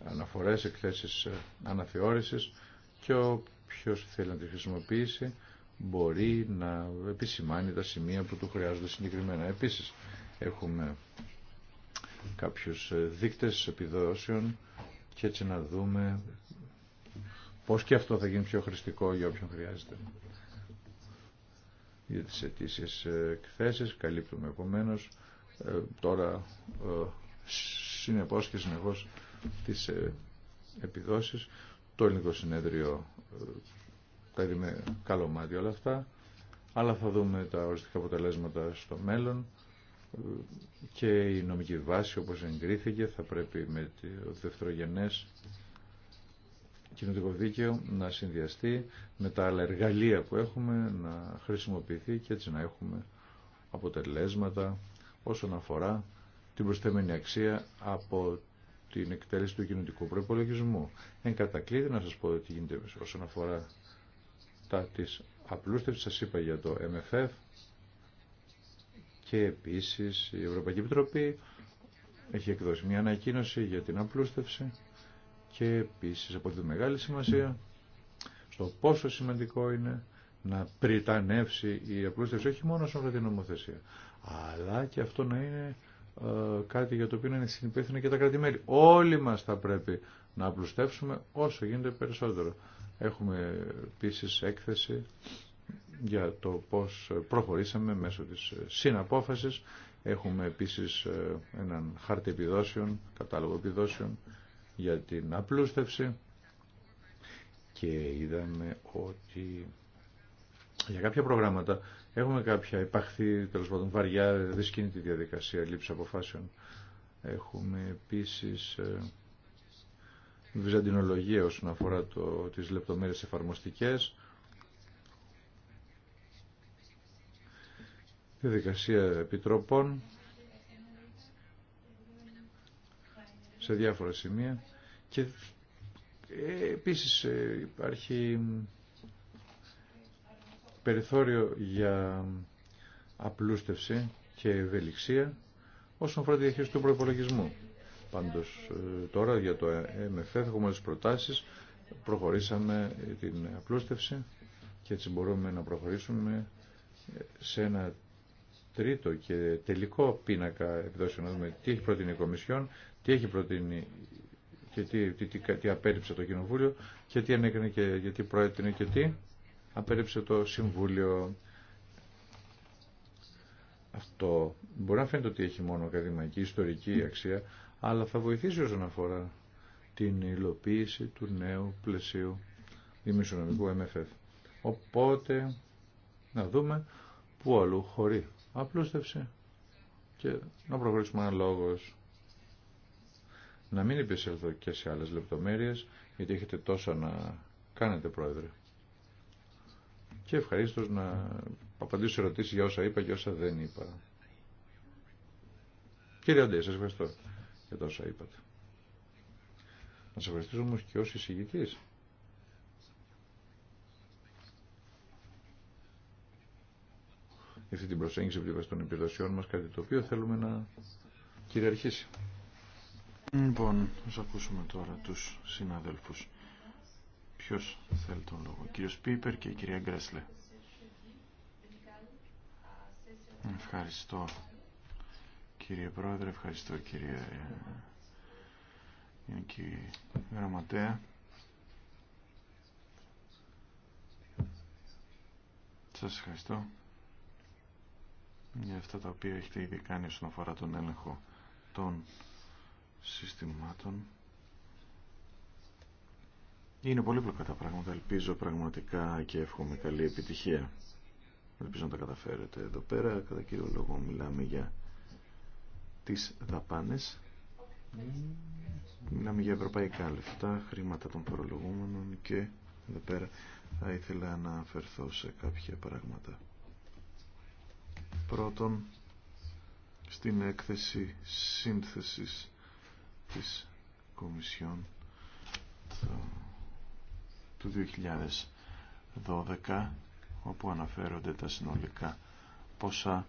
C: αναφορές, εκθέσεις ε, αναθεώρησης και όποιος θέλει να τη χρησιμοποιήσει μπορεί να επισημάνει τα σημεία που του χρειάζονται συγκεκριμένα. Επίσης έχουμε κάποιους ε, δείκτες επιδόσεων και έτσι να δούμε πώς και αυτό θα γίνει πιο χρηστικό για όποιον χρειάζεται. Για τις αιτήσεις εκθέσεις καλύπτουμε επομένως τώρα συνεπώς και συνεχώς τις ε, επιδόσεις. Το ελληνικό συνέδριο ε, τα δει με καλό μάτι όλα αυτά, αλλά θα δούμε τα οριστικά αποτελέσματα στο μέλλον και η νομική βάση όπως εγκρίθηκε θα πρέπει με το δευτερογενές κοινωτικό δίκαιο να συνδυαστεί με τα άλλα εργαλεία που έχουμε να χρησιμοποιηθεί και έτσι να έχουμε αποτελέσματα όσον αφορά την προσθέμενη αξία από την εκτέλεση του κοινωνικού προπολογισμού. Εν κατακλείδη να σας πω τι γίνεται όσον αφορά τα της απλούστευσης, σας είπα για το MFF και επίσης η Ευρωπαϊκή Επιτροπή έχει εκδώσει μια ανακοίνωση για την απλούστευση και επίσης από τη μεγάλη σημασία στο πόσο σημαντικό είναι να πριτανεύσει η απλούστευση όχι μόνο σε αυτή την νομοθεσία αλλά και αυτό να είναι ε, κάτι για το οποίο είναι συνυπεύθυνο και τα κρατημέλη. Όλοι μας θα πρέπει να απλουστεύσουμε όσο γίνεται περισσότερο. Έχουμε επίση έκθεση για το πώς προχωρήσαμε μέσω της συναπόφασης. Έχουμε επίσης ε, έναν χάρτη επιδόσεων, κατάλογο επιδόσεων για την απλούστευση και είδαμε ότι για κάποια προγράμματα Έχουμε κάποια υπαχθή, τέλο πάντων βαριά, δυσκίνητη διαδικασία λήψη αποφάσεων. Έχουμε επίσης ε, βυζαντινολογία όσον αφορά το, τις λεπτομέρειες εφαρμοστικές. Διαδικασία επιτροπών σε διάφορα σημεία και ε, επίσης ε, υπάρχει περιθώριο για απλούστευση και ευελιξία όσον αφορά τη διαχείριση του προπολογισμού. Πάντως ε, τώρα για το MFF έχουμε τις προτάσεις, προχωρήσαμε την απλούστευση και έτσι μπορούμε να προχωρήσουμε σε ένα τρίτο και τελικό πίνακα επιδόσεων να δούμε τι έχει προτείνει η Κομισιόν, τι έχει προτείνει και τι, τι, απέριψε το Κοινοβούλιο και τι ανέκρινε και, γιατί προέτεινε και τι απέρριψε το Συμβούλιο. Αυτό μπορεί να φαίνεται ότι έχει μόνο ακαδημαϊκή, ιστορική αξία, αλλά θα βοηθήσει όσον αφορά την υλοποίηση του νέου πλαισίου δημοσιονομικού MFF. Οπότε, να δούμε πού αλλού χωρεί. Απλούστευση και να προχωρήσουμε ένα λόγος. Να μην επισέλθω και σε άλλες λεπτομέρειες, γιατί έχετε τόσα να κάνετε, Πρόεδρε και ευχαρίστω να απαντήσω σε για όσα είπα και όσα δεν είπα. Κύριε Αντέ, σας ευχαριστώ για τα όσα είπατε. Να σα ευχαριστήσω όμω και ως εισηγητής. αυτή την προσέγγιση πλευρά των επιδοσιών μας, κάτι το οποίο θέλουμε να κυριαρχήσει. Λοιπόν, ας ακούσουμε τώρα τους συναδέλφους.
A: Ποιος θέλει τον λόγο, ο κύριος Πίπερ και η κυρία Γκρέσλε. Ευχαριστώ κύριε Πρόεδρε, ευχαριστώ κύριε Γενική Γραμματέα. Σας ευχαριστώ για αυτά τα οποία έχετε ήδη κάνει όσον αφορά τον έλεγχο των συστημάτων. Είναι πολύπλοκα τα πράγματα. Ελπίζω πραγματικά και εύχομαι καλή επιτυχία. Ελπίζω να τα καταφέρετε εδώ πέρα. Κατά κύριο λόγο μιλάμε για τις δαπάνες. Μιλάμε για ευρωπαϊκά λεφτά, χρήματα των προλογούμενων και εδώ πέρα θα ήθελα να αφαιρθώ σε κάποια πράγματα. Πρώτον, στην έκθεση σύνθεσης της Κομισιόν του 2012 όπου αναφέρονται τα συνολικά ποσά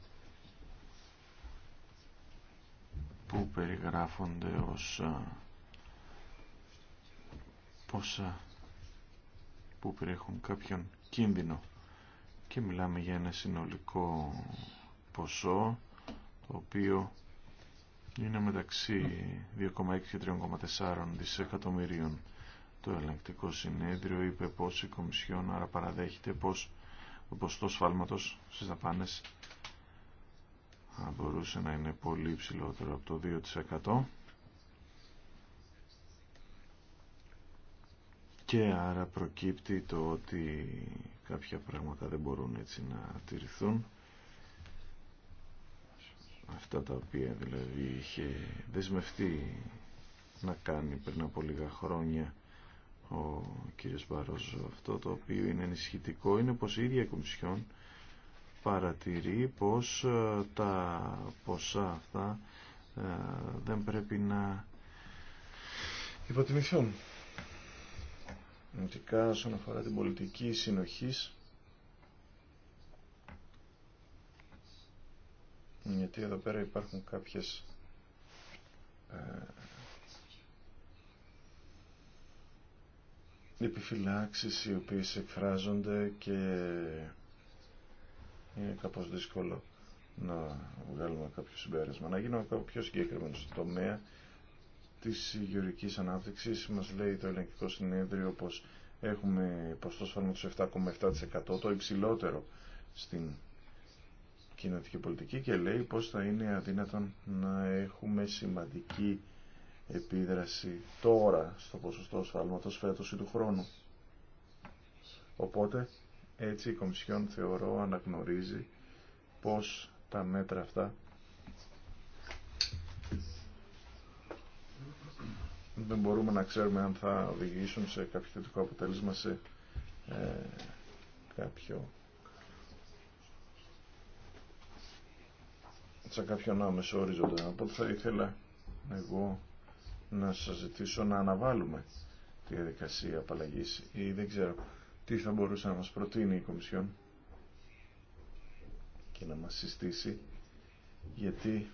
A: που περιγράφονται ως ποσά που περιέχουν κάποιον κίνδυνο και μιλάμε για ένα συνολικό ποσό το οποίο είναι μεταξύ 2,6 και 3,4 δισεκατομμυρίων το ελεγκτικό συνέδριο είπε πως η Κομισιόν άρα παραδέχεται πως το ποστό σφάλματος στις δαπάνες θα μπορούσε να είναι πολύ υψηλότερο από το 2% και άρα προκύπτει το ότι κάποια πράγματα δεν μπορούν έτσι να τηρηθούν αυτά τα οποία δηλαδή είχε δεσμευτεί να κάνει πριν από λίγα χρόνια ο κύριος Μπαρόζο αυτό το οποίο είναι ενισχυτικό είναι πως η ίδια η Κομισιόν παρατηρεί πως ε, τα ποσά αυτά ε, δεν πρέπει να υποτιμηθούν. Ειδικά όσον αφορά την πολιτική συνοχής γιατί εδώ πέρα υπάρχουν κάποιες ε, επιφυλάξεις οι οποίες εκφράζονται και είναι κάπως δύσκολο να βγάλουμε κάποιο συμπέρασμα. Να γίνω πιο συγκεκριμένο στο τομέα της γεωργικής ανάπτυξης. Μας λέει το ελεγκτικό συνέδριο πως έχουμε ποστό του 7,7% το υψηλότερο στην κοινωτική πολιτική και λέει πως θα είναι αδύνατον να έχουμε σημαντική επίδραση τώρα στο ποσοστό σφάλματος φέτος ή του χρόνου. Οπότε έτσι η Κομισιόν θεωρώ αναγνωρίζει πως τα μέτρα αυτά δεν μπορούμε να ξέρουμε αν θα οδηγήσουν σε κάποιο θετικό αποτέλεσμα σε ε, κάποιο σε κάποιον άμεσο όριζοντα. Οπότε θα ήθελα εγώ να σας ζητήσω να αναβάλουμε τη διαδικασία απαλλαγή ή δεν ξέρω τι θα μπορούσε να μας προτείνει η Κομισιόν και να μας συστήσει γιατί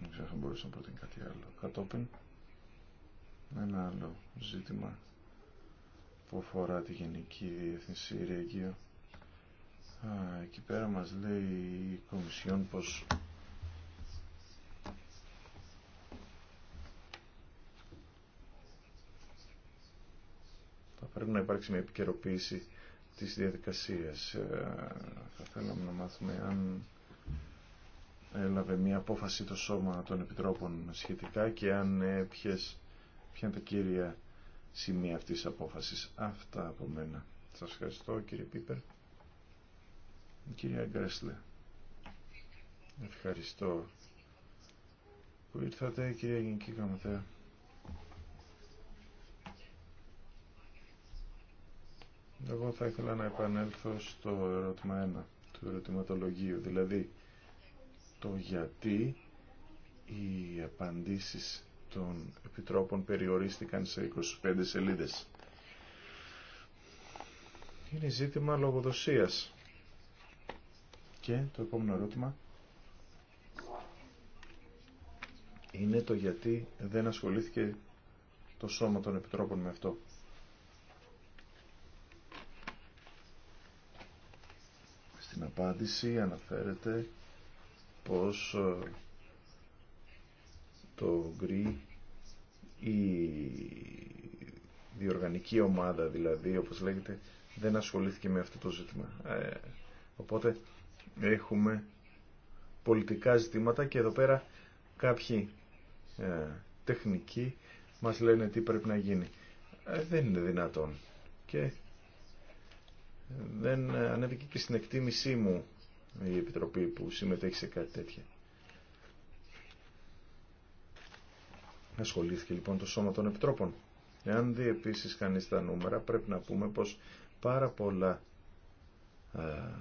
A: δεν ξέρω αν μπορούσε να προτείνει κάτι άλλο κατόπιν ένα άλλο ζήτημα που αφορά τη Γενική Διεθνή Συριακή Α, εκεί πέρα μας λέει η Κομισιόν πως θα πρέπει να υπάρξει μια επικαιροποίηση της διαδικασίας. Ε, θα θέλαμε να μάθουμε αν έλαβε μια απόφαση το σώμα των επιτρόπων σχετικά και αν ναι, ποιες, ποια είναι τα κύρια σημεία αυτής της απόφασης. Αυτά από μένα. Σας ευχαριστώ κύριε Πίπερ. Κυρία Γκρέσλε, ευχαριστώ που ήρθατε κυρία Γενική Γραμματέα. Εγώ θα ήθελα να επανέλθω στο ερώτημα 1 του ερωτηματολογίου, δηλαδή το γιατί οι απαντήσεις των επιτρόπων περιορίστηκαν σε 25 σελίδες. Είναι ζήτημα λογοδοσίας. Και το επόμενο ερώτημα είναι το γιατί δεν ασχολήθηκε το σώμα των επιτρόπων με αυτό. Στην απάντηση αναφέρεται πως ε, το γκρι η διοργανική ομάδα δηλαδή όπως λέγεται δεν ασχολήθηκε με αυτό το ζήτημα. Ε, οπότε έχουμε πολιτικά ζητήματα και εδώ πέρα κάποιοι ε, τεχνικοί μας λένε τι πρέπει να γίνει. Ε, δεν είναι δυνατόν. Και δεν ε, ανέβηκε και στην εκτίμησή μου η Επιτροπή που συμμετέχει σε κάτι τέτοιο. Ασχολήθηκε λοιπόν το Σώμα των Επιτρόπων. Εάν δει επίσης κανείς τα νούμερα πρέπει να πούμε πως πάρα πολλά ε,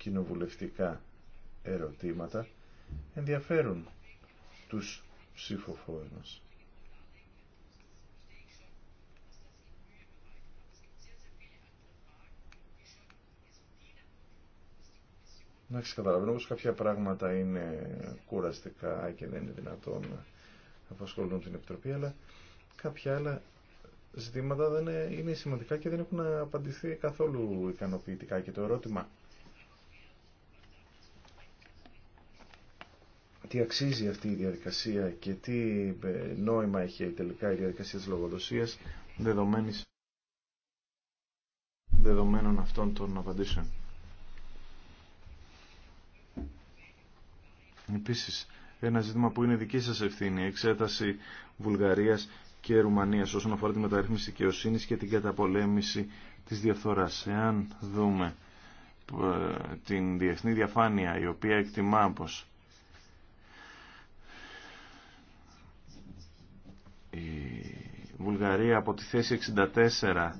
A: κοινοβουλευτικά ερωτήματα ενδιαφέρουν τους ψηφοφόρους μας. Να καταλαβαίνω πως κάποια πράγματα είναι κουραστικά και δεν είναι δυνατόν να απασχολούν την Επιτροπή, αλλά κάποια άλλα ζητήματα δεν είναι σημαντικά και δεν έχουν απαντηθεί καθόλου ικανοποιητικά. Και το ερώτημα τι αξίζει αυτή η διαδικασία και τι ε, νόημα έχει τελικά η διαδικασία της λογοδοσίας δεδομένης δεδομένων αυτών των απαντήσεων. Επίσης, ένα ζήτημα που είναι δική σας ευθύνη, εξέταση Βουλγαρίας και Ρουμανίας όσον αφορά τη μεταρρύθμιση δικαιοσύνη και την καταπολέμηση της διαφθοράς. Εάν δούμε ε, την διεθνή διαφάνεια η οποία εκτιμά πως η Βουλγαρία από τη θέση 64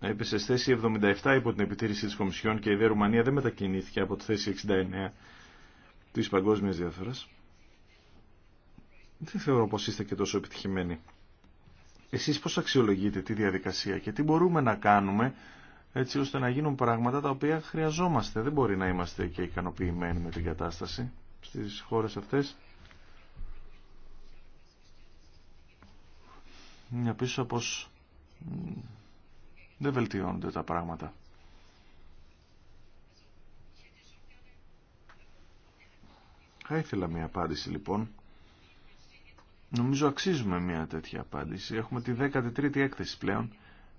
A: έπεσε στη θέση 77 υπό την επιτήρηση της Κομισιόν και η δε Ρουμανία δεν μετακινήθηκε από τη θέση 69 της παγκόσμιας διάφορας. Δεν θεωρώ πως είστε και τόσο επιτυχημένοι. Εσείς πώς αξιολογείτε τη διαδικασία και τι μπορούμε να κάνουμε έτσι ώστε να γίνουν πράγματα τα οποία χρειαζόμαστε. Δεν μπορεί να είμαστε και ικανοποιημένοι με την κατάσταση στις χώρες αυτές.
C: μια πίσω πως
A: δεν βελτιώνονται τα πράγματα. Θα ήθελα μια απάντηση λοιπόν. Νομίζω αξίζουμε μια τέτοια απάντηση. Έχουμε τη 13η έκθεση πλέον.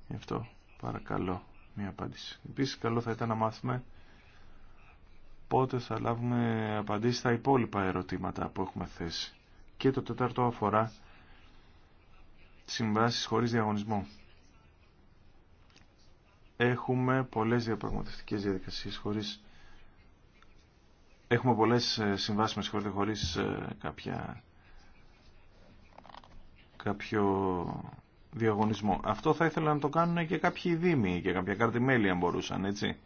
A: Γι' αυτό παρακαλώ μια απάντηση. Επίσης καλό θα ήταν να μάθουμε πότε θα λάβουμε απαντήσει στα υπόλοιπα ερωτήματα που έχουμε θέσει. Και το τέταρτο αφορά συμβάσεις χωρίς διαγωνισμό. Έχουμε πολλές διαπραγματευτικές διαδικασίες χωρίς... Έχουμε πολλές ε, συμβάσεις, με χωρίς ε, κάποια... κάποιο διαγωνισμό. Αυτό θα ήθελα να το κάνουν και κάποιοι δήμοι και κάποια μέλη αν μπορούσαν, έτσι.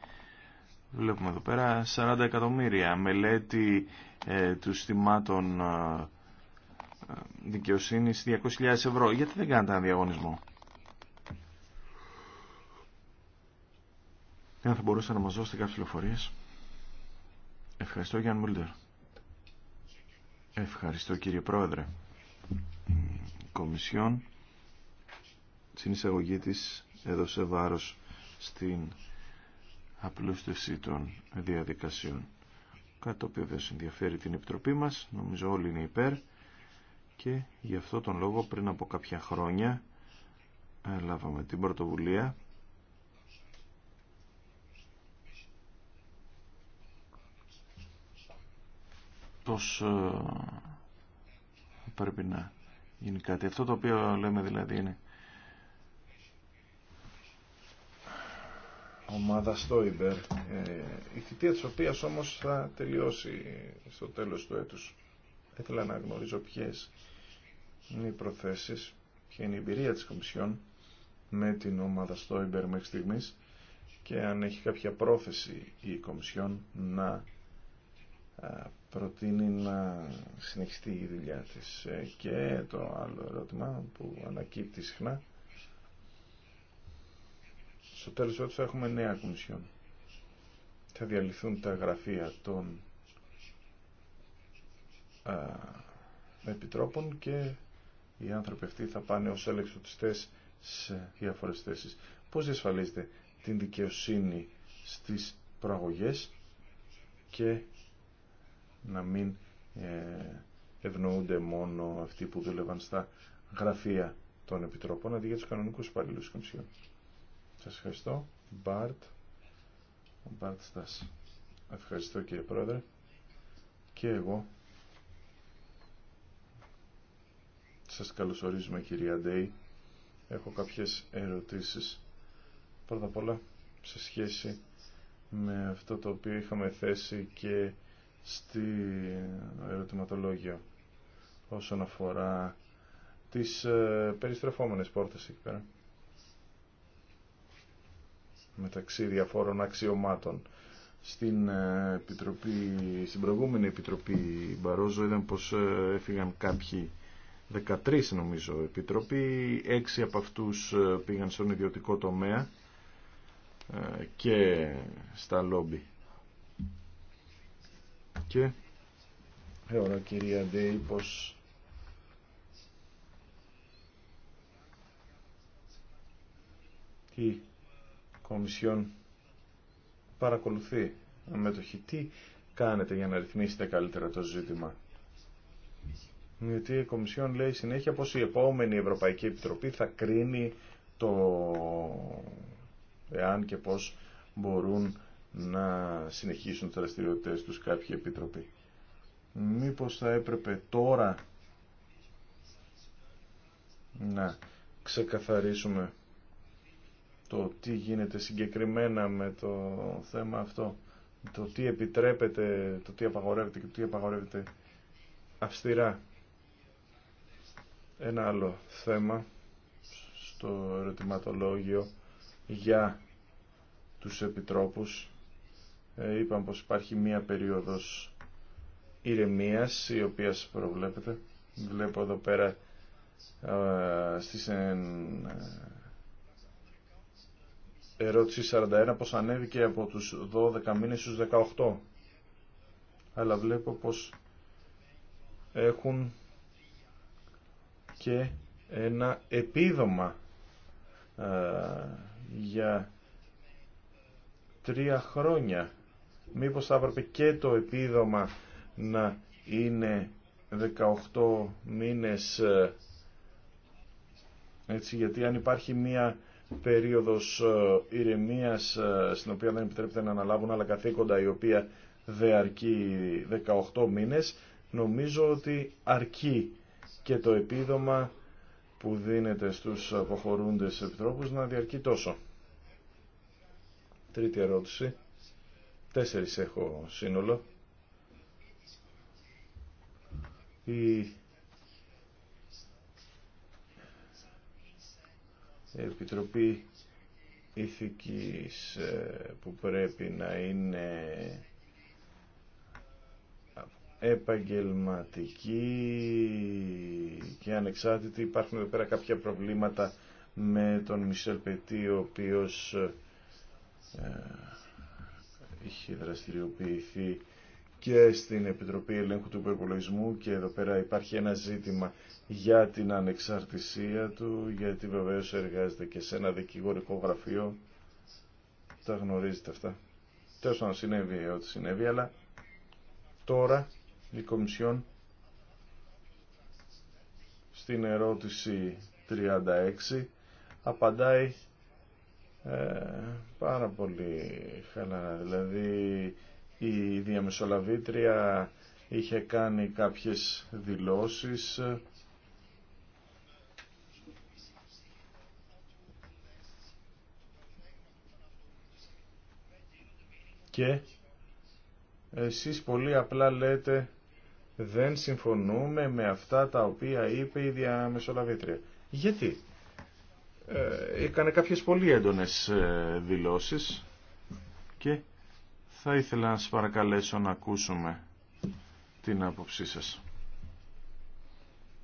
A: Βλέπουμε εδώ πέρα 40 εκατομμύρια μελέτη ε, του συστημάτων δικαιοσύνης 200.000 ευρώ. Γιατί δεν κάνετε ένα διαγωνισμό. Δεν θα μπορούσατε να μας δώσετε κάποιες πληροφορίες. Ευχαριστώ Γιάννη Μούλτερ. Ευχαριστώ κύριε Πρόεδρε. Κομισιόν στην εισαγωγή της έδωσε βάρος στην απλούστευση των διαδικασιών. Κάτι το οποίο συνδιαφέρει την Επιτροπή μας, νομίζω όλοι είναι υπέρ και γι' αυτό τον λόγο πριν από κάποια χρόνια ε, λάβαμε την πρωτοβουλία πως ε, πρέπει να γίνει κάτι. Αυτό το οποίο λέμε δηλαδή είναι ομάδα Στόιμπερ, ε, η θητεία της οποίας όμως θα τελειώσει στο τέλος του έτους. Θα ήθελα να γνωρίζω ποιε είναι οι προθέσεις, ποια είναι η εμπειρία της Κομισιόν με την ομάδα στο μέχρι και αν έχει κάποια πρόθεση η Κομισιόν να προτείνει να συνεχιστεί η δουλειά της. Ε, και το άλλο ερώτημα που ανακύπτει συχνά. Στο τέλος του θα έχουμε νέα κομισιόν. Θα διαλυθούν τα γραφεία των επιτρόπων και οι άνθρωποι αυτοί θα πάνε ως ελεξιωτιστές σε διάφορες θέσεις. Πώς διασφαλίζετε την δικαιοσύνη στις προαγωγές και να μην ε, ευνοούνται μόνο αυτοί που δούλευαν στα γραφεία των επιτρόπων, αντί για τους κανονικούς υπαλλήλους της Κομισιόν. Σας ευχαριστώ. Μπάρτ. Μπάρτ Ευχαριστώ κύριε Πρόεδρε. Και εγώ Σας καλωσορίζουμε κυρία Ντέι. Έχω κάποιες ερωτήσεις. Πρώτα απ' όλα σε σχέση με αυτό το οποίο είχαμε θέσει και στη ερωτηματολόγια όσον αφορά τις ε, περιστρεφόμενες πόρτες εκεί πέρα μεταξύ διαφόρων αξιωμάτων. Στην, ε, επιτροπή, στην προηγούμενη επιτροπή Μπαρόζο είδαν πως ε, έφυγαν κάποιοι 13 νομίζω επιτροποί, 6 από αυτούς ε, πήγαν στον ιδιωτικό τομέα ε, και στα λόμπι. Και θεωρώ κυρία Ντέι πως η Κομισιόν παρακολουθεί με το τι κάνετε για να ρυθμίσετε καλύτερα το ζήτημα γιατί η Κομισιόν λέει συνέχεια πως η επόμενη Ευρωπαϊκή Επιτροπή θα κρίνει το εάν και πως μπορούν να συνεχίσουν τι δραστηριότητε τους κάποιοι επιτροπή. Μήπως θα έπρεπε τώρα να ξεκαθαρίσουμε το τι γίνεται συγκεκριμένα με το θέμα αυτό, το τι επιτρέπεται, το τι απαγορεύεται και το τι απαγορεύεται αυστηρά ένα άλλο θέμα στο ερωτηματολόγιο για τους επιτρόπους. Ε, Είπαμε πως υπάρχει μία περίοδος ηρεμίας η οποία προβλέπεται. Βλέπω εδώ πέρα στις ε, ερώτηση 41 πως ανέβηκε από τους 12 μήνες στους 18 αλλά βλέπω πως έχουν και ένα επίδομα ε, για τρία χρόνια. Μήπως θα έπρεπε και το επίδομα να είναι 18 μήνες ε, έτσι, γιατί αν υπάρχει μία περίοδος ε, ηρεμίας στην οποία δεν επιτρέπεται να αναλάβουν άλλα καθήκοντα η οποία δεν αρκεί 18 μήνες νομίζω ότι αρκεί και το επίδομα που δίνεται στους αποχωρούντες επιτρόπους να διαρκεί τόσο. Τρίτη ερώτηση. Τέσσερις έχω σύνολο. Η Επιτροπή Ηθικής ε, που πρέπει να είναι επαγγελματική και ανεξάρτητη. Υπάρχουν εδώ πέρα κάποια προβλήματα με τον Μισελ Πετή, ο οποίος ε, είχε δραστηριοποιηθεί και στην Επιτροπή Ελέγχου του Υπερπολογισμού και εδώ πέρα υπάρχει ένα ζήτημα για την ανεξαρτησία του, γιατί βεβαίως εργάζεται και σε ένα δικηγορικό γραφείο. Τα γνωρίζετε αυτά. Τέλος πάντων συνέβη ό,τι συνέβη, αλλά τώρα η στην ερώτηση 36 απαντάει ε, πάρα πολύ χαλαρά. Δηλαδή η διαμεσολαβήτρια είχε κάνει κάποιες δηλώσεις και εσείς πολύ απλά λέτε δεν συμφωνούμε με αυτά τα οποία είπε η διαμεσολαβήτρια. Γιατί. Ε, έκανε κάποιες πολύ έντονες ε, δηλώσεις και θα ήθελα να σας παρακαλέσω να ακούσουμε την άποψή σας.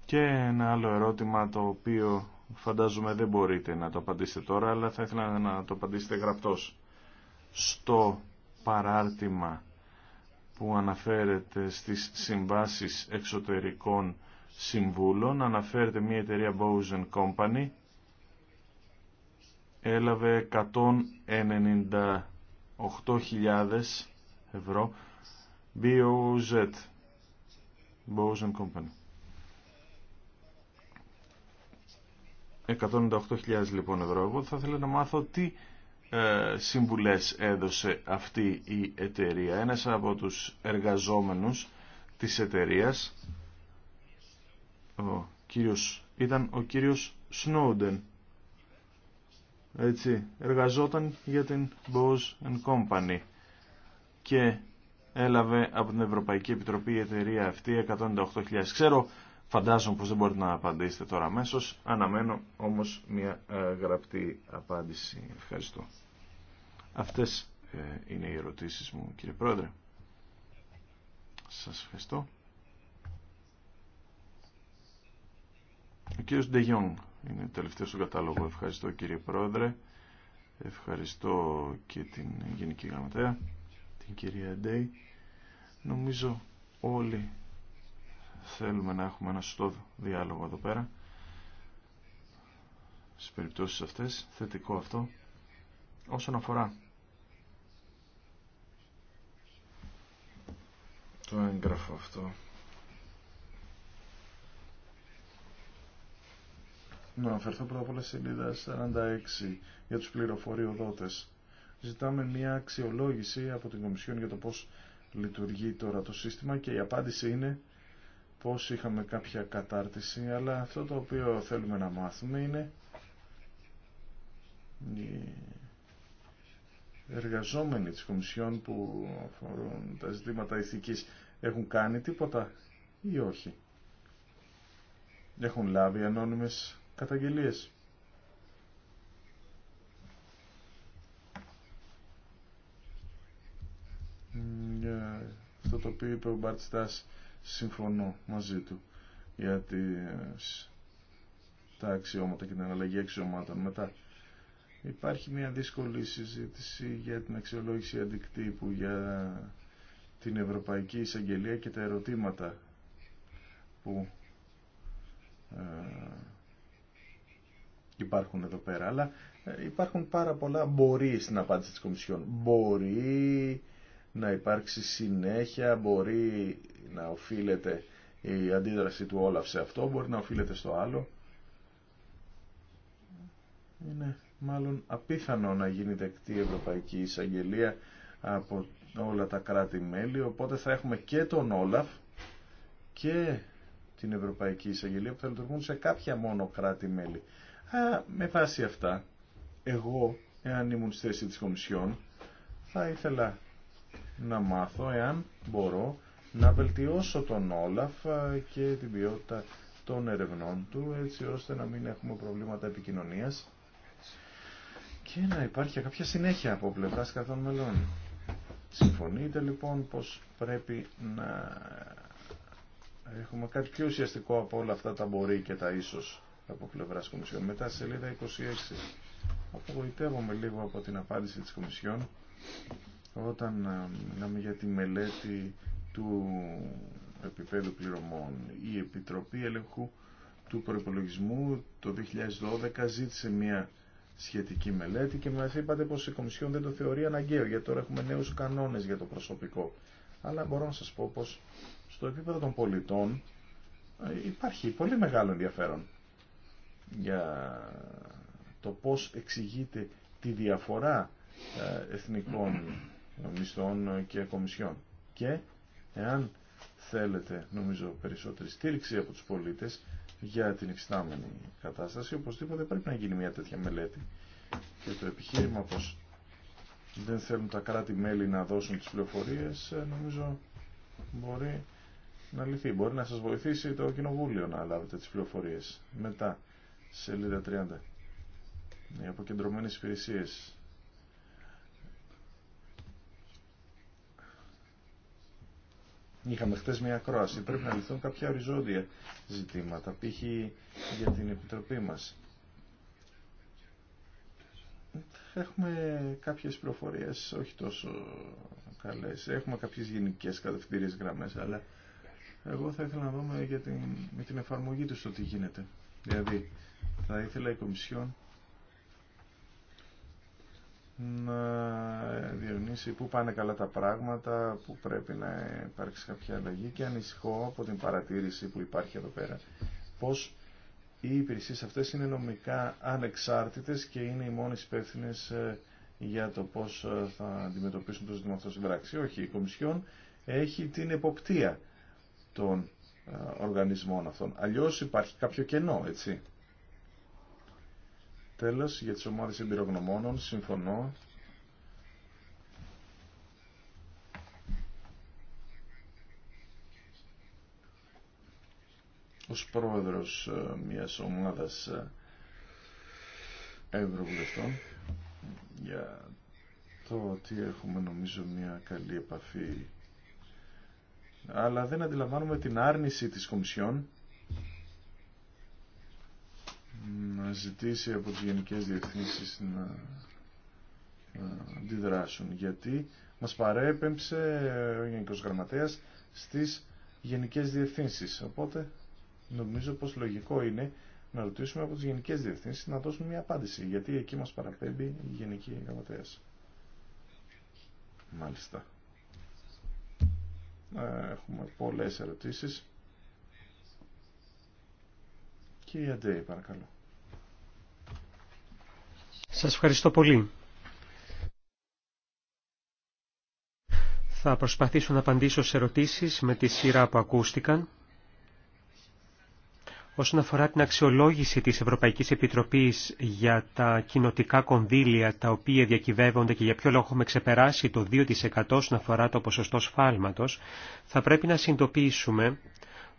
A: Και ένα άλλο ερώτημα το οποίο φαντάζομαι δεν μπορείτε να το απαντήσετε τώρα, αλλά θα ήθελα να το απαντήσετε γραπτός. Στο παράρτημα που αναφέρεται στις συμβάσεις εξωτερικών συμβούλων. Αναφέρεται μια εταιρεία Bows Company. Έλαβε 198.000 ευρώ. BOZ. Boson Company. 198.000 λοιπόν ευρώ. Εγώ θα ήθελα να μάθω τι ε, συμβουλές έδωσε αυτή η εταιρεία. Ένας από τους εργαζόμενους της εταιρείας ο κύριος, ήταν ο κύριος Σνόντεν. Έτσι, εργαζόταν για την Bose Company και έλαβε από την Ευρωπαϊκή Επιτροπή η εταιρεία αυτή 108.000 Ξέρω Φαντάζομαι πως δεν μπορείτε να απαντήσετε τώρα αμέσω. Αναμένω όμως μια ε, γραπτή απάντηση. Ευχαριστώ. Αυτές ε, είναι οι ερωτήσεις μου κύριε Πρόεδρε. Σας ευχαριστώ. Ο κύριος Ντεγιόν είναι τελευταίος στον κατάλογο. Ευχαριστώ κύριε Πρόεδρε. Ευχαριστώ και την Γενική Γραμματέα, την κυρία Ντέι. Νομίζω όλοι θέλουμε να έχουμε ένα σωστό διάλογο εδώ πέρα στις περιπτώσεις αυτές, θετικό αυτό όσον αφορά το έγγραφο αυτό Να αναφερθώ πρώτα απ' όλα 46 για τους πληροφοριοδότες. Ζητάμε μια αξιολόγηση από την Κομισιόν για το πώς λειτουργεί τώρα το σύστημα και η απάντηση είναι πως είχαμε κάποια κατάρτιση, αλλά αυτό το οποίο θέλουμε να μάθουμε είναι οι εργαζόμενοι της Κομισιόν που αφορούν τα ζητήματα ηθικής έχουν κάνει τίποτα ή όχι. Έχουν λάβει ανώνυμες καταγγελίες. Για αυτό το οποίο είπε ο Μπαρτστάς συμφωνώ μαζί του για τα αξιώματα και την αναλλαγή αξιωμάτων. Μετά υπάρχει μια δύσκολη συζήτηση για την αξιολόγηση αντικτύπου, για την Ευρωπαϊκή Εισαγγελία και τα ερωτήματα που ε, υπάρχουν εδώ πέρα. Αλλά ε, υπάρχουν πάρα πολλά μπορεί στην απάντηση της Κομισιόν. Μπορεί να υπάρξει συνέχεια, μπορεί να οφείλεται η αντίδραση του Όλαφ σε αυτό, μπορεί να οφείλεται στο άλλο. Είναι μάλλον απίθανο να γίνει δεκτή η Ευρωπαϊκή Εισαγγελία από όλα τα κράτη-μέλη, οπότε θα έχουμε και τον Όλαφ και την Ευρωπαϊκή Εισαγγελία που θα λειτουργούν σε κάποια μόνο κράτη-μέλη. Με βάση αυτά, εγώ, εάν ήμουν στη θέση της Κομισιόν, θα ήθελα να μάθω εάν μπορώ να βελτιώσω τον Όλαφ ε, και την ποιότητα των ερευνών του έτσι ώστε να μην έχουμε προβλήματα επικοινωνίας και να υπάρχει κάποια συνέχεια από πλευρά καθών μελών. Συμφωνείτε λοιπόν πως πρέπει να έχουμε κάτι πιο ουσιαστικό από όλα αυτά τα μπορεί και τα ίσως από πλευρά Κομισιόν. Μετά σελίδα 26. Απογοητεύομαι λίγο από την απάντηση της Κομισιόν όταν ε, μιλάμε για τη μελέτη του επίπεδου πληρωμών. Η Επιτροπή Έλεγχου του Προπολογισμού το 2012 ζήτησε μια σχετική μελέτη και μας είπατε πως η Κομισιόν δεν το θεωρεί αναγκαίο γιατί τώρα έχουμε νέους κανόνες για το προσωπικό. Αλλά μπορώ να σας πω πως στο επίπεδο των πολιτών ε, υπάρχει πολύ μεγάλο ενδιαφέρον για το πώς εξηγείται τη διαφορά ε, εθνικών μισθών και κομισιών. Και εάν θέλετε, νομίζω, περισσότερη στήριξη από τους πολίτες για την εξτάμενη κατάσταση, οπωσδήποτε πρέπει να γίνει μια τέτοια μελέτη. Και το επιχείρημα πως δεν θέλουν τα κράτη-μέλη να δώσουν τις πληροφορίες, ε, νομίζω μπορεί να λυθεί. Μπορεί να σας βοηθήσει το Κοινοβούλιο να λάβετε τις πληροφορίες. Μετά, σελίδα 30. Οι αποκεντρωμένες υπηρεσίες Είχαμε χθε μια ακρόαση. Πρέπει να λυθούν κάποια οριζόντια ζητήματα, π.χ. για την Επιτροπή μας. Έχουμε κάποιες προφορίες όχι τόσο καλές. Έχουμε κάποιες γενικέ κατευθυντήριες γραμμές, αλλά εγώ θα ήθελα να δούμε για την, με την εφαρμογή του το τι γίνεται. Δηλαδή, θα ήθελα η Κομισιόν να διευνήσει πού πάνε καλά τα πράγματα, πού πρέπει να υπάρξει κάποια αλλαγή και ανησυχώ από την παρατήρηση που υπάρχει εδώ πέρα. Πώς οι υπηρεσίες αυτές είναι νομικά ανεξάρτητες και είναι οι μόνες υπεύθυνε ε, για το πώς ε, θα αντιμετωπίσουν το ζήτημα αυτό στην πράξη. Όχι, η Κομισιόν έχει την εποπτεία των ε, οργανισμών αυτών. Αλλιώς υπάρχει κάποιο κενό, έτσι. Τέλος, για τις ομάδες εμπειρογνωμόνων, συμφωνώ. Ως πρόεδρος ε, μιας ομάδας ε, ευρωβουλευτών για το ότι έχουμε νομίζω μια καλή επαφή αλλά δεν αντιλαμβάνουμε την άρνηση της Κομισιόν να ζητήσει από τις γενικές διευθύνσεις να αντιδράσουν γιατί μας παρέπεμψε ο Γενικός Γραμματέας στις γενικές διευθύνσεις οπότε νομίζω πως λογικό είναι να ρωτήσουμε από τις γενικές διευθύνσεις να δώσουμε μια απάντηση γιατί εκεί μας παραπέμπει η Γενική Γραμματέας Μάλιστα ε, Έχουμε πολλές ερωτήσεις Κύριε Αντέη, παρακαλώ
B: σας ευχαριστώ πολύ. Θα προσπαθήσω να απαντήσω σε ερωτήσεις με τη σειρά που ακούστηκαν. Όσον αφορά την αξιολόγηση της Ευρωπαϊκής Επιτροπής για τα κοινοτικά κονδύλια τα οποία διακυβεύονται και για ποιο λόγο έχουμε ξεπεράσει το 2% όσον αφορά το ποσοστό σφάλματος, θα πρέπει να συνειδητοποιήσουμε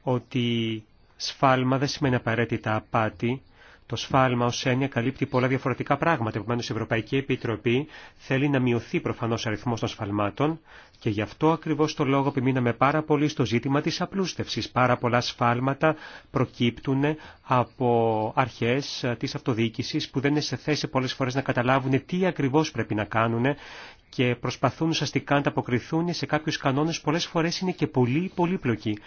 B: ότι σφάλμα δεν σημαίνει απαραίτητα απάτη, το σφάλμα ως έννοια καλύπτει πολλά διαφορετικά πράγματα. Επομένω η Ευρωπαϊκή Επιτροπή θέλει να μειωθεί προφανώ ο αριθμός των σφαλμάτων και γι' αυτό ακριβώ το λόγο επιμείναμε πάρα πολύ στο ζήτημα τη απλούστευση. Πάρα πολλά σφάλματα προκύπτουν από αρχέ τη αυτοδιοίκηση που δεν είναι σε θέση πολλέ φορέ να καταλάβουν τι ακριβώ πρέπει να κάνουν και προσπαθούν ουσιαστικά να ανταποκριθούν σε κάποιους κανόνες πολλέ φορέ είναι και πολύ πολύπλοκοι.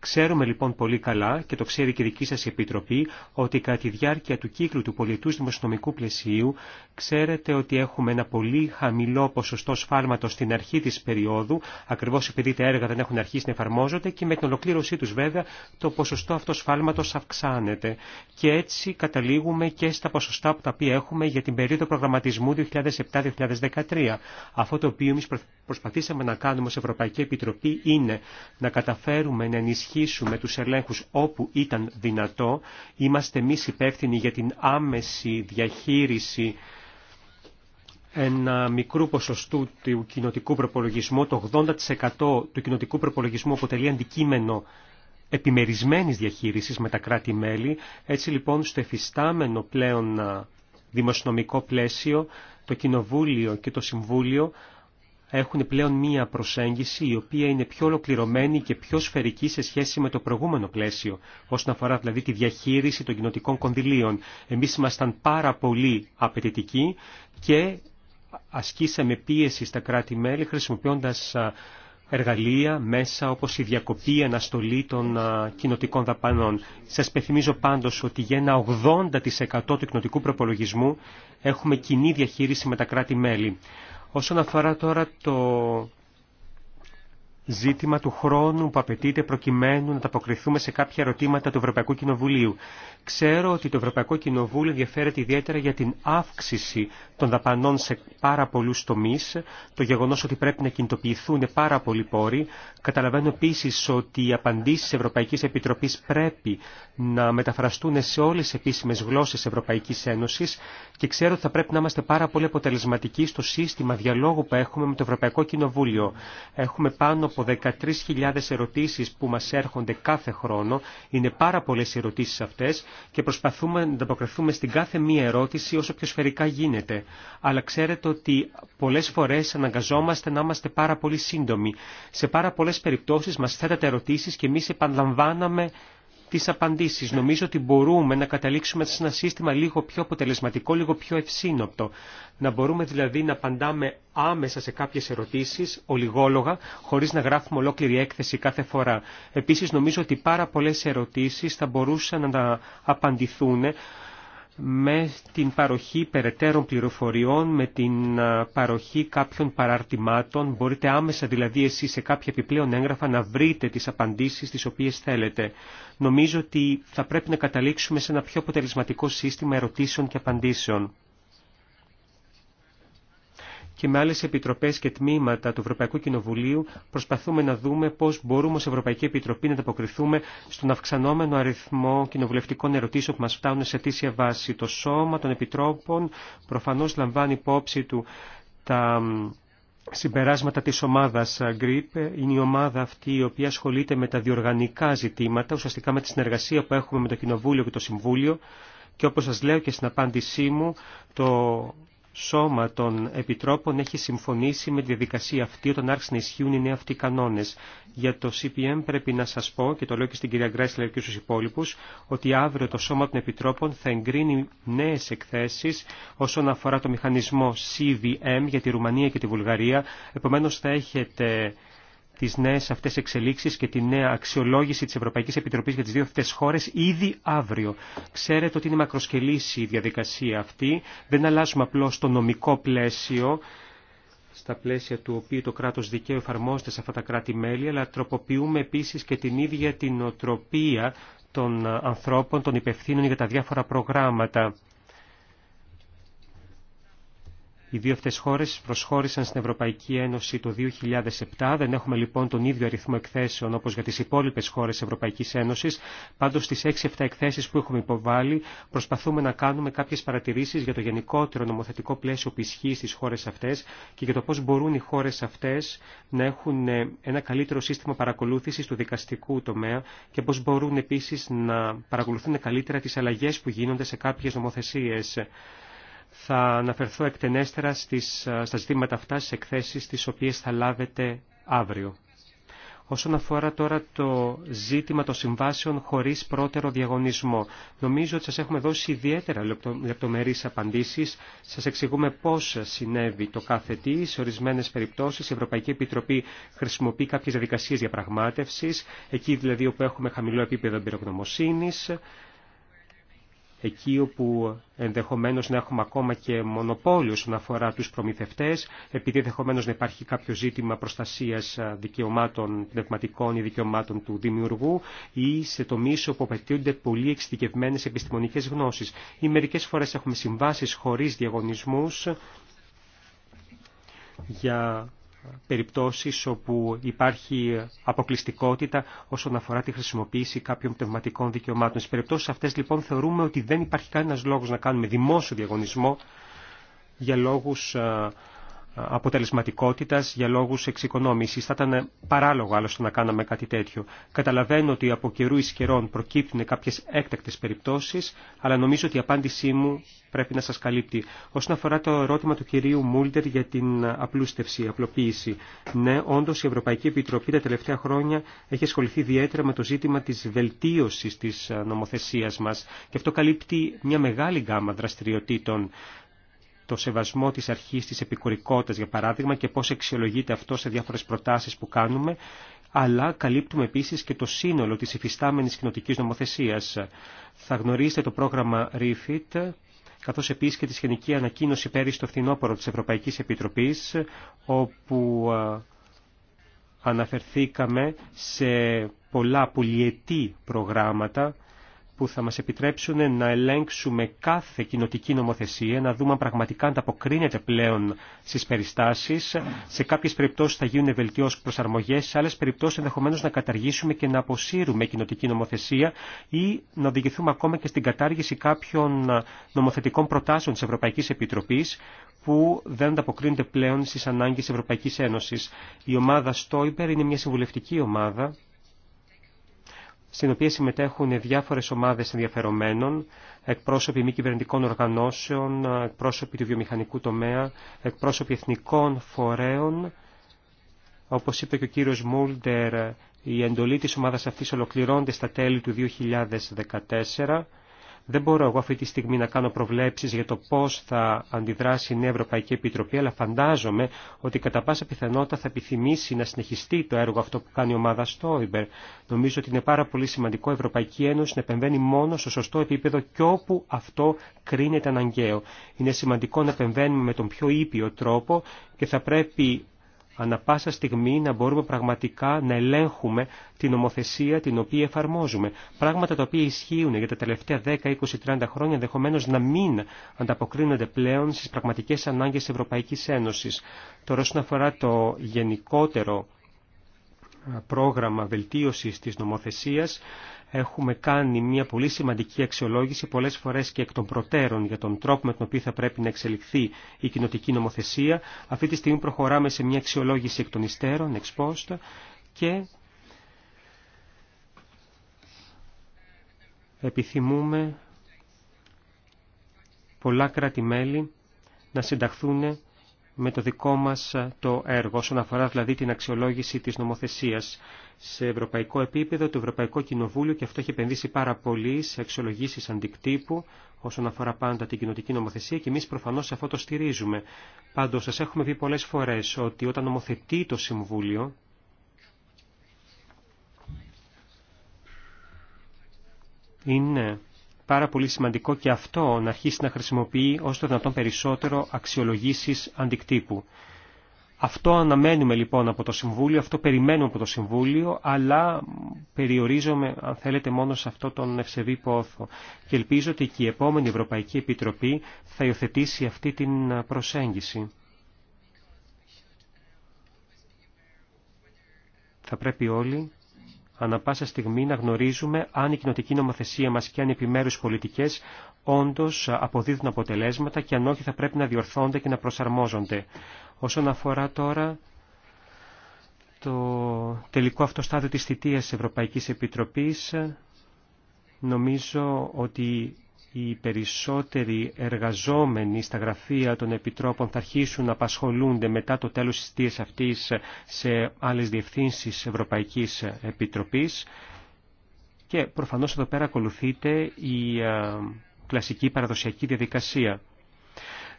B: Ξέρουμε λοιπόν πολύ καλά και το ξέρει και η δική σας Επιτροπή ότι κατά τη διάρκεια του κύκλου του πολιτού δημοσιονομικού πλαισίου ξέρετε ότι έχουμε ένα πολύ χαμηλό ποσοστό σφάλματος στην αρχή της περίοδου ακριβώς επειδή τα έργα δεν έχουν αρχίσει να εφαρμόζονται και με την ολοκλήρωσή τους βέβαια το ποσοστό αυτό σφάλματος αυξάνεται και έτσι καταλήγουμε και στα ποσοστά που τα οποία έχουμε για την περίοδο προγραμματισμού 2007-2013. Αυτό το οποίο εμείς προσπαθήσαμε να κάνουμε ως Ευρωπαϊκή Επιτροπή είναι να καταφέρουμε να ενισχύσουμε ενισχύσουμε τους ελέγχους όπου ήταν δυνατό. Είμαστε εμεί υπεύθυνοι για την άμεση διαχείριση ένα μικρού ποσοστού του κοινοτικού προπολογισμού, το 80% του κοινοτικού προπολογισμού αποτελεί αντικείμενο επιμερισμένης διαχείρισης με τα κράτη-μέλη. Έτσι λοιπόν στο εφιστάμενο πλέον δημοσιονομικό πλαίσιο το Κοινοβούλιο και το Συμβούλιο έχουν πλέον μία προσέγγιση η οποία είναι πιο ολοκληρωμένη και πιο σφαιρική σε σχέση με το προηγούμενο πλαίσιο, όσον αφορά δηλαδή τη διαχείριση των κοινοτικών κονδυλίων. Εμείς ήμασταν πάρα πολύ απαιτητικοί και ασκήσαμε πίεση στα κράτη-μέλη χρησιμοποιώντας εργαλεία, μέσα όπως η διακοπή, αναστολή των κοινοτικών δαπανών. Σας πεθυμίζω πάντως ότι για ένα 80% του κοινοτικού προπολογισμού έχουμε κοινή διαχείριση με τα κράτη-μέλη. Όσον αφορά τώρα το ζήτημα του χρόνου που απαιτείται προκειμένου να ανταποκριθούμε σε κάποια ερωτήματα του Ευρωπαϊκού Κοινοβουλίου. Ξέρω ότι το Ευρωπαϊκό Κοινοβούλιο ενδιαφέρεται ιδιαίτερα για την αύξηση των δαπανών σε πάρα πολλού τομεί, το γεγονό ότι πρέπει να κινητοποιηθούν πάρα πολλοί πόροι. Καταλαβαίνω επίση ότι οι απαντήσει τη Ευρωπαϊκή Επιτροπή πρέπει να μεταφραστούν σε όλε τι επίσημε γλώσσε Ευρωπαϊκή Ένωση και ξέρω ότι θα πρέπει να είμαστε πάρα πολύ αποτελεσματικοί στο σύστημα διαλόγου που έχουμε με το Ευρωπαϊκό Κοινοβούλιο. Έχουμε πάνω από 13.000 ερωτήσεις που μας έρχονται κάθε χρόνο. Είναι πάρα πολλές οι ερωτήσεις αυτές και προσπαθούμε να ανταποκριθούμε στην κάθε μία ερώτηση όσο πιο σφαιρικά γίνεται. Αλλά ξέρετε ότι πολλές φορές αναγκαζόμαστε να είμαστε πάρα πολύ σύντομοι. Σε πάρα πολλές περιπτώσεις μας θέτατε ερωτήσεις και εμείς επαναλαμβάναμε τις απαντήσεις. Νομίζω ότι μπορούμε να καταλήξουμε σε ένα σύστημα λίγο πιο αποτελεσματικό, λίγο πιο ευσύνοπτο. Να μπορούμε δηλαδή να απαντάμε άμεσα σε κάποιες ερωτήσεις, ολιγόλογα, χωρίς να γράφουμε ολόκληρη έκθεση κάθε φορά. Επίσης νομίζω ότι πάρα πολλές ερωτήσεις θα μπορούσαν να απαντηθούν με την παροχή περαιτέρων πληροφοριών, με την παροχή κάποιων παραρτημάτων. Μπορείτε άμεσα δηλαδή εσείς σε κάποια επιπλέον έγγραφα να βρείτε τις απαντήσεις τις οποίες θέλετε. Νομίζω ότι θα πρέπει να καταλήξουμε σε ένα πιο αποτελεσματικό σύστημα ερωτήσεων και απαντήσεων και με άλλε επιτροπέ και τμήματα του Ευρωπαϊκού Κοινοβουλίου προσπαθούμε να δούμε πώ μπορούμε ω Ευρωπαϊκή Επιτροπή να ανταποκριθούμε στον αυξανόμενο αριθμό κοινοβουλευτικών ερωτήσεων που μα φτάνουν σε αιτήσια βάση. Το Σώμα των Επιτρόπων προφανώ λαμβάνει υπόψη του τα συμπεράσματα της ομάδας GRIP είναι η ομάδα αυτή η οποία ασχολείται με τα διοργανικά ζητήματα, ουσιαστικά με τη συνεργασία που έχουμε με το Κοινοβούλιο και το Συμβούλιο και όπως σας λέω και στην απάντησή μου, το σώμα των επιτρόπων έχει συμφωνήσει με τη διαδικασία αυτή όταν άρχισαν να ισχύουν οι νέοι αυτοί κανόνε. Για το CPM πρέπει να σα πω, και το λέω και στην κυρία Γκρέσλερ και στου υπόλοιπου, ότι αύριο το σώμα των επιτρόπων θα εγκρίνει νέε εκθέσει όσον αφορά το μηχανισμό CVM για τη Ρουμανία και τη Βουλγαρία. Επομένω θα έχετε τις νέες αυτές εξελίξεις και τη νέα αξιολόγηση της Ευρωπαϊκής Επιτροπής για τις δύο αυτές χώρες ήδη αύριο. Ξέρετε ότι είναι μακροσκελή η διαδικασία αυτή, δεν αλλάζουμε απλώς το νομικό πλαίσιο, στα πλαίσια του οποίου το κράτος δικαίου εφαρμόζεται σε αυτά τα κράτη-μέλη, αλλά τροποποιούμε επίσης και την ίδια την οτροπία των ανθρώπων, των υπευθύνων για τα διάφορα προγράμματα. Οι δύο αυτές χώρες προσχώρησαν στην Ευρωπαϊκή Ένωση το 2007. Δεν έχουμε λοιπόν τον ίδιο αριθμό εκθέσεων όπως για τις υπόλοιπες χώρες Ευρωπαϊκής Ένωσης. Πάντως στις 6-7 εκθέσεις που έχουμε υποβάλει προσπαθούμε να κάνουμε κάποιες παρατηρήσεις για το γενικότερο νομοθετικό πλαίσιο που ισχύει στις χώρες αυτές και για το πώς μπορούν οι χώρες αυτές να έχουν ε, ένα καλύτερο σύστημα παρακολούθησης του δικαστικού τομέα και πώς μπορούν επίσης να παρακολουθούν καλύτερα τις αλλαγές που γίνονται σε κάποιες νομοθεσίες. Θα αναφερθώ εκτενέστερα στις, στα ζητήματα αυτά στις εκθέσεις τις οποίες θα λάβετε αύριο. Όσον αφορά τώρα το ζήτημα των συμβάσεων χωρίς πρώτερο διαγωνισμό, νομίζω ότι σας έχουμε δώσει ιδιαίτερα λεπτομερείς απαντήσεις. Σας εξηγούμε πώς συνέβη το κάθε τι. Σε ορισμένες περιπτώσεις η Ευρωπαϊκή Επιτροπή χρησιμοποιεί κάποιες διαδικασίες διαπραγμάτευσης, εκεί δηλαδή όπου έχουμε χαμηλό επίπεδο εμπειρογνωμοσύνης εκεί όπου ενδεχομένως να έχουμε ακόμα και μονοπόλιο όσον αφορά τους προμηθευτές, επειδή ενδεχομένως να υπάρχει κάποιο ζήτημα προστασίας δικαιωμάτων πνευματικών ή δικαιωμάτων του δημιουργού ή σε τομείς όπου απαιτούνται πολύ εξειδικευμένες επιστημονικές γνώσεις. Ή μερικές φορές έχουμε συμβάσεις χωρίς διαγωνισμούς για περιπτώσεις όπου υπάρχει αποκλειστικότητα όσον αφορά τη χρησιμοποίηση κάποιων πνευματικών δικαιωμάτων. Στις περιπτώσεις αυτές λοιπόν θεωρούμε ότι δεν υπάρχει κανένας λόγος να κάνουμε δημόσιο διαγωνισμό για λόγους ε, αποτελεσματικότητας για λόγους εξοικονόμησης. Θα ήταν παράλογο άλλωστε να κάναμε κάτι τέτοιο. Καταλαβαίνω ότι από καιρού εις καιρών προκύπτουν κάποιες έκτακτες περιπτώσεις, αλλά νομίζω ότι η απάντησή μου πρέπει να σας καλύπτει. Όσον αφορά το ερώτημα του κυρίου Μούλτερ για την απλούστευση, απλοποίηση. Ναι, όντως η Ευρωπαϊκή Επιτροπή τα τελευταία χρόνια έχει ασχοληθεί ιδιαίτερα με το ζήτημα της βελτίωσης της νομοθεσίας μας και αυτό καλύπτει μια μεγάλη γάμα δραστηριοτήτων το σεβασμό της αρχής της επικουρικότητας για παράδειγμα και πώς αξιολογείται αυτό σε διάφορες προτάσεις που κάνουμε, αλλά καλύπτουμε επίσης και το σύνολο της υφιστάμενης κοινοτικής νομοθεσίας. Θα γνωρίσετε το πρόγραμμα REFIT, καθώς επίσης και τη σχετική ανακοίνωση πέρυσι το φθινόπωρο της Ευρωπαϊκής Επιτροπής, όπου ε, αναφερθήκαμε σε πολλά πολυετή προγράμματα που θα μας επιτρέψουν να ελέγξουμε κάθε κοινοτική νομοθεσία, να δούμε αν πραγματικά ανταποκρίνεται πλέον στις περιστάσεις. Σε κάποιες περιπτώσεις θα γίνουν βελτιώσει προσαρμογές, σε άλλες περιπτώσεις ενδεχομένως να καταργήσουμε και να αποσύρουμε κοινοτική νομοθεσία ή να οδηγηθούμε ακόμα και στην κατάργηση κάποιων νομοθετικών προτάσεων της Ευρωπαϊκής Επιτροπής που δεν ανταποκρίνεται πλέον στις ανάγκες της Ευρωπαϊκής Ένωσης. Η ομάδα Stoiber είναι μια συμβουλευτική ομάδα στην οποία συμμετέχουν διάφορες ομάδες ενδιαφερομένων, εκπρόσωποι μη κυβερνητικών οργανώσεων, εκπρόσωποι του βιομηχανικού τομέα, εκπρόσωποι εθνικών φορέων. Όπως είπε και ο κύριος Μούλτερ, η εντολή της ομάδας αυτής ολοκληρώνεται στα τέλη του 2014 δεν μπορώ εγώ αυτή τη στιγμή να κάνω προβλέψεις για το πώς θα αντιδράσει η Νέα Ευρωπαϊκή Επιτροπή, αλλά φαντάζομαι ότι κατά πάσα πιθανότητα θα επιθυμήσει να συνεχιστεί το έργο αυτό που κάνει η ομάδα Στόιμπερ. Νομίζω ότι είναι πάρα πολύ σημαντικό η Ευρωπαϊκή Ένωση να επεμβαίνει μόνο στο σωστό επίπεδο και όπου αυτό κρίνεται αναγκαίο. Είναι σημαντικό να επεμβαίνουμε με τον πιο ήπιο τρόπο και θα πρέπει ανα πάσα στιγμή να μπορούμε πραγματικά να ελέγχουμε την νομοθεσία την οποία εφαρμόζουμε. Πράγματα τα οποία ισχύουν για τα τελευταία 10, 20, 30 χρόνια ενδεχομένω να μην ανταποκρίνονται πλέον στι πραγματικέ ανάγκε Ευρωπαϊκή Ένωση. Τώρα, όσον αφορά το γενικότερο πρόγραμμα βελτίωση τη νομοθεσία έχουμε κάνει μια πολύ σημαντική αξιολόγηση πολλές φορές και εκ των προτέρων για τον τρόπο με τον οποίο θα πρέπει να εξελιχθεί η κοινοτική νομοθεσία. Αυτή τη στιγμή προχωράμε σε μια αξιολόγηση εκ των υστέρων, εξ και επιθυμούμε πολλά κράτη-μέλη να συνταχθούν με το δικό μας ε, το έργο, όσον αφορά δηλαδή την αξιολόγηση της νομοθεσίας. Σε ευρωπαϊκό επίπεδο, το Ευρωπαϊκό Κοινοβούλιο, και αυτό έχει επενδύσει πάρα πολύ σε αξιολογήσεις αντικτύπου, όσον αφορά πάντα την κοινοτική νομοθεσία και εμείς προφανώς αυτό το στηρίζουμε. Πάντως, σας έχουμε πει πολλές φορές ότι όταν νομοθετεί το Συμβούλιο, είναι πάρα πολύ σημαντικό και αυτό να αρχίσει να χρησιμοποιεί όσο το δυνατόν περισσότερο αξιολογήσεις αντικτύπου. Αυτό αναμένουμε λοιπόν από το Συμβούλιο, αυτό περιμένουμε από το Συμβούλιο, αλλά περιορίζομαι, αν θέλετε, μόνο σε αυτό τον ευσεβή πόθο. Και ελπίζω ότι και η επόμενη Ευρωπαϊκή Επιτροπή θα υιοθετήσει αυτή την προσέγγιση. Θα πρέπει όλοι ανά πάσα στιγμή να γνωρίζουμε αν η κοινοτική νομοθεσία μας και αν οι επιμέρους πολιτικές όντως αποδίδουν αποτελέσματα και αν όχι θα πρέπει να διορθώνται και να προσαρμόζονται. Όσον αφορά τώρα το τελικό αυτό στάδιο της θητείας Ευρωπαϊκής Επιτροπής, νομίζω ότι οι περισσότεροι εργαζόμενοι στα γραφεία των επιτρόπων θα αρχίσουν να απασχολούνται μετά το τέλος της θητείας αυτής σε άλλες διευθύνσεις Ευρωπαϊκής Επιτροπής και προφανώς εδώ πέρα ακολουθείται η ε, κλασική παραδοσιακή διαδικασία.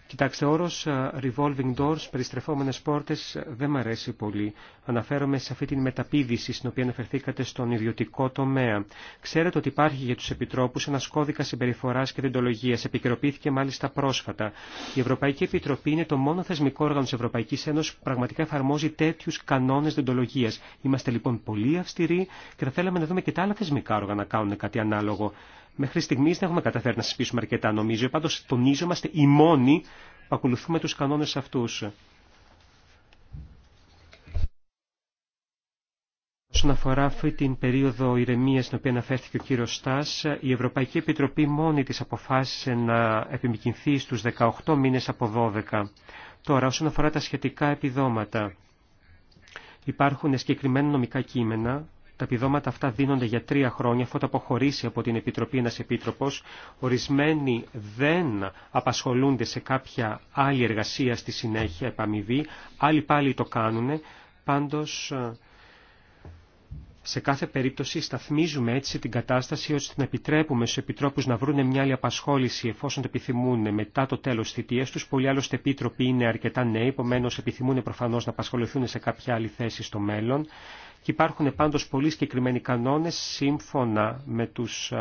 B: Κοιτάξτε, ο όρος revolving doors, περιστρεφόμενες πόρτες, δεν μ' αρέσει πολύ. Αναφέρομαι σε αυτή την μεταπίδηση στην οποία αναφερθήκατε στον ιδιωτικό τομέα. Ξέρετε ότι υπάρχει για τους επιτρόπους ένας κώδικας συμπεριφοράς και δεντολογία. Επικαιροποιήθηκε μάλιστα πρόσφατα. Η Ευρωπαϊκή Επιτροπή είναι το μόνο θεσμικό όργανο της Ευρωπαϊκής Ένωσης που πραγματικά εφαρμόζει τέτοιους κανόνες δεντολογία. Είμαστε λοιπόν πολύ αυστηροί και θα θέλαμε να δούμε και τα άλλα θεσμικά όργανα κάνουν κάτι ανάλογο. Μέχρι στιγμή δεν έχουμε καταφέρει να συσπίσουμε αρκετά, νομίζω. Ε, Πάντω τονίζομαστε οι μόνοι που ακολουθούμε του κανόνε αυτού. Όσον αφορά αυτή την περίοδο ηρεμία στην οποία αναφέρθηκε ο κύριο Στά, η Ευρωπαϊκή Επιτροπή μόνη τη αποφάσισε να επιμηκυνθεί στου 18 μήνε από 12. Τώρα, όσον αφορά τα σχετικά επιδόματα, υπάρχουν συγκεκριμένα νομικά κείμενα τα επιδόματα αυτά δίνονται για τρία χρόνια, αφού τα αποχωρήσει από την Επιτροπή ένας Επίτροπος. Ορισμένοι δεν απασχολούνται σε κάποια άλλη εργασία στη συνέχεια επαμοιβή, άλλοι πάλι το κάνουν. Πάντως σε κάθε περίπτωση σταθμίζουμε έτσι την κατάσταση ώστε να επιτρέπουμε στους επιτρόπους να βρουν μια άλλη απασχόληση εφόσον το επιθυμούν μετά το τέλος θητείας τους. Πολλοί άλλωστε επίτροποι είναι αρκετά νέοι, επομένως επιθυμούν προφανώς να απασχοληθούν σε κάποια άλλη θέση στο μέλλον. Και υπάρχουν πάντως πολύ συγκεκριμένοι κανόνες σύμφωνα με τους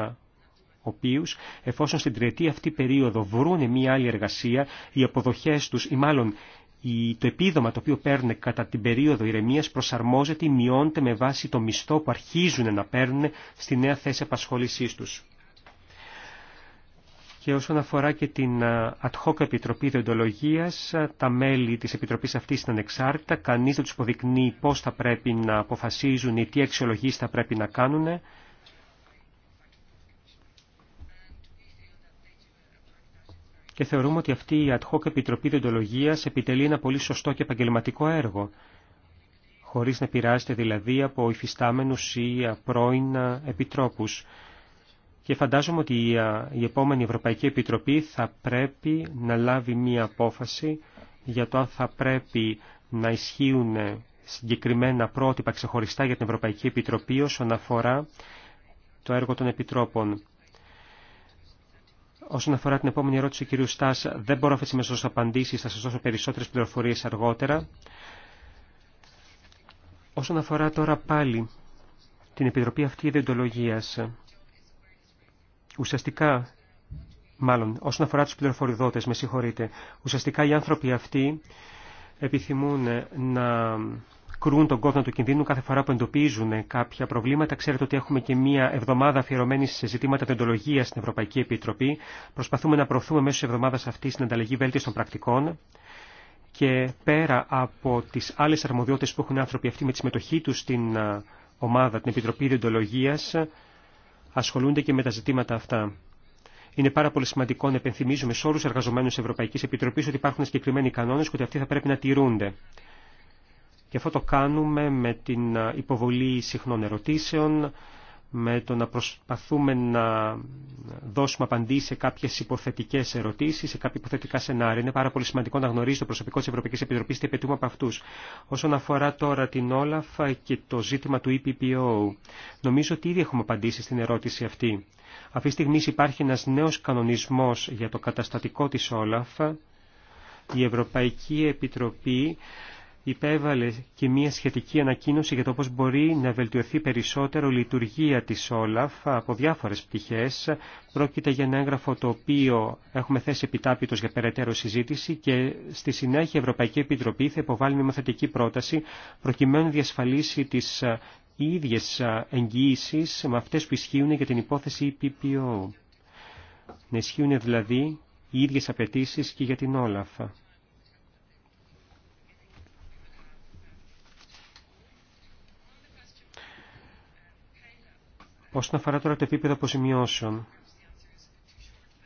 B: οποίους εφόσον στην τριετή αυτή περίοδο βρουν μια άλλη εργασία, οι αποδοχές τους ή μάλλον το επίδομα το οποίο παίρνουν κατά την περίοδο ηρεμίας προσαρμόζεται ή μειώνεται με βάση το μισθό που αρχίζουν να παίρνουν στη νέα θέση απασχόλησής τους. Και όσον αφορά και την ad hoc Επιτροπή Διοντολογίας, τα μέλη της Επιτροπής αυτής είναι ανεξάρτητα, κανείς δεν τους υποδεικνύει πώς θα πρέπει να αποφασίζουν ή τι αξιολογήσεις θα πρέπει να κάνουν. και θεωρούμε ότι αυτή η ad hoc Επιτροπή διοντολογία επιτελεί ένα πολύ σωστό και επαγγελματικό έργο, χωρίς να πειράζεται δηλαδή από υφιστάμενους ή πρώην επιτρόπους. υφιστάμενου η επόμενη Ευρωπαϊκή Επιτροπή θα πρέπει να λάβει μία απόφαση για το αν θα πρέπει να ισχύουν συγκεκριμένα πρότυπα ξεχωριστά για την Ευρωπαϊκή Επιτροπή όσον αφορά το έργο των Επιτρόπων. Όσον αφορά την επόμενη ερώτηση του κ. Στάς, δεν μπορώ αυτή τη απαντήσεις, θα σας δώσω περισσότερες πληροφορίες αργότερα. Όσον αφορά τώρα πάλι την Επιτροπή αυτή ιδεντολογία. ουσιαστικά, μάλλον όσον αφορά τους πληροφοριδότες, με συγχωρείτε, ουσιαστικά οι άνθρωποι αυτοί επιθυμούν να κρούν τον κόδωνα του κινδύνου κάθε φορά που εντοπίζουν κάποια προβλήματα. Ξέρετε ότι έχουμε και μία εβδομάδα αφιερωμένη σε ζητήματα διοντολογία στην Ευρωπαϊκή Επιτροπή. Προσπαθούμε να προωθούμε μέσω τη εβδομάδα αυτή την ανταλλαγή βέλτιστων πρακτικών και πέρα από τι άλλε αρμοδιότητε που έχουν άνθρωποι αυτοί με τη συμμετοχή του στην ομάδα, την Επιτροπή Διοντολογία, ασχολούνται και με τα ζητήματα αυτά. Είναι πάρα πολύ σημαντικό να επενθυμίζουμε σε όλου του εργαζομένου Ευρωπαϊκή Επιτροπή ότι υπάρχουν συγκεκριμένοι κανόνε και ότι αυτοί θα πρέπει να τηρούνται. Και αυτό το κάνουμε με την υποβολή συχνών ερωτήσεων, με το να προσπαθούμε να δώσουμε απαντήσεις σε κάποιες υποθετικές ερωτήσεις, σε κάποια υποθετικά σενάρια. Είναι πάρα πολύ σημαντικό να γνωρίζει το προσωπικό της Ευρωπαϊκής Επιτροπής τι επαιτούμε από αυτούς. Όσον αφορά τώρα την Όλαφα και το ζήτημα του EPPO, νομίζω ότι ήδη έχουμε απαντήσει στην ερώτηση αυτή. Αυτή τη στιγμή υπάρχει ένας νέος κανονισμός για το καταστατικό της Όλαφα Η Ευρωπαϊκή Επιτροπή υπέβαλε και μία σχετική ανακοίνωση για το πώς μπορεί να βελτιωθεί περισσότερο η λειτουργία της Όλαφ από διάφορες πτυχές. Πρόκειται για ένα έγγραφο το οποίο έχουμε θέσει επιτάπητος για περαιτέρω συζήτηση και στη συνέχεια η Ευρωπαϊκή Επιτροπή θα υποβάλει μια μαθητική πρόταση προκειμένου να διασφαλίσει τις ε, ίδιες ε, εγγύησεις με αυτές που ισχύουν για την υπόθεση PPO. Να ισχύουν δηλαδή οι ίδιες απαιτήσει και για την Όλαφά. Όσον αφορά τώρα το επίπεδο αποζημιώσεων,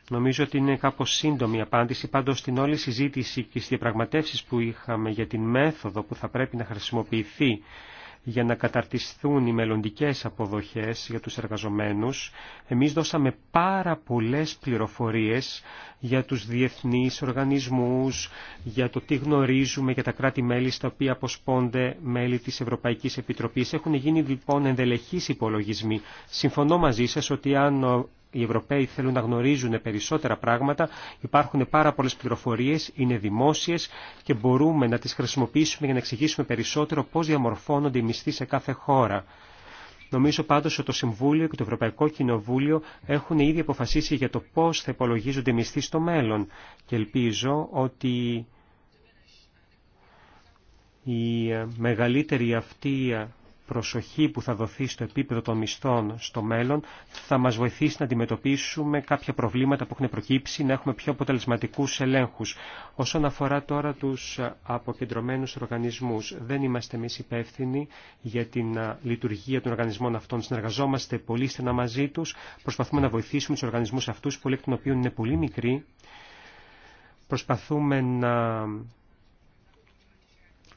B: νομίζω ότι είναι κάπως σύντομη η απάντηση. Πάντως στην όλη συζήτηση και στις διαπραγματεύσεις που είχαμε για την μέθοδο που θα πρέπει να χρησιμοποιηθεί για να καταρτιστούν οι μελλοντικές αποδοχές για τους εργαζομένους, εμείς δώσαμε πάρα πολλές πληροφορίες για τους διεθνείς οργανισμούς, για το τι γνωρίζουμε για τα κράτη-μέλη στα οποία αποσπώνται μέλη της Ευρωπαϊκής Επιτροπής. Έχουν γίνει λοιπόν ενδελεχείς υπολογισμοί. Συμφωνώ μαζί σας ότι αν οι Ευρωπαίοι θέλουν να γνωρίζουν περισσότερα πράγματα, υπάρχουν πάρα πολλέ πληροφορίες, είναι δημόσιες και μπορούμε να τις χρησιμοποιήσουμε για να εξηγήσουμε περισσότερο πώ διαμορφώνονται οι μισθοί σε κάθε χώρα. Νομίζω πάντω ότι το Συμβούλιο και το Ευρωπαϊκό Κοινοβούλιο έχουν ήδη αποφασίσει για το πώ θα υπολογίζονται οι μισθοί στο μέλλον και ελπίζω ότι η μεγαλύτερη αυτή προσοχή που θα δοθεί στο επίπεδο των μισθών στο μέλλον θα μας βοηθήσει να αντιμετωπίσουμε κάποια προβλήματα που έχουν προκύψει, να έχουμε πιο αποτελεσματικούς ελέγχους. Όσον αφορά τώρα τους αποκεντρωμένους οργανισμούς, δεν είμαστε εμείς υπεύθυνοι για την λειτουργία των οργανισμών αυτών. Συνεργαζόμαστε πολύ στενά μαζί τους, προσπαθούμε να βοηθήσουμε τους οργανισμούς αυτούς, πολλοί εκ των οποίων είναι πολύ μικροί. Προσπαθούμε να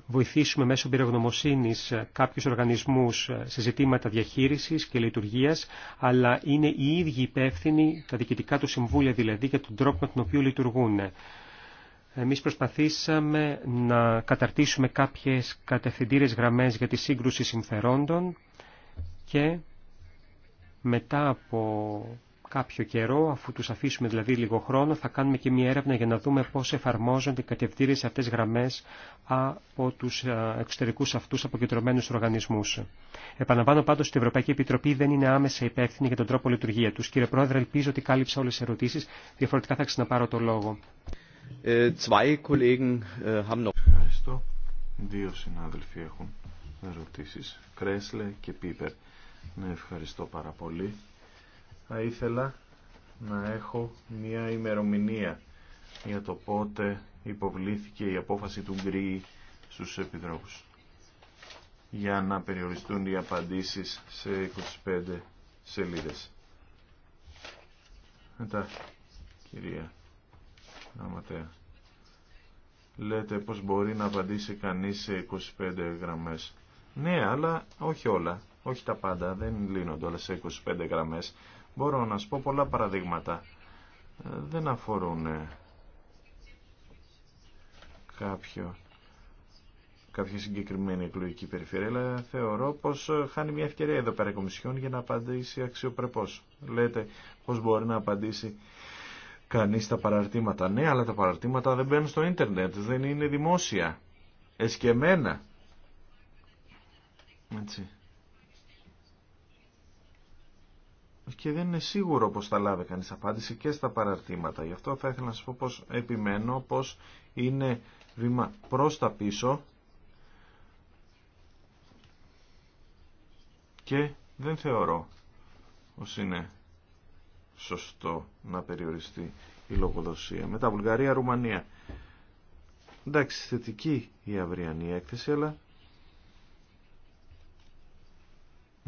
B: βοηθήσουμε μέσω πυρογνωμοσύνης ε, κάποιους οργανισμούς ε, σε ζητήματα διαχείρισης και λειτουργίας, αλλά είναι οι ίδιοι υπεύθυνοι, τα διοικητικά του συμβούλια δηλαδή, για τον τρόπο με τον οποίο λειτουργούν. Εμείς προσπαθήσαμε να καταρτήσουμε κάποιες κατευθυντήρες γραμμές για τη σύγκρουση συμφερόντων και μετά από κάποιο καιρό, αφού τους αφήσουμε δηλαδή λίγο χρόνο, θα κάνουμε και μία έρευνα για να δούμε πώς εφαρμόζονται οι κατευθύνσεις αυτές γραμμές από τους ε, εξωτερικούς αυτούς αποκεντρωμένους οργανισμούς. Επαναλαμβάνω πάντως ότι η Ευρωπαϊκή Επιτροπή δεν είναι άμεσα υπεύθυνη για τον τρόπο λειτουργία τους. Κύριε Πρόεδρε, ελπίζω ότι κάλυψα όλες τις ερωτήσεις, διαφορετικά θα ξαναπάρω το λόγο.
D: Ε, ε, ευχαριστώ.
A: Δύο συνάδελφοι έχουν ερωτήσεις, Κρέσλε και Πίπερ. Ναι, ευχαριστώ πάρα πολύ θα ήθελα να έχω μια ημερομηνία για το πότε υποβλήθηκε η απόφαση του Γκρι στους επιδρόχους. για να περιοριστούν οι απαντήσεις σε 25 σελίδες. Μετά, κυρία Αματέα, λέτε πως μπορεί να απαντήσει κανείς σε 25 γραμμές. Ναι, αλλά όχι όλα, όχι τα πάντα, δεν λύνονται όλα σε 25 γραμμές. Μπορώ να σου πω πολλά παραδείγματα. Ε, δεν αφορούν ε, κάποιο, κάποια συγκεκριμένη εκλογική περιφέρεια, αλλά θεωρώ πως ε, χάνει μια ευκαιρία εδώ πέρα η Κομισιόν για να απαντήσει αξιοπρεπώς. Λέτε πως μπορεί να απαντήσει κανείς τα παραρτήματα. Ναι, αλλά τα παραρτήματα δεν μπαίνουν στο ίντερνετ, δεν είναι δημόσια. Εσκεμένα. και δεν είναι σίγουρο πως θα λάβει κανείς απάντηση και στα παραρτήματα. Γι' αυτό θα ήθελα να σας πω πως επιμένω πως είναι βήμα προς τα πίσω και δεν θεωρώ πως είναι σωστό να περιοριστεί η λογοδοσία. Μετά Βουλγαρία, Ρουμανία. Εντάξει, θετική η αυριανή έκθεση, αλλά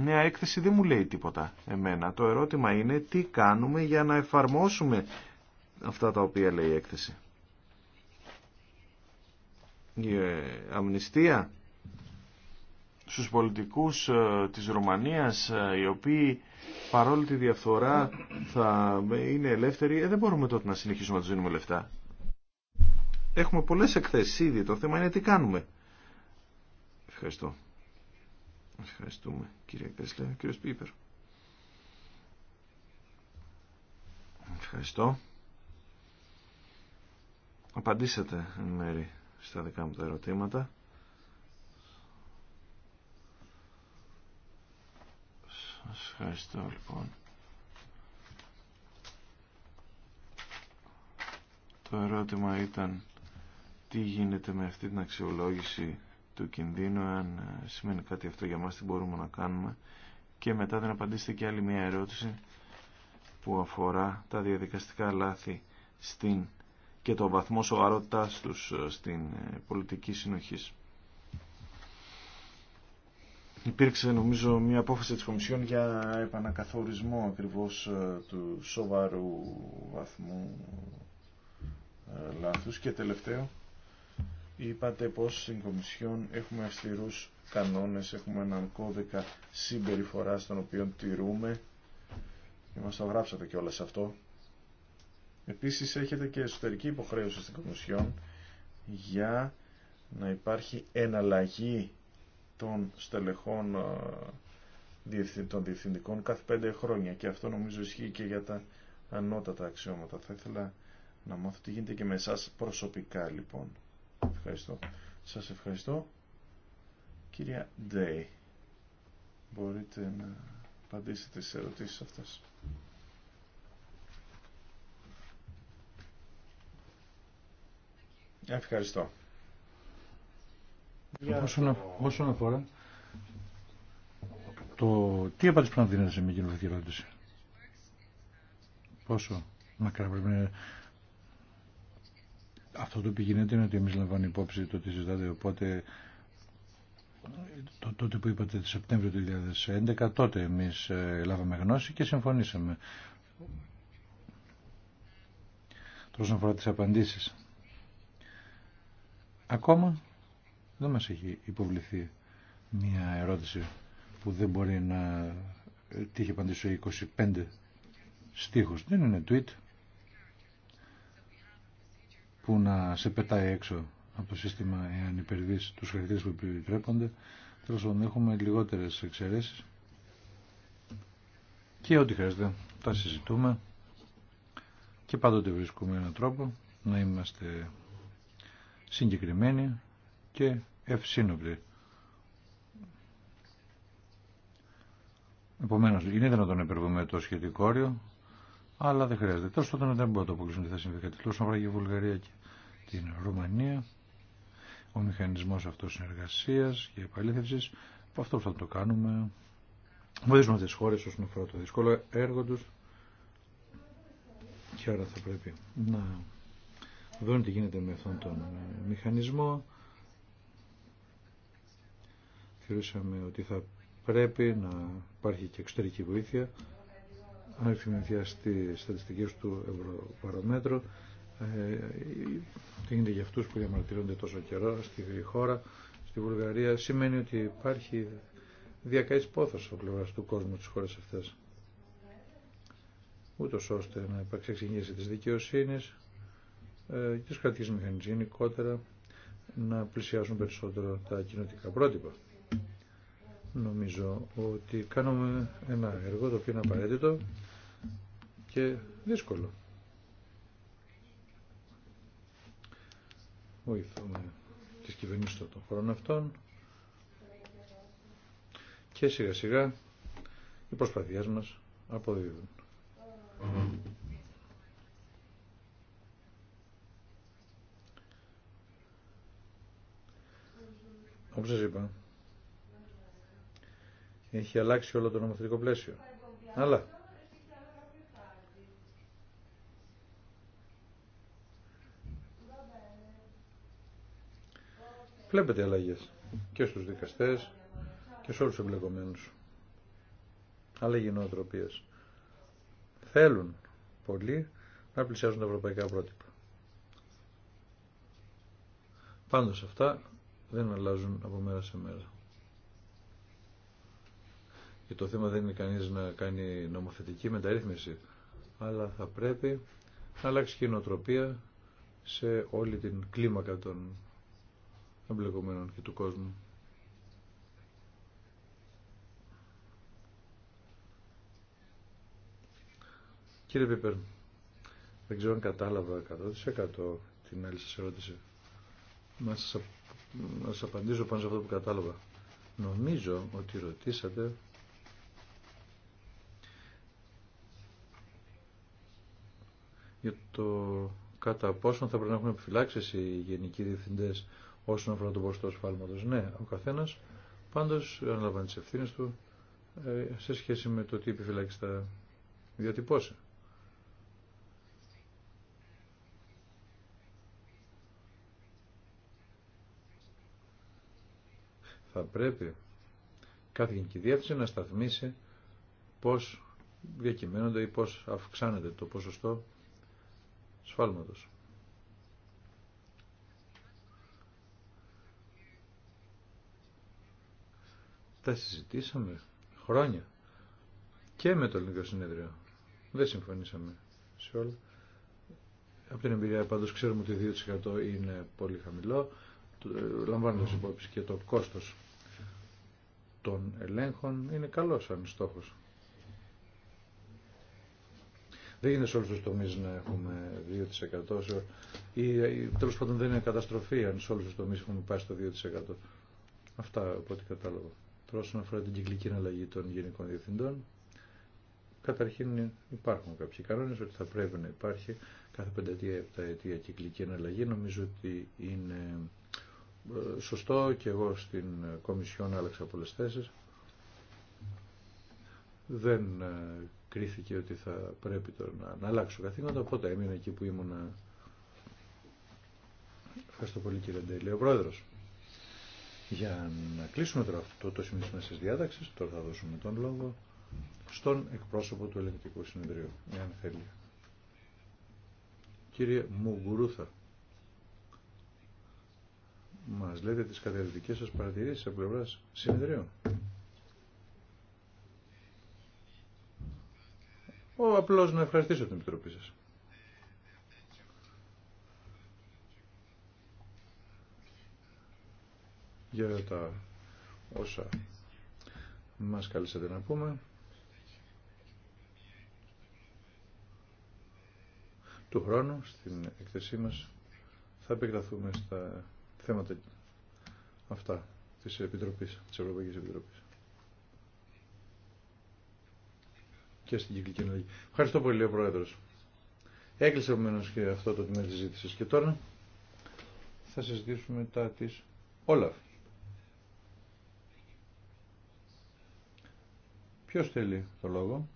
A: Μια έκθεση δεν μου λέει τίποτα εμένα. Το ερώτημα είναι τι κάνουμε για να εφαρμόσουμε αυτά τα οποία λέει η έκθεση. Η ε, αμνηστία στους πολιτικούς ε, της Ρουμανίας ε, οι οποίοι παρόλη τη διαφθορά θα είναι ελεύθεροι δεν μπορούμε τότε να συνεχίσουμε να τους δίνουμε λεφτά. Έχουμε πολλές εκθέσεις ήδη. Το θέμα είναι τι κάνουμε. Ευχαριστώ. Ευχαριστούμε κύριε Κρέσλε. Κύριος Πίπερ. Ευχαριστώ. Απαντήσατε εν μέρη στα δικά μου τα ερωτήματα. Σας ευχαριστώ λοιπόν. Το ερώτημα ήταν τι γίνεται με αυτή την αξιολόγηση του κινδύνου, αν ε, σημαίνει κάτι αυτό για μας, τι μπορούμε να κάνουμε. Και μετά δεν απαντήσετε και άλλη μια ερώτηση που αφορά τα διαδικαστικά λάθη στην και το βαθμό σοβαρότητάς τους ε, στην ε, πολιτική συνοχή. Υπήρξε νομίζω μια απόφαση της Κομισιόν για επανακαθορισμό ακριβώς του σοβαρού βαθμού λάθους και τελευταίο Είπατε πως στην Κομισιόν έχουμε αυστηρούς κανόνες, έχουμε έναν κώδικα συμπεριφοράς τον οποίο τηρούμε και μας το γράψατε όλα σε αυτό. Επίσης έχετε και εσωτερική υποχρέωση στην Κομισιόν για να υπάρχει εναλλαγή των στελεχών ε, των διευθυντικών κάθε πέντε χρόνια και αυτό νομίζω ισχύει και για τα ανώτατα αξιώματα. Θα ήθελα να μάθω τι γίνεται και με εσάς προσωπικά λοιπόν. Ευχαριστώ. Σας ευχαριστώ. Κυρία Ντέι, μπορείτε να απαντήσετε στις ερωτήσεις αυτές.
D: Ευχαριστώ.
C: Λοιπόν, όσον, όσον αφορά το τι απάντηση πρέπει να δίνετε σε μια κοινωνική ερώτηση. Πόσο μακρά πρέπει να αυτό το οποίο γίνεται είναι ότι εμείς λαμβάνουμε υπόψη το τι συζητάτε, οπότε το, τότε που είπατε το Σεπτέμβριο του 2011, τότε εμείς ε, λάβαμε γνώση και συμφωνήσαμε. Τώρα αφορά τις απαντήσεις. Ακόμα δεν μας έχει υποβληθεί μια ερώτηση που δεν μπορεί να τύχει απαντήσει 25 στίχους. Δεν είναι tweet, που να σε πετάει έξω από το σύστημα εάν υπερβείς τους χαρακτήρες που επιτρέπονται. Τέλος πάντων έχουμε λιγότερες εξαιρέσεις και ό,τι χρειάζεται τα συζητούμε και πάντοτε βρίσκουμε έναν τρόπο να είμαστε συγκεκριμένοι και ευσύνοπτοι. Επομένως, είναι δυνατόν να υπερβούμε το σχετικό όριο, αλλά δεν χρειάζεται. τόσο πάντων δεν μπορώ να το αποκλείσουν τι θα συμβεί κάτι. Τόσο αφορά και Βουλγαρία και την Ρουμανία. Ο μηχανισμό αυτό συνεργασία και επαλήθευση. Αυτό θα το κάνουμε. Βοηθήσουμε τι χώρε όσον αφορά το δύσκολο έργο του. Και άρα θα πρέπει να δούμε τι γίνεται με αυτόν τον ε, μηχανισμό. Θεωρήσαμε ότι θα πρέπει να υπάρχει και εξωτερική βοήθεια άρχισε να στις στατιστικές του Ευρωβαρομέτρου ε, τι γίνεται για αυτού που διαμαρτυρούνται τόσο καιρό στη χώρα, στη Βουλγαρία σημαίνει ότι υπάρχει διακαεί πόθο από πλευρά του κόσμου τη χώρα αυτές Ούτω ώστε να υπάρξει εξηγήση της δικαιοσύνη, ε, και τη κρατική μηχανής γενικότερα να πλησιάσουν περισσότερο τα κοινοτικά πρότυπα. Νομίζω ότι κάνουμε ένα έργο το οποίο είναι απαραίτητο και δύσκολο. Βοηθούμε τις κυβερνήσεις των χρόνων αυτών και σιγά σιγά οι προσπαθειές μας αποδίδουν. Όπως σας είπα, έχει αλλάξει όλο το νομοθετικό πλαίσιο. Αλλά Βλέπετε αλλαγέ και στους δικαστές και σε όλου του εμπλεκομένου. Αλλαγή Θέλουν πολύ να πλησιάζουν τα ευρωπαϊκά πρότυπα. Πάντως αυτά δεν αλλάζουν από μέρα σε μέρα. Και το θέμα δεν είναι κανείς να κάνει νομοθετική μεταρρύθμιση, αλλά θα πρέπει να αλλάξει η νοοτροπία σε όλη την κλίμακα των εμπλεκομένων και του κόσμου. Κύριε Πίπερ, δεν ξέρω αν κατάλαβα 100% την άλλη σας ερώτηση. Να σας, σας απαντήσω πάνω σε αυτό που κατάλαβα. Νομίζω ότι ρωτήσατε για το κατά πόσο θα πρέπει να έχουν επιφυλάξει οι γενικοί διευθυντές όσον αφορά το ποσοστό σφάλματος. Ναι, ο καθένα, πάντω αναλαμβάνει τι ευθύνε του ε, σε σχέση με το τι επιφυλάξει θα διατυπώσει. Θα πρέπει κάθε γενική διεύθυνση να σταθμίσει πώς διακυμαίνονται ή πώς αυξάνεται το ποσοστό σφάλματος. Τα συζητήσαμε χρόνια και με το ελληνικό συνέδριο. Δεν συμφωνήσαμε σε όλα. Από την εμπειρία πάντως ξέρουμε ότι 2% είναι πολύ χαμηλό, ε, Λαμβάνοντα υπόψη και το κόστος των ελέγχων είναι καλό σαν στόχος. Δεν γίνεται σε όλους τους τομείς να έχουμε 2% ή τέλος πάντων δεν είναι καταστροφή αν σε όλους τους τομείς έχουμε πάει στο 2%. Αυτά από ό,τι κατάλαβα όσον αφορά την κυκλική εναλλαγή των γενικών διευθυντών. Καταρχήν υπάρχουν κάποιοι κανόνε ότι θα πρέπει να υπάρχει κάθε πενταετία, επταετία κυκλική εναλλαγή. Νομίζω ότι είναι ε, σωστό και εγώ στην ε, Κομισιόν άλλαξα πολλέ θέσει Δεν ε, κρίθηκε ότι θα πρέπει το να, αλλάξω καθήκοντα, οπότε έμεινα εκεί που ήμουνα. Ευχαριστώ πολύ κύριε Ντέλη. Ο Πρόεδρος. Για να κλείσουμε τώρα αυτό το σημείο τη διάταξη, τώρα θα δώσουμε τον λόγο στον εκπρόσωπο του Ελεγκτικού Συνεδρίου, εάν θέλει. Κύριε Μουγκουρούθα, μας λέτε τις καταλητικές σας παρατηρήσεις από πλευράς συνεδρίου. Ο απλώς να ευχαριστήσω την Επιτροπή σας. για τα όσα μας καλέσατε να πούμε. Του χρόνου στην εκθεσή μας θα επεκταθούμε στα θέματα αυτά της Επιτροπής, της Ευρωπαϊκής Επιτροπής. Και στην κυκλική ενέργεια. Ευχαριστώ πολύ, ο Πρόεδρος. Έκλεισε επομένω και αυτό το τμήμα της ζήτησης Και τώρα θα συζητήσουμε τα της Όλαφ. Ποιος θέλει το λόγο.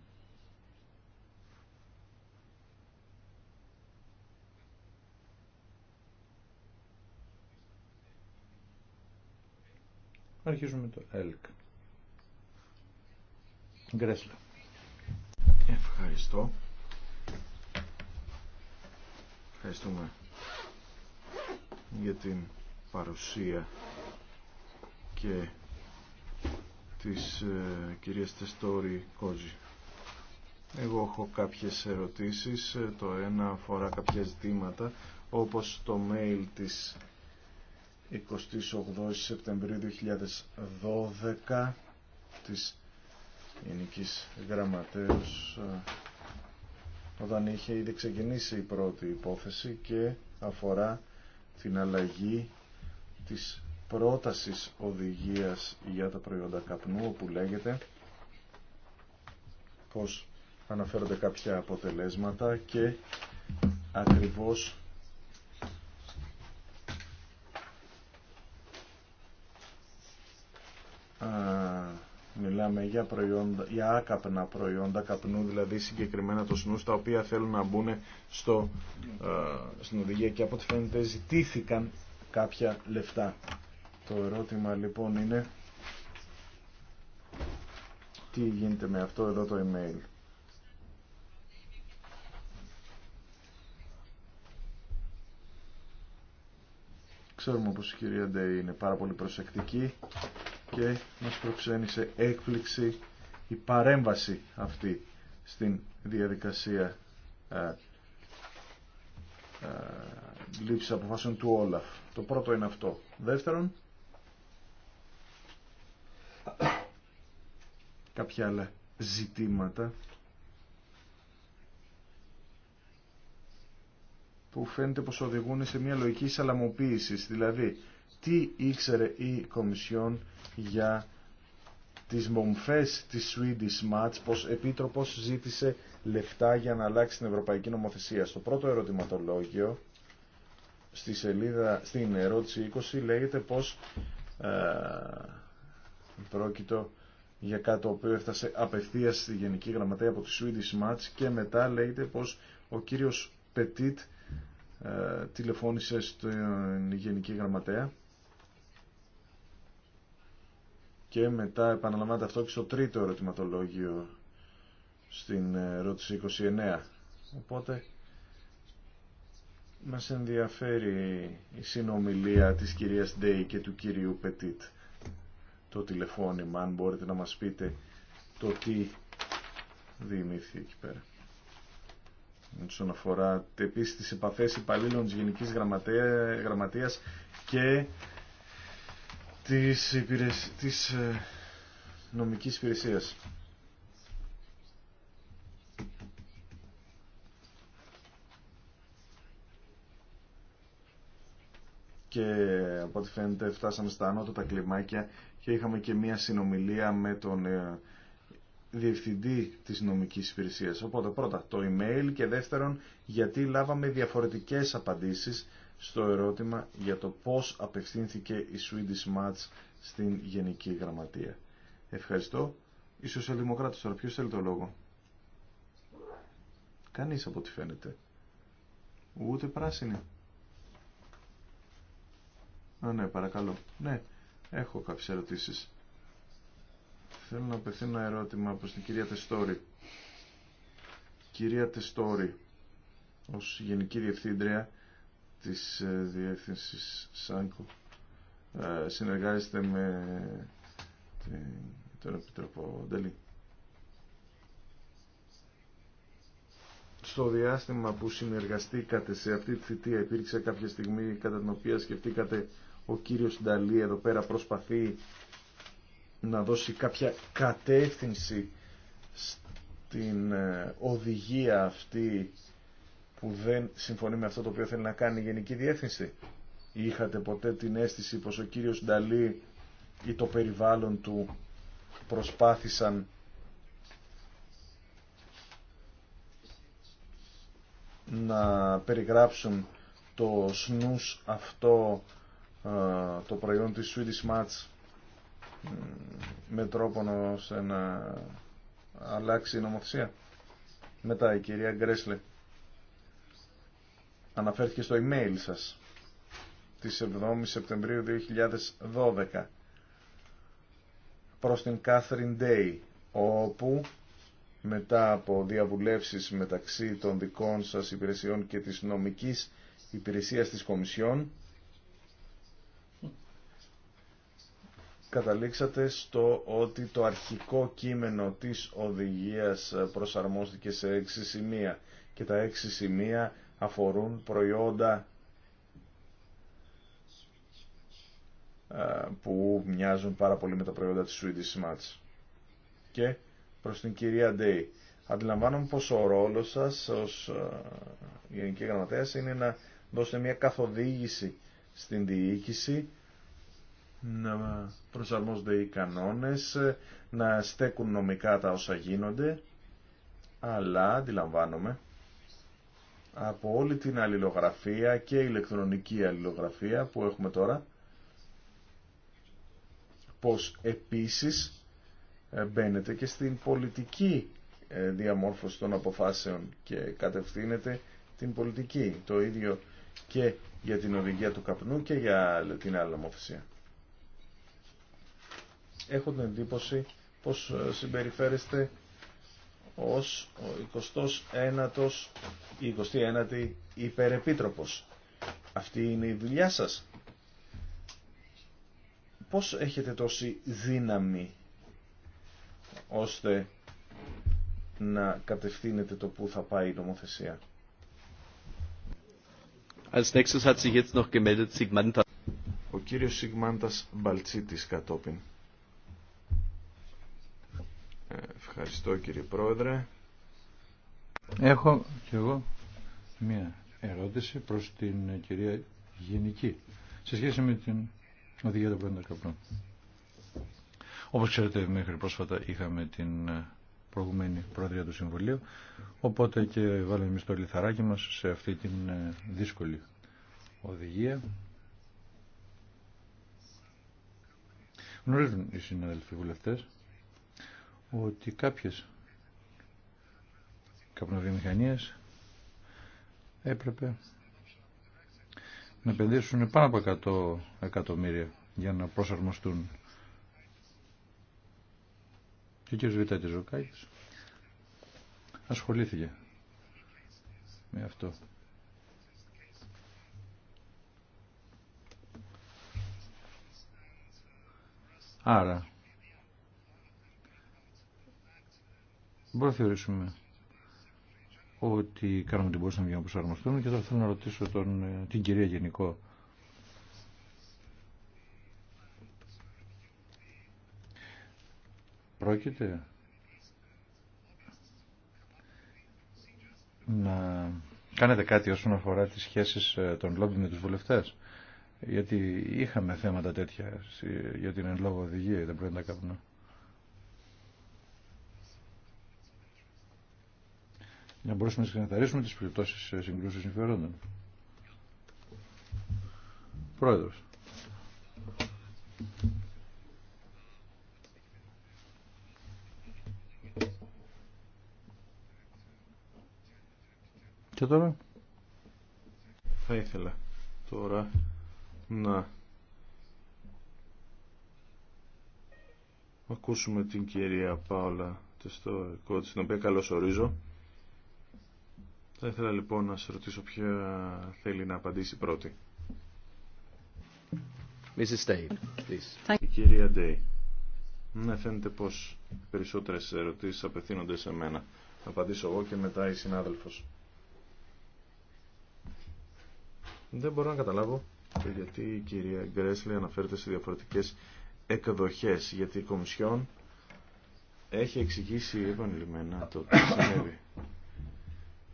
C: Αρχίζουμε το ΕΛΚ. Γκρέσλα. Ευχαριστώ. Ευχαριστούμε
A: για την παρουσία και της ε, κυρίας Τεστόρη Κόζη. Εγώ έχω κάποιες ερωτήσεις. Ε, το ένα αφορά κάποια ζητήματα όπως το mail της 28 Σεπτεμβρίου 2012 της Γενικής Γραμματέως ε, όταν είχε ήδη ξεκινήσει η πρώτη υπόθεση και αφορά την αλλαγή της πρότασης οδηγίας για τα προϊόντα καπνού όπου λέγεται πως αναφέρονται κάποια αποτελέσματα και ακριβώς μιλάμε για, προϊόντα, για άκαπνα προϊόντα καπνού, δηλαδή συγκεκριμένα το σνούς, τα οποία θέλουν να μπουν στο, ε, στην οδηγία και από ό,τι φαίνεται ζητήθηκαν κάποια λεφτά το ερώτημα λοιπόν είναι τι γίνεται με αυτό εδώ το email. Ξέρουμε πως η κυρία Ντέι είναι πάρα πολύ προσεκτική και μας προξένησε σε έκπληξη η παρέμβαση αυτή στην διαδικασία ε, ε, λήψης αποφάσεων του Όλαφ. Το πρώτο είναι αυτό. Δεύτερον, κάποια άλλα ζητήματα που φαίνεται πως οδηγούν σε μια λογική σαλαμοποίηση, δηλαδή τι ήξερε η Κομισιόν για τις μομφές της Swedish Match, πως επίτροπος ζήτησε λεφτά για να αλλάξει την ευρωπαϊκή νομοθεσία. Στο πρώτο ερωτηματολόγιο, στη σελίδα, στην ερώτηση 20, λέγεται πως ε, πρόκειτο για κάτι το οποίο έφτασε απευθεία στη Γενική Γραμματέα από τη Swedish Match και μετά λέγεται πως ο κύριος Πετίτ τηλεφώνησε στην Γενική Γραμματέα και μετά επαναλαμβάνεται αυτό και στο τρίτο ερωτηματολόγιο στην ε, ερώτηση 29. Οπότε μας ενδιαφέρει η συνομιλία της κυρίας Ντέι και του κυρίου Πετίτ το τηλεφώνημα, αν μπορείτε να μας πείτε το τι διημήθη εκεί πέρα. Όσον αφορά επίσης τις επαφές υπαλλήλων της Γενικής Γραμματείας και της, υπηρεσ... της ε, νομικής υπηρεσίας. και από ό,τι φαίνεται φτάσαμε στα ανώτατα κλιμάκια και είχαμε και μία συνομιλία με τον ε, διευθυντή της νομικής υπηρεσίας. Οπότε πρώτα το email και δεύτερον γιατί λάβαμε διαφορετικές απαντήσεις στο ερώτημα για το πώς απευθύνθηκε η Swedish Match στην Γενική Γραμματεία. Ευχαριστώ. Οι Σοσιαλδημοκράτης τώρα ποιος θέλει το λόγο. Κανείς από ό,τι φαίνεται. Ούτε πράσινη. Α, ναι, παρακαλώ. Ναι, έχω κάποιες ερωτήσεις. Θέλω να απευθύνω ένα ερώτημα προς την κυρία Τεστόρη. Κυρία Τεστόρη, ως Γενική Διευθύντρια της ε, Διεύθυνσης ΣΑΝΚΟ, ε, συνεργάζεστε με τον Επιτροπό Ντελή. στο διάστημα που συνεργαστήκατε σε αυτή τη θητεία υπήρξε κάποια στιγμή κατά την οποία σκεφτήκατε ο κύριος Νταλή εδώ πέρα προσπαθεί να δώσει κάποια κατεύθυνση στην ε, οδηγία αυτή που δεν συμφωνεί με αυτό το οποίο θέλει να κάνει η Γενική Διεύθυνση. Είχατε ποτέ την αίσθηση πως ο κύριος Νταλή ή το περιβάλλον του προσπάθησαν να περιγράψουν το σνούς αυτό το προϊόν της Swedish Match με τρόπο ώστε να αλλάξει η νομοθεσία. Μετά η κυρία Γκρέσλε αναφέρθηκε στο email σας της 7ης Σεπτεμβρίου 2012 προς την Catherine Day όπου μετά από διαβουλεύσεις μεταξύ των δικών σας υπηρεσιών και της νομικής υπηρεσίας της Κομισιόν καταλήξατε στο ότι το αρχικό κείμενο της οδηγίας προσαρμόστηκε σε έξι σημεία και τα έξι σημεία αφορούν προϊόντα ε, που μοιάζουν πάρα πολύ με τα προϊόντα της Swedish Match. Και προς την κυρία Day Αντιλαμβάνομαι πως ο ρόλος σας ως ε, Γενική Γραμματέας είναι να δώσετε μια καθοδήγηση στην διοίκηση να προσαρμόζονται οι κανόνες, να στέκουν νομικά τα όσα γίνονται, αλλά αντιλαμβάνομαι από όλη την αλληλογραφία και ηλεκτρονική αλληλογραφία που έχουμε τώρα, πως επίσης ε, μπαίνεται και στην πολιτική ε, διαμόρφωση των αποφάσεων και κατευθύνεται την πολιτική. Το ίδιο και για την οδηγία του καπνού και για την άλλη νομοθεσία έχω την εντύπωση πως ε, συμπεριφέρεστε ως ο 29ος ή 29η υπερεπίτροπος. Αυτή είναι η δουλειά σας. Πώς έχετε τόση δύναμη ώστε να κατευθύνετε το που θα πάει η νομοθεσία. Als nächstes hat sich jetzt noch gemeldet Sigmantas. Ο κύριος Σιγμάντας Μπαλτσίτης κατόπιν. Ευχαριστώ κύριε Πρόεδρε.
C: Έχω κι εγώ μία ερώτηση προς την κυρία Γενική σε σχέση με την οδηγία των πρώτων καπνών. Όπως ξέρετε μέχρι πρόσφατα είχαμε την προηγουμένη πρόεδρια του Συμβουλίου οπότε και βάλαμε εμείς το λιθαράκι μας σε αυτή την ε, δύσκολη οδηγία. Γνωρίζουν οι συναδελφοί βουλευτές ότι κάποιες καπνοβιομηχανίες έπρεπε να επενδύσουν πάνω από 100 εκατομμύρια για να προσαρμοστούν. Και ο κ. Βιτάτης Ζωκάκης ασχολήθηκε με αυτό. Άρα, Μπορούμε να θεωρήσουμε ότι κάνουμε την μπορούσαμε για να προσαρμοστούμε και τώρα θέλω να ρωτήσω τον, ε, την κυρία Γενικό. Πρόκειται να κάνετε κάτι όσον αφορά τις σχέσεις ε, των λόμπι με τους βουλευτές. Γιατί είχαμε θέματα τέτοια ε, για την εν λόγω οδηγία, δεν πρέπει να τα κάνουμε. να μπορέσουμε να ξεκαθαρίσουμε τις περιπτώσεις ε, συγκρούσεων συμφερόντων. Πρόεδρος. Και τώρα. Θα
A: ήθελα τώρα να ακούσουμε την κυρία Πάολα, το της, την οποία καλώς ορίζω. Θα ήθελα λοιπόν να σα ρωτήσω ποια θέλει να απαντήσει πρώτη. Mrs. Day, please. Η κυρία Ντέι. Ναι, φαίνεται πως περισσότερες ερωτήσεις απευθύνονται σε μένα. Θα απαντήσω εγώ και μετά η συνάδελφος. Δεν μπορώ να καταλάβω γιατί η κυρία Γκρέσλι αναφέρεται σε διαφορετικές εκδοχές, γιατί η Κομισιόν έχει εξηγήσει επανειλημμένα το τι συνέβη.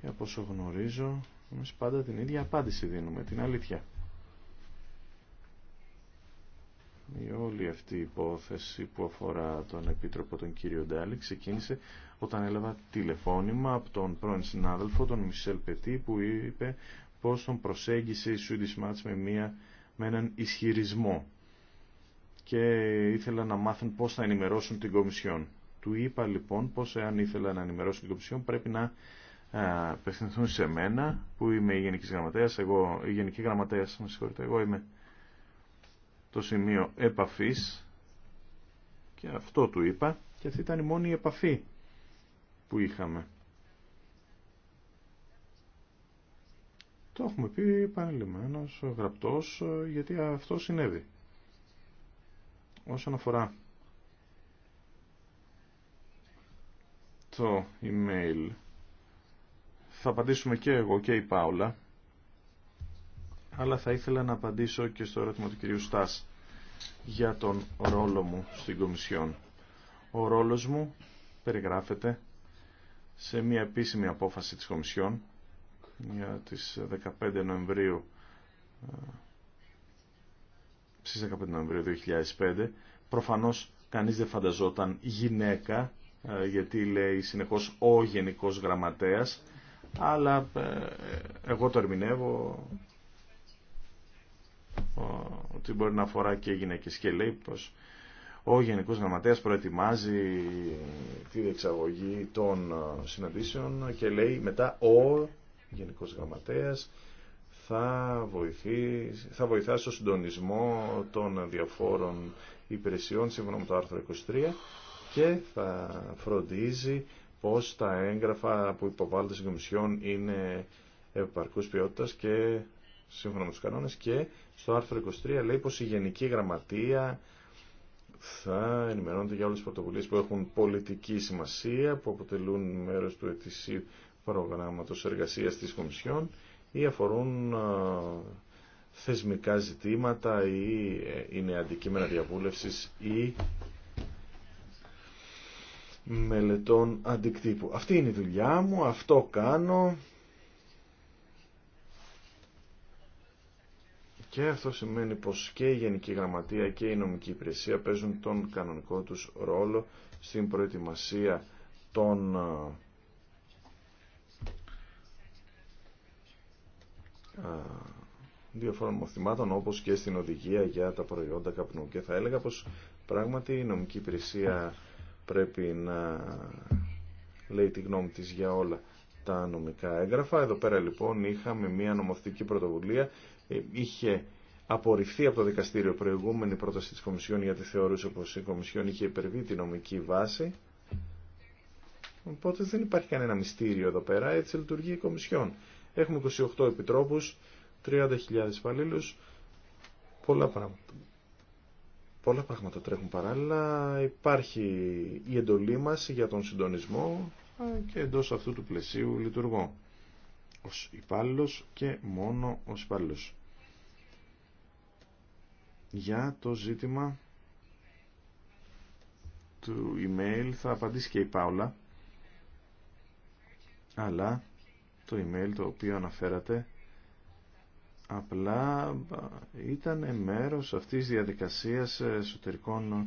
A: Και από γνωρίζω, εμείς πάντα την ίδια απάντηση δίνουμε, την αλήθεια. Η όλη αυτή η υπόθεση που αφορά τον Επίτροπο τον κύριο Ντάλη ξεκίνησε όταν έλαβα τηλεφώνημα από τον πρώην συνάδελφο, τον Μισελ Πετή, που είπε πώς τον προσέγγισε η Swedish Match με, μία, με έναν ισχυρισμό και ήθελα να μάθουν πώς θα ενημερώσουν την Κομισιόν. Του είπα λοιπόν πως εάν ήθελα να ενημερώσουν την Κομισιόν πρέπει να απευθυνθούν σε μένα που είμαι η Γενική Γραμματέας, εγώ, η Γενική Γραμματέας, με συγχωρείτε, εγώ είμαι το σημείο επαφής και αυτό του είπα και αυτή ήταν η μόνη επαφή που είχαμε. Το έχουμε πει επανειλημμένος, γραπτός, γιατί αυτό συνέβη. Όσον αφορά το email θα απαντήσουμε και εγώ και η Πάολα, αλλά θα ήθελα να απαντήσω και στο ερώτημα του κυρίου Στάς για τον ρόλο μου στην Κομισιόν. Ο ρόλος μου περιγράφεται σε μια επίσημη απόφαση της Κομισιόν για τις 15 Νοεμβρίου ε, στις 15 Νοεμβρίου 2005 προφανώς κανείς δεν φανταζόταν γυναίκα ε, γιατί λέει συνεχώς ο Γενικός Γραμματέας αλλά ε, εγώ το ερμηνεύω ότι μπορεί να αφορά και γυναίκες και λέει πως ο Γενικός Γραμματέας προετοιμάζει τη διεξαγωγή των ε, συναντήσεων και λέει μετά ο Γενικός Γραμματέας θα, θα βοηθά στο συντονισμό των διαφόρων υπηρεσιών σύμφωνα με το άρθρο 23 και θα φροντίζει πως τα έγγραφα που υποβάλλονται στην Κομισιόν είναι επαρκούς ποιότητας και σύμφωνα με τους κανόνες και στο άρθρο 23 λέει πως η Γενική Γραμματεία θα ενημερώνεται για όλες τις πρωτοβουλίες που έχουν πολιτική σημασία, που αποτελούν μέρος του ετησίου προγράμματος εργασίας της Κομισιόν ή αφορούν θεσμικά ζητήματα ή ε, είναι αντικείμενα διαβούλευσης ή μελετών αντικτύπου. Αυτή είναι η δουλειά μου, αυτό κάνω και αυτό σημαίνει πως και η Γενική Γραμματεία και η Νομική Υπηρεσία παίζουν τον κανονικό τους ρόλο στην προετοιμασία των ε, ε, διαφόρων μοθημάτων όπως και στην οδηγία για τα προϊόντα καπνού και θα έλεγα πως πράγματι η νομική υπηρεσία πρέπει να λέει τη γνώμη της για όλα τα νομικά έγγραφα. Εδώ πέρα λοιπόν είχαμε μια νομοθετική πρωτοβουλία. Ε, είχε απορριφθεί από το δικαστήριο προηγούμενη πρόταση της Κομισιόν γιατί θεωρούσε πως η Κομισιόν είχε υπερβεί τη νομική βάση. Οπότε δεν υπάρχει κανένα μυστήριο εδώ πέρα, έτσι λειτουργεί η Κομισιόν. Έχουμε 28 επιτρόπους, 30.000 υπαλλήλου, πολλά πράγματα πολλά πράγματα τρέχουν παράλληλα. Υπάρχει η εντολή μας για τον συντονισμό και εντό αυτού του πλαισίου λειτουργώ ως υπάλληλο και μόνο ως υπάλληλο. Για το ζήτημα του email θα απαντήσει και η Πάολα αλλά το email το οποίο αναφέρατε απλά ήταν μέρος αυτής της διαδικασίας εσωτερικών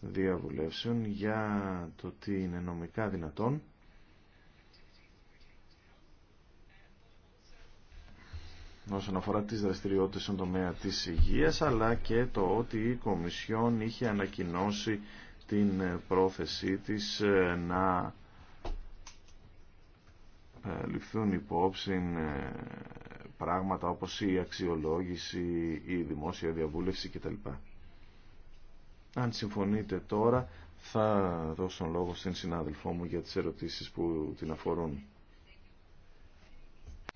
A: διαβουλεύσεων για το τι είναι νομικά δυνατόν όσον αφορά τις δραστηριότητες στον τομέα της υγείας αλλά και το ότι η Κομισιόν είχε ανακοινώσει την πρόθεσή της ε, να ε, ληφθούν υπόψη ε, πράγματα όπως η αξιολόγηση, η δημόσια διαβούλευση κτλ. Αν συμφωνείτε τώρα θα δώσω λόγο στην συνάδελφό μου για τις ερωτήσεις που την αφορούν.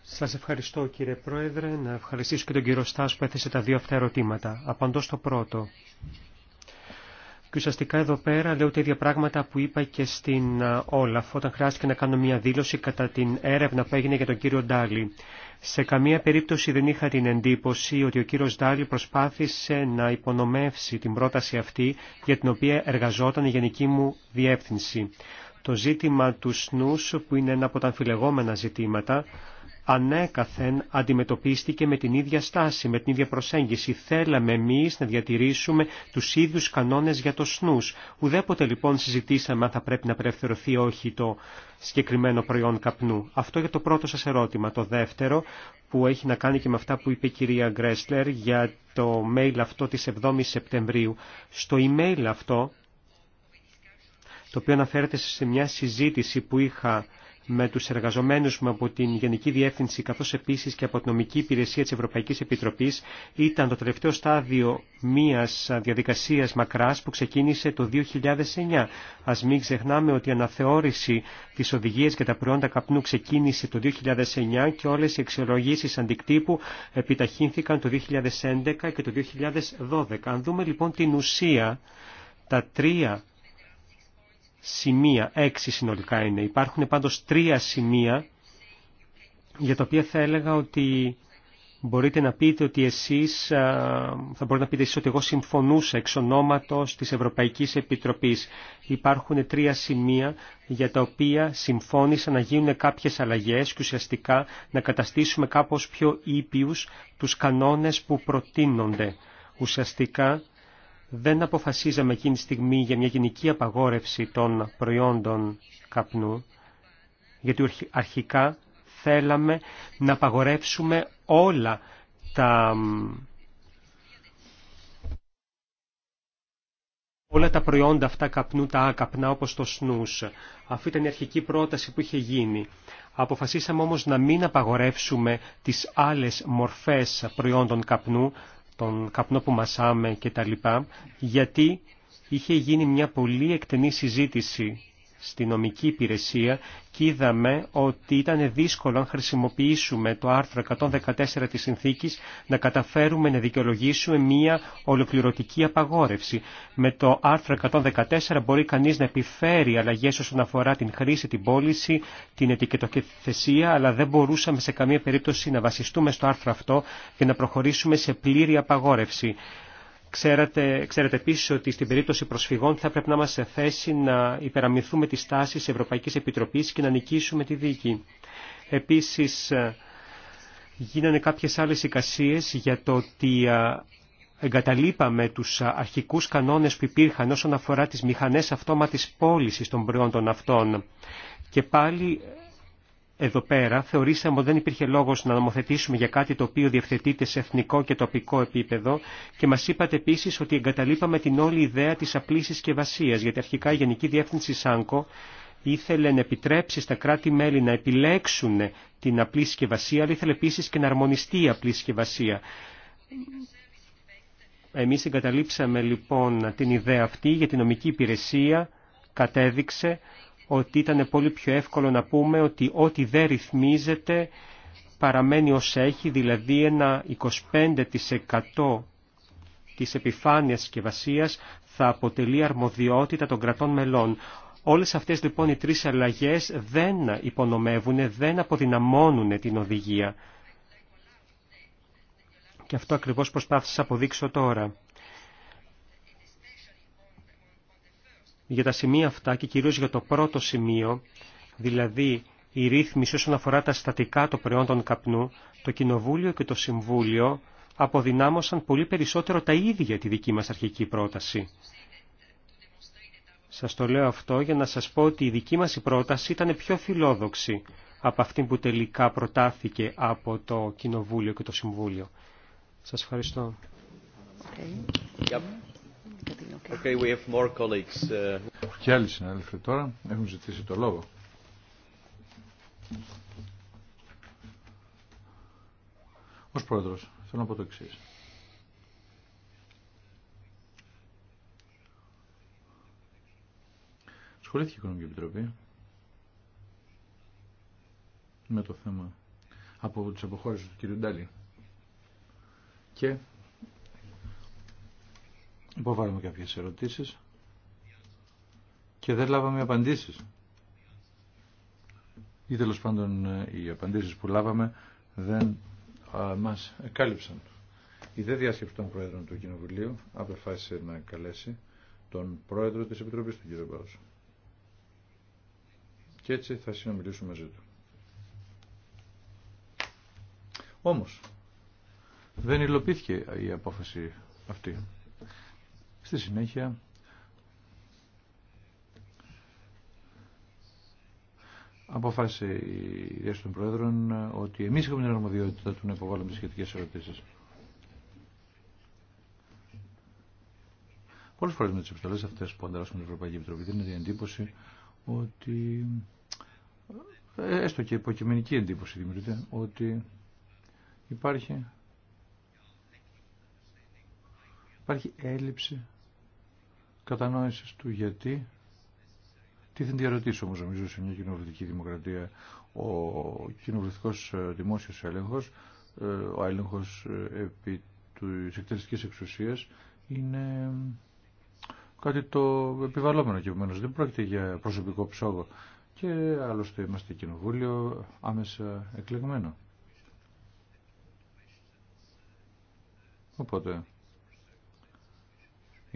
B: Σας ευχαριστώ κύριε Πρόεδρε. Να ευχαριστήσω και τον κύριο Στάς που έθεσε τα δύο αυτά ερωτήματα. Απαντώ στο πρώτο. Και ουσιαστικά εδώ πέρα λέω τα ίδια πράγματα που είπα και στην ε, Όλαφ όταν χρειάστηκε να κάνω μια δήλωση κατά την έρευνα που έγινε για τον κύριο Ντάλι. Σε καμία περίπτωση δεν είχα την εντύπωση ότι ο κύριος Ντάλι προσπάθησε να υπονομεύσει την πρόταση αυτή για την οποία εργαζόταν η γενική μου διεύθυνση. Το ζήτημα του σνούς που είναι ένα από τα αμφιλεγόμενα ζητήματα ανέκαθεν ναι, αντιμετωπίστηκε με την ίδια στάση, με την ίδια προσέγγιση. Θέλαμε εμεί να διατηρήσουμε του ίδιου κανόνε για το σνούς. Ουδέποτε λοιπόν συζητήσαμε αν θα πρέπει να απελευθερωθεί όχι το συγκεκριμένο προϊόν καπνού. Αυτό για το πρώτο σα ερώτημα. Το δεύτερο που έχει να κάνει και με αυτά που είπε η κυρία Γκρέσλερ για το mail αυτό τη 7 η Σεπτεμβρίου. Στο email αυτό, το οποίο αναφέρεται σε μια συζήτηση που είχα με τους εργαζομένους μου από την Γενική Διεύθυνση καθώς επίσης και από την Νομική Υπηρεσία της Ευρωπαϊκής Επιτροπής ήταν το τελευταίο στάδιο μίας διαδικασίας μακράς που ξεκίνησε το 2009. Ας μην ξεχνάμε ότι η αναθεώρηση της οδηγίας για τα προϊόντα καπνού ξεκίνησε το 2009 και όλες οι εξολογήσεις αντικτύπου επιταχύνθηκαν το 2011 και το 2012. Αν δούμε λοιπόν την ουσία, τα τρία σημεία, έξι συνολικά είναι. Υπάρχουν πάντως τρία σημεία για τα οποία θα έλεγα ότι μπορείτε να πείτε ότι εσείς, θα μπορείτε να πείτε εσείς ότι εγώ συμφωνούσα εξ ονόματος της Ευρωπαϊκής Επιτροπής. Υπάρχουν τρία σημεία για τα οποία συμφώνησα να γίνουν κάποιες αλλαγές και ουσιαστικά να καταστήσουμε κάπως πιο ήπιους τους κανόνες που προτείνονται. Ουσιαστικά δεν αποφασίζαμε εκείνη τη στιγμή για μια γενική απαγόρευση των προϊόντων καπνού, γιατί αρχικά θέλαμε να απαγορεύσουμε όλα τα... Όλα τα προϊόντα αυτά καπνού, τα άκαπνα όπως το σνούς. Αυτή ήταν η αρχική πρόταση που είχε γίνει. Αποφασίσαμε όμως να μην απαγορεύσουμε τις άλλες μορφές προϊόντων καπνού, τον καπνό που μασάμε κτλ. Γιατί είχε γίνει μια πολύ εκτενή συζήτηση στη νομική υπηρεσία και είδαμε ότι ήταν δύσκολο αν χρησιμοποιήσουμε το άρθρο 114 της συνθήκης να καταφέρουμε να δικαιολογήσουμε μία ολοκληρωτική απαγόρευση. Με το άρθρο 114 μπορεί κανείς να επιφέρει αλλαγές όσον αφορά την χρήση, την πώληση, την ετικετοθεσία, αλλά δεν μπορούσαμε σε καμία περίπτωση να βασιστούμε στο άρθρο αυτό και να προχωρήσουμε σε πλήρη απαγόρευση. Ξέρετε, ξέρετε επίση ότι στην περίπτωση προσφυγών θα πρέπει να είμαστε σε θέση να υπεραμειθούμε τις τάσεις της Ευρωπαϊκής Επιτροπής και να νικήσουμε τη δίκη. Επίσης, ε, γίνανε κάποιες άλλες εικασίες για το ότι ε, εγκαταλείπαμε τους ε, αρχικούς κανόνες που υπήρχαν όσον αφορά τις μηχανές αυτόματης πώληση των προϊόντων αυτών. Και πάλι εδώ πέρα θεωρήσαμε ότι δεν υπήρχε λόγος να νομοθετήσουμε για κάτι το οποίο διευθετείται σε εθνικό και τοπικό επίπεδο και μας είπατε επίσης ότι εγκαταλείπαμε την όλη ιδέα της απλής συσκευασία, γιατί αρχικά η Γενική Διεύθυνση ΣΑΝΚΟ ήθελε να επιτρέψει στα κράτη-μέλη να επιλέξουν την απλή συσκευασία, αλλά ήθελε επίσης και να αρμονιστεί η απλή συσκευασία. Εμείς εγκαταλείψαμε λοιπόν την ιδέα αυτή για την νομική υπηρεσία κατέδειξε ότι ήταν πολύ πιο εύκολο να πούμε ότι ό,τι δεν ρυθμίζεται παραμένει ως έχει, δηλαδή ένα 25% της επιφάνειας συσκευασίας θα αποτελεί αρμοδιότητα των κρατών μελών. Όλες αυτές λοιπόν οι τρεις αλλαγές δεν υπονομεύουν, δεν αποδυναμώνουν την οδηγία. Και αυτό ακριβώς προσπάθησα να αποδείξω τώρα. για τα σημεία αυτά και κυρίως για το πρώτο σημείο, δηλαδή η ρύθμιση όσον αφορά τα στατικά των προϊόντων καπνού, το Κοινοβούλιο και το Συμβούλιο αποδυνάμωσαν πολύ περισσότερο τα ίδια τη δική μας αρχική πρόταση. Σας το λέω αυτό για να σας πω ότι η δική μας η πρόταση ήταν πιο φιλόδοξη από αυτή που τελικά προτάθηκε από το Κοινοβούλιο και το Συμβούλιο. Σας ευχαριστώ.
D: Okay,
A: uh,
C: Και άλλοι συνάδελφοι τώρα έχουν ζητήσει το λόγο. Ως πρόεδρος, θέλω να πω το εξής. Σχολήθηκε η Οικονομική Επιτροπή με το θέμα από τις αποχώρησεις του κ. Ντάλη και υποβάλαμε κάποιες ερωτήσεις και δεν λάβαμε απαντήσεις. Ή τέλο πάντων ε, οι απαντήσεις που λάβαμε δεν μας κάλυψαν. Η δε διάσκεψη των Πρόεδρων του Κοινοβουλίου απεφάσισε να καλέσει τον Πρόεδρο της Επιτροπής, του κύριο Μπάουσο. Και έτσι θα συνομιλήσουμε μαζί του. Όμως, δεν υλοποιήθηκε η απόφαση αυτή. Στη συνέχεια αποφάσισε η Διεύθυνση των Πρόεδρων ότι εμείς έχουμε την αρμοδιότητα του να υποβάλουμε σχετικές ερωτήσεις. Πολλές φορέ με τις επιστολές αυτές που ανταλλάσσουμε την Ευρωπαϊκή Επιτροπή δίνει την εντύπωση ότι. Ε, έστω και υποκειμενική εντύπωση δημιουργείται ότι υπάρχει. υπάρχει έλλειψη κατανόηση του γιατί τι θα διαρωτήσω όμω, νομίζω σε μια κοινοβουλευτική δημοκρατία ο κοινοβουλευτικό ε, δημόσιο έλεγχο, ε, ο έλεγχο ε, επί τη εκτελεστική εξουσία, είναι κάτι το επιβαλλόμενο και επομένω δεν πρόκειται για προσωπικό ψόγο και άλλωστε είμαστε κοινοβούλιο άμεσα εκλεγμένο. Οπότε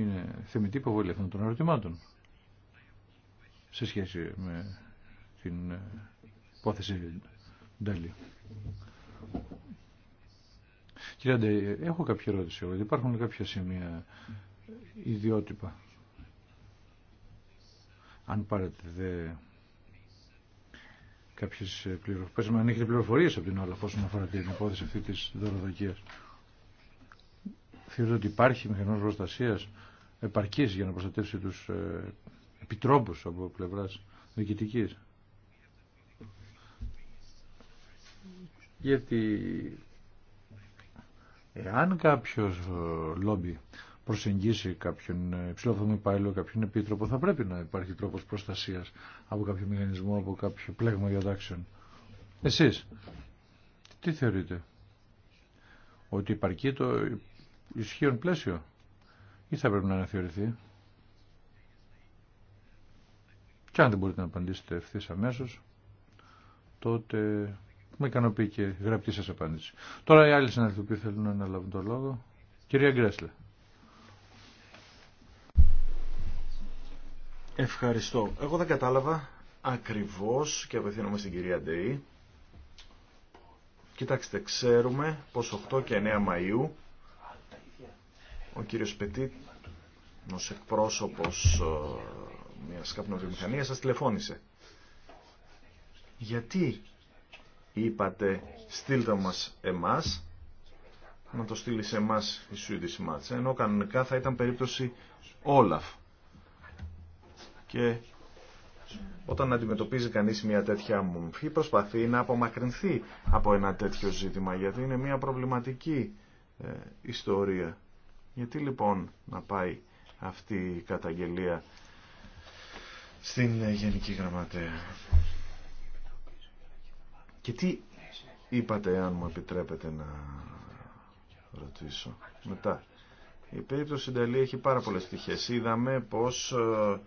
C: είναι θεμητή υποβολή αυτών των ερωτημάτων σε σχέση με την ε, υπόθεση Ντάλι. Κύριε έχω κάποια ερώτηση. Υπάρχουν κάποια σημεία ιδιότυπα. Αν πάρετε δε κάποιες πληροφορίες, αν έχετε πληροφορίε από την όλα όσον αφορά την υπόθεση αυτή της δωροδοκίας, θεωρείτε ότι υπάρχει μηχανός προστασία επαρκή για να προστατεύσει τους ε, επιτρόπους από πλευράς διοικητική. Γιατί εάν κάποιο ε, λόμπι προσεγγίσει κάποιον ε, υψηλόθωμο υπάλληλο, κάποιον επίτροπο, θα πρέπει να υπάρχει τρόπος προστασίας από κάποιο μηχανισμό, από κάποιο πλέγμα διατάξεων. Εσείς, τι θεωρείτε, ότι υπαρκεί το ισχύον πλαίσιο ή θα πρέπει να αναθεωρηθεί. Και αν δεν μπορείτε να απαντήσετε ευθύ αμέσω, τότε με ικανοποιεί και γραπτή σα απάντηση. Τώρα οι άλλοι συναδελφοί που θέλουν να λαβούν το λόγο. Κυρία Γκρέσλε.
A: Ευχαριστώ. Εγώ δεν κατάλαβα ακριβώς και απευθύνομαι στην κυρία Ντεΐ. Κοιτάξτε, ξέρουμε πως 8 και 9 Μαΐου ο κύριος Πετή, ως εκπρόσωπος ε, μιας καπνοβιομηχανίας, σας τηλεφώνησε. Γιατί είπατε στείλτε μας εμάς, να το στείλει σε εμάς η Swedish Match, ενώ κανονικά θα ήταν περίπτωση Όλαφ. Και όταν αντιμετωπίζει κανείς μια τέτοια μομφή προσπαθεί να απομακρυνθεί από ένα τέτοιο ζήτημα γιατί είναι μια προβληματική ε, ιστορία γιατί λοιπόν να πάει αυτή η καταγγελία στην Γενική Γραμματέα. Και τι είπατε, αν μου επιτρέπετε να ρωτήσω. Μετά, η περίπτωση στην έχει πάρα πολλές πτυχές. Είδαμε πως ε,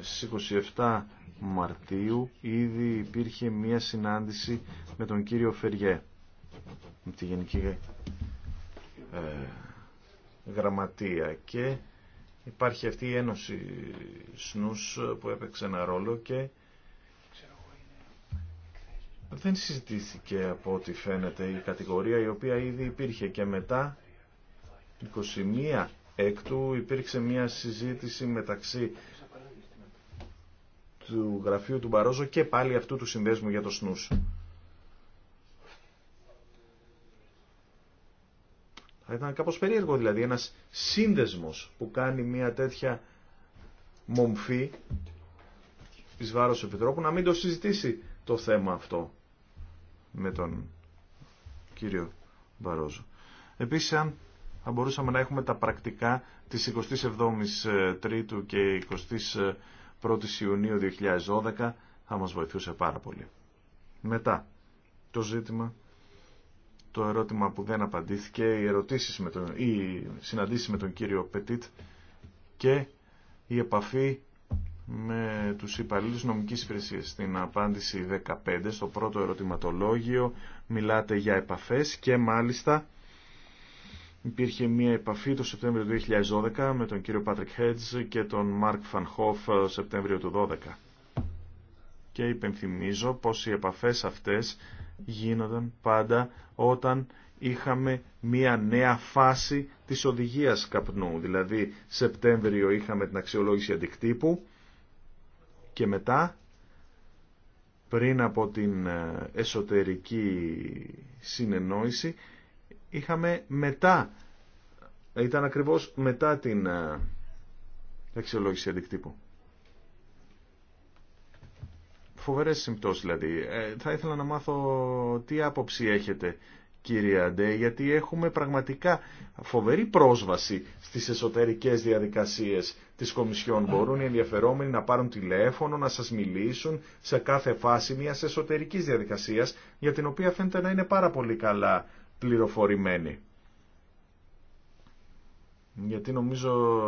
A: στις 27 Μαρτίου ήδη υπήρχε μία συνάντηση με τον κύριο Φεριέ, με τη Γενική ε, γραμματεία και υπάρχει αυτή η ένωση σνούς που έπαιξε ένα ρόλο και δεν συζητήθηκε από ό,τι φαίνεται η κατηγορία η οποία ήδη υπήρχε και μετά 21 έκτου υπήρξε μια συζήτηση μεταξύ του γραφείου του Μπαρόζο και πάλι αυτού του συνδέσμου για το σνούς. Θα ήταν κάπως περίεργο δηλαδή ένας σύνδεσμος που κάνει μια τέτοια μομφή εις βάρος επιτρόπου να μην το συζητήσει το θέμα αυτό με τον κύριο Μπαρόζο. Επίσης αν θα μπορούσαμε να έχουμε τα πρακτικά της 27ης ε, Τρίτου και 21ης ε, Ιουνίου 2012 θα μας βοηθούσε πάρα πολύ. Μετά το ζήτημα το ερώτημα που δεν απαντήθηκε, οι, ερωτήσεις με τον, οι συναντήσεις με τον κύριο Πετίτ και η επαφή με τους υπαλλήλους νομικής υπηρεσίας. Στην απάντηση 15, στο πρώτο ερωτηματολόγιο, μιλάτε για επαφές και μάλιστα υπήρχε μια επαφή το Σεπτέμβριο του 2012 με τον κύριο Πάτρικ Χέτζ και τον Μάρκ Φανχόφ ε, Σεπτέμβριο του 2012. Και υπενθυμίζω πως οι επαφές αυτές γίνονταν πάντα όταν είχαμε μία νέα φάση της οδηγίας καπνού. Δηλαδή, Σεπτέμβριο είχαμε την αξιολόγηση αντικτύπου και μετά, πριν από την ε, εσωτερική συνεννόηση, είχαμε μετά, ήταν ακριβώς μετά την ε, αξιολόγηση αντικτύπου. Φοβερές συμπτώσει, δηλαδή. Ε, θα ήθελα να μάθω τι άποψη έχετε κύριε Αντέ, γιατί έχουμε πραγματικά φοβερή πρόσβαση στις εσωτερικές διαδικασίες της Κομισιόν. Μπορούν οι ενδιαφερόμενοι να πάρουν τηλέφωνο, να σας μιλήσουν σε κάθε φάση μιας εσωτερικής διαδικασίας, για την οποία φαίνεται να είναι πάρα πολύ καλά πληροφορημένοι γιατί νομίζω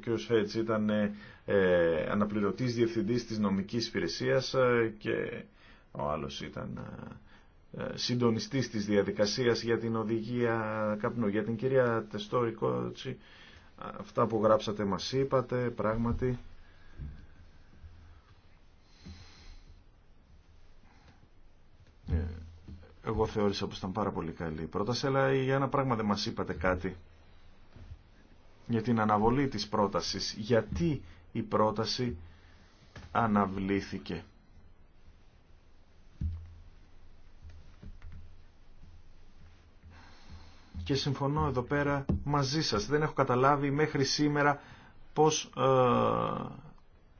A: και ο κ. Φέτς ήταν ε, ε, αναπληρωτής διευθυντής της νομικής υπηρεσίας ε, και ο άλλος ήταν ε, συντονιστής της διαδικασίας για την οδηγία καπνού. Για την κυρία Τεστόρικο, αυτά που γράψατε μας είπατε, πράγματι. Εγώ θεώρησα πως ήταν πάρα πολύ καλή πρόταση, αλλά για ένα πράγμα δεν μας είπατε κάτι για την αναβολή της πρότασης. Γιατί η πρόταση αναβλήθηκε. Και συμφωνώ εδώ πέρα μαζί σας. Δεν έχω καταλάβει μέχρι σήμερα πώς ε,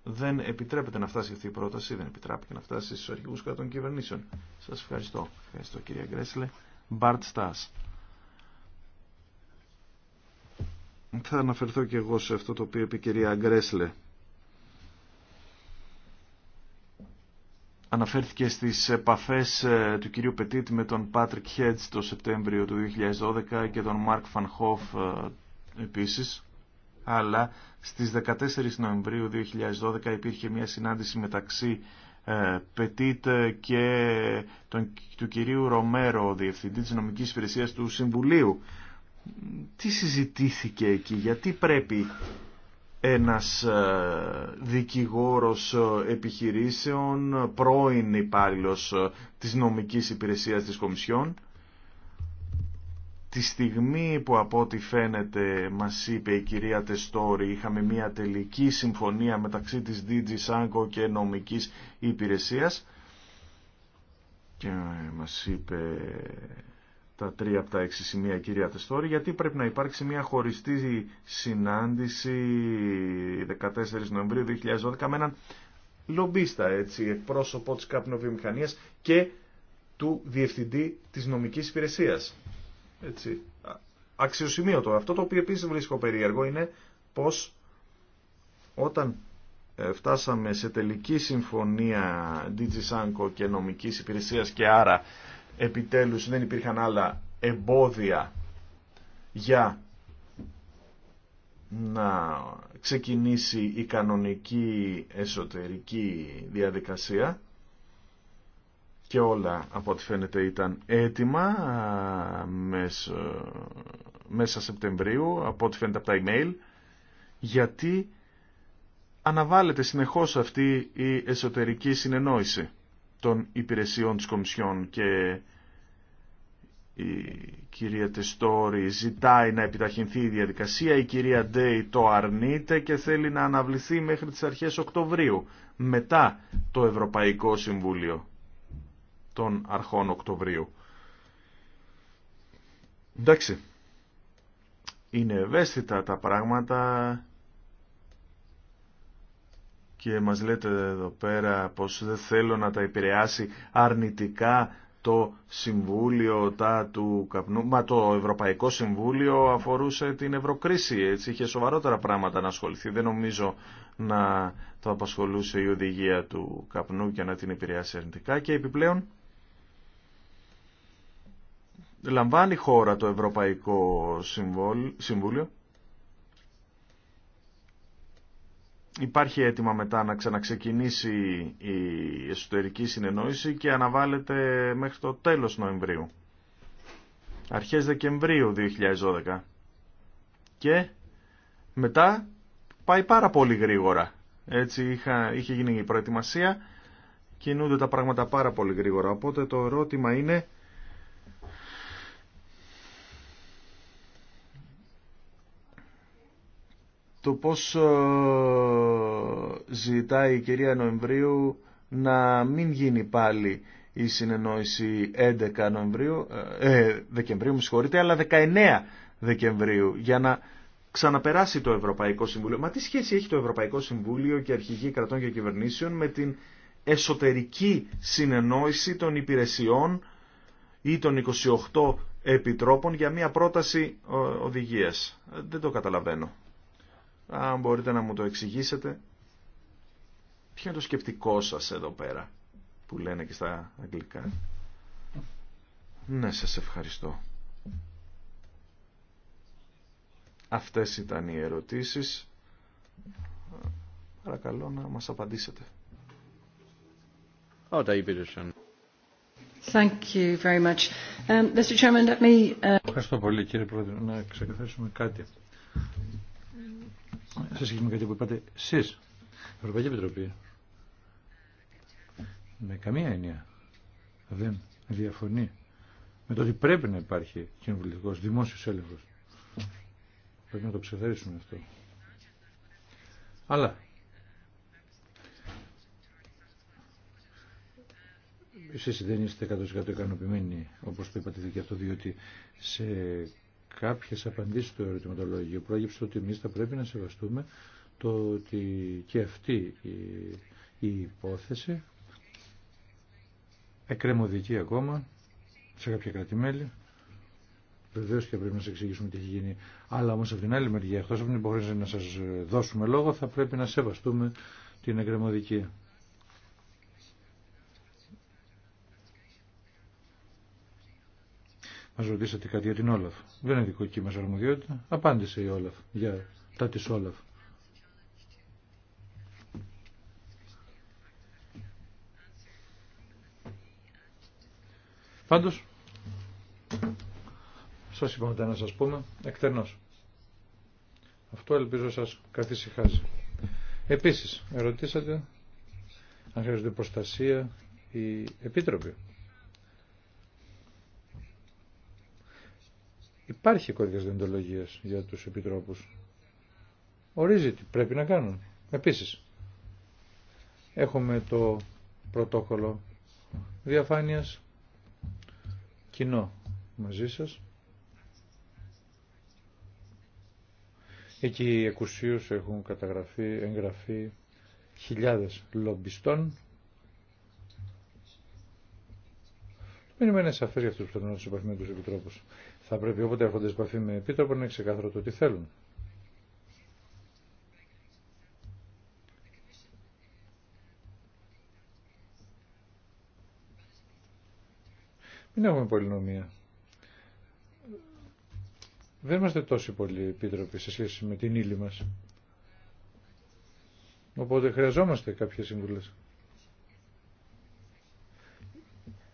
A: δεν επιτρέπεται να φτάσει αυτή η πρόταση, δεν επιτράπηκε να φτάσει στους αρχηγούς κρατών κυβερνήσεων. Σας ευχαριστώ. Ευχαριστώ κυρία Γκρέσλε. Μπαρτ Στάς. θα αναφερθώ και εγώ σε αυτό το οποίο είπε η κυρία Γκρέσλε. Αναφέρθηκε στις επαφές ε, του κυρίου Πετίτ με τον Πάτρικ Χέτς το Σεπτέμβριο του 2012 και τον Μάρκ Φανχόφ ε, επίσης. Αλλά στις 14 Νοεμβρίου 2012 υπήρχε μια συνάντηση μεταξύ ε, Πετίτ και του κυρίου Ρομέρο, διευθυντή της νομικής υπηρεσίας του Συμβουλίου τι συζητήθηκε εκεί, γιατί πρέπει ένας ε, δικηγόρος ε, επιχειρήσεων, πρώην υπάλληλο ε, της νομικής υπηρεσίας της Κομισιόν, τη στιγμή που από ό,τι φαίνεται μας είπε η κυρία Τεστόρη είχαμε μια τελική συμφωνία μεταξύ της DG Sanko και νομικής υπηρεσίας και μας είπε τα τρία από τα έξι σημεία κυρία Τεστόρη, γιατί πρέπει να υπάρξει μια χωριστή συνάντηση 14 Νοεμβρίου 2012 με έναν λομπίστα, έτσι, εκπρόσωπο της καπνοβιομηχανίας και του διευθυντή της νομικής υπηρεσίας. Έτσι. Αξιοσημείωτο. Αυτό το οποίο επίσης βρίσκω περίεργο είναι πως όταν ε, φτάσαμε σε τελική συμφωνία DG Sanko και νομικής υπηρεσίας και άρα επιτέλους δεν υπήρχαν άλλα εμπόδια για να ξεκινήσει η κανονική εσωτερική διαδικασία και όλα από ό,τι φαίνεται ήταν έτοιμα μέσα Σεπτεμβρίου από ό,τι φαίνεται από τα email γιατί αναβάλλεται συνεχώς αυτή η εσωτερική συνεννόηση των υπηρεσιών της Κομισιόν και η κυρία Τεστόρη ζητάει να επιταχυνθεί η διαδικασία, η κυρία Ντέι το αρνείται και θέλει να αναβληθεί μέχρι τις αρχές Οκτωβρίου, μετά το Ευρωπαϊκό Συμβούλιο των αρχών Οκτωβρίου. Εντάξει, είναι ευαίσθητα τα πράγματα και μας λέτε εδώ πέρα πως δεν θέλω να τα επηρεάσει αρνητικά το Συμβούλιο τα του Καπνού, μα το Ευρωπαϊκό Συμβούλιο αφορούσε την Ευρωκρίση, έτσι είχε σοβαρότερα πράγματα να ασχοληθεί. Δεν νομίζω να το απασχολούσε η οδηγία του Καπνού και να την επηρεάσει αρνητικά και επιπλέον λαμβάνει χώρα το Ευρωπαϊκό Συμβούλιο υπάρχει έτοιμα μετά να ξαναξεκινήσει η εσωτερική συνεννόηση και αναβάλλεται μέχρι το τέλος Νοεμβρίου. Αρχές Δεκεμβρίου 2012. Και μετά πάει πάρα πολύ γρήγορα. Έτσι είχα, είχε γίνει η προετοιμασία, κινούνται τα πράγματα πάρα πολύ γρήγορα. Οπότε το ερώτημα είναι το πώς ε, ζητάει η κυρία Νοεμβρίου να μην γίνει πάλι η συνεννόηση 11 Νοεμβρίου, ε, ε, Δεκεμβρίου, με αλλά 19 Δεκεμβρίου για να ξαναπεράσει το Ευρωπαϊκό Συμβούλιο. Μα τι σχέση έχει το Ευρωπαϊκό Συμβούλιο και αρχηγοί κρατών και κυβερνήσεων με την εσωτερική συνεννόηση των υπηρεσιών ή των 28 επιτρόπων για μια πρόταση ε, οδηγίας. Δεν το καταλαβαίνω. Αν μπορείτε να μου το εξηγήσετε, ποιο είναι το σκεπτικό σας εδώ πέρα, που λένε και στα αγγλικά. Ναι, σας ευχαριστώ. Αυτές ήταν οι ερωτήσεις. Παρακαλώ να μας απαντήσετε. Thank you very much. Um, Mr. Chairman, let me...
C: Uh, ευχαριστώ πολύ κύριε Πρόεδρε. Να ξεκαθαρίσουμε κάτι σε σχέση κάτι που είπατε Εσεί, η Ευρωπαϊκή Επιτροπή, με καμία έννοια δεν διαφωνεί με το ότι πρέπει να υπάρχει κοινοβουλευτικό δημόσιο έλεγχο. Πρέπει να το ξεκαθαρίσουμε αυτό. Αλλά Εσεί δεν είστε 100% ικανοποιημένοι όπως το είπατε και αυτό διότι σε κάποιες απαντήσεις στο ερωτηματολόγιο. Πρόκειψε ότι εμεί θα πρέπει να σεβαστούμε το ότι και αυτή η, υπόθεση εκκρεμωδική ακόμα σε κάποια κρατημέλη. Βεβαίω και πρέπει να σα εξηγήσουμε τι έχει γίνει. Αλλά όμω από την άλλη μεριά, εκτό από την υποχρέωση να σα δώσουμε λόγο, θα πρέπει να σεβαστούμε την εκκρεμωδική. Μα ρωτήσατε κάτι για την Όλαφ. Δεν είναι δικό μα αρμοδιότητα. Απάντησε η Όλαφ για τα τη Όλαφ. Πάντως, Σα είπαμε να σας πούμε εκτενώ. Αυτό ελπίζω σας καθησυχάσει. Επίσης, ρωτήσατε αν χρειάζεται προστασία η Επίτροπη. Υπάρχει κώδικα διοντολογία για τους επιτρόπους. Ορίζει τι πρέπει να κάνουν. Επίση, έχουμε το πρωτόκολλο διαφάνειας κοινό μαζί σας. Εκεί εκουσίω έχουν καταγραφεί, εγγραφεί χιλιάδες λομπιστών. Μην είναι σαφές για αυτούς που θέλουν να τους τους επιτρόπους. Θα πρέπει όποτε έρχονται σε επαφή με επίτροπο να είναι ξεκάθαρο το τι θέλουν. Μην έχουμε πολυνομία. Δεν είμαστε τόσοι πολλοί επίτροποι σε σχέση με την ύλη μας. Οπότε χρειαζόμαστε κάποιες συμβουλές.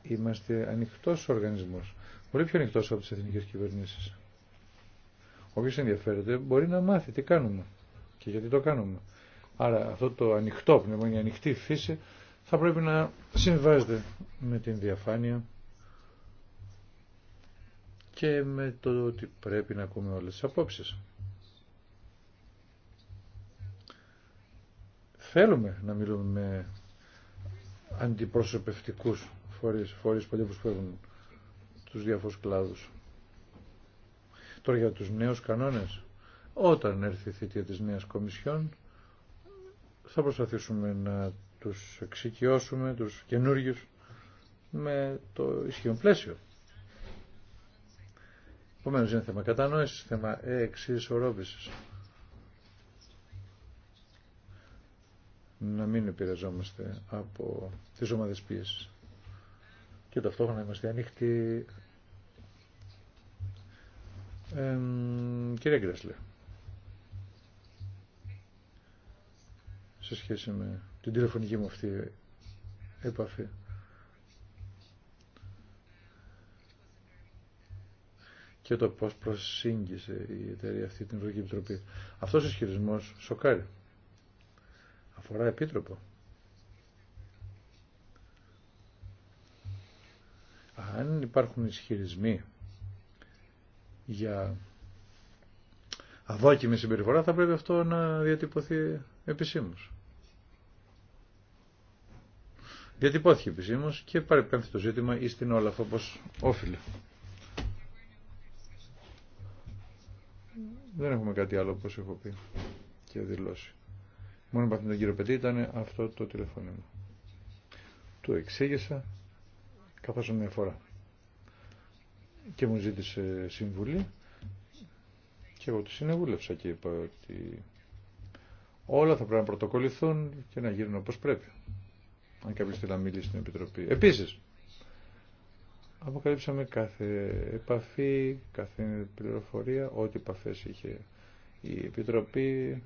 C: Είμαστε ανοιχτός οργανισμός. Πολύ πιο ανοιχτό από τι εθνικέ κυβερνήσει. Όποιο ενδιαφέρεται μπορεί να μάθει τι κάνουμε και γιατί το κάνουμε. Άρα αυτό το ανοιχτό πνεύμα, η ανοιχτή φύση θα πρέπει να συμβάζεται με την διαφάνεια και με το ότι πρέπει να ακούμε όλες τις απόψεις. Θέλουμε να μιλούμε με αντιπροσωπευτικούς φορείς, φορείς που έχουν τους διαφορούς κλάδους. Τώρα για τους νέους κανόνες, όταν έρθει η θητεία της νέας Κομισιόν, θα προσπαθήσουμε να τους εξοικειώσουμε, τους καινούριου με το ισχύον πλαίσιο. Επομένω είναι θέμα κατανόηση, θέμα εξισορρόπηση. Να μην επηρεαζόμαστε από τις ομάδε πίεση και ταυτόχρονα είμαστε ανοιχτοί. Ε, κύριε Γκρέσλε, σε σχέση με την τηλεφωνική μου αυτή επαφή. και το πώς προσύγγισε η εταιρεία αυτή την Ευρωπαϊκή Επιτροπή. Αυτός ο ισχυρισμό σοκάρει. Αφορά επίτροπο. Αν υπάρχουν ισχυρισμοί για αδόκιμη συμπεριφορά θα πρέπει αυτό να διατυπωθεί επισήμως. Διατυπώθηκε επισήμως και παρεπέμφθη το ζήτημα ή στην αυτό όπω όφιλε. Δεν έχουμε κάτι άλλο όπως έχω πει και δηλώσει. Μόνο με τον κύριο Πετή ήταν αυτό το τηλεφώνημα. Του εξήγησα καθώς μια φορά. Και μου ζήτησε συμβουλή και εγώ τη συνεβούλευσα και είπα ότι όλα θα πρέπει να πρωτοκολληθούν και να γίνουν όπως πρέπει. Αν κάποιος θέλει να μιλήσει στην Επιτροπή. Επίσης, αποκαλύψαμε κάθε επαφή, κάθε πληροφορία, ό,τι επαφές είχε η Επιτροπή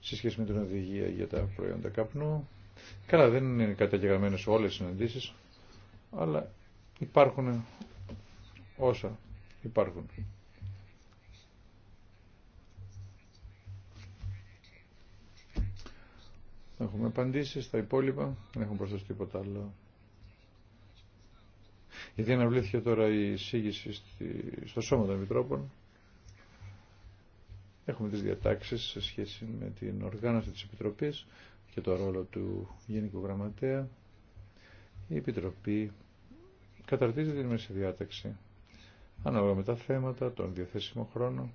C: σε σχέση με την οδηγία για τα προϊόντα καπνού. Καλά, δεν είναι καταγεγραμμένες όλες οι συναντήσεις, αλλά υπάρχουν όσα υπάρχουν. Έχουμε απαντήσει στα υπόλοιπα, δεν έχουμε προσθέσει τίποτα άλλο. Γιατί αναβλήθηκε τώρα η εισήγηση στη, στο σώμα των Επιτρόπων. Έχουμε τις διατάξεις σε σχέση με την οργάνωση της Επιτροπής και το ρόλο του Γενικού Γραμματέα, η Επιτροπή καταρτίζει την μέση διάταξη ανάλογα με τα θέματα, τον διαθέσιμο χρόνο.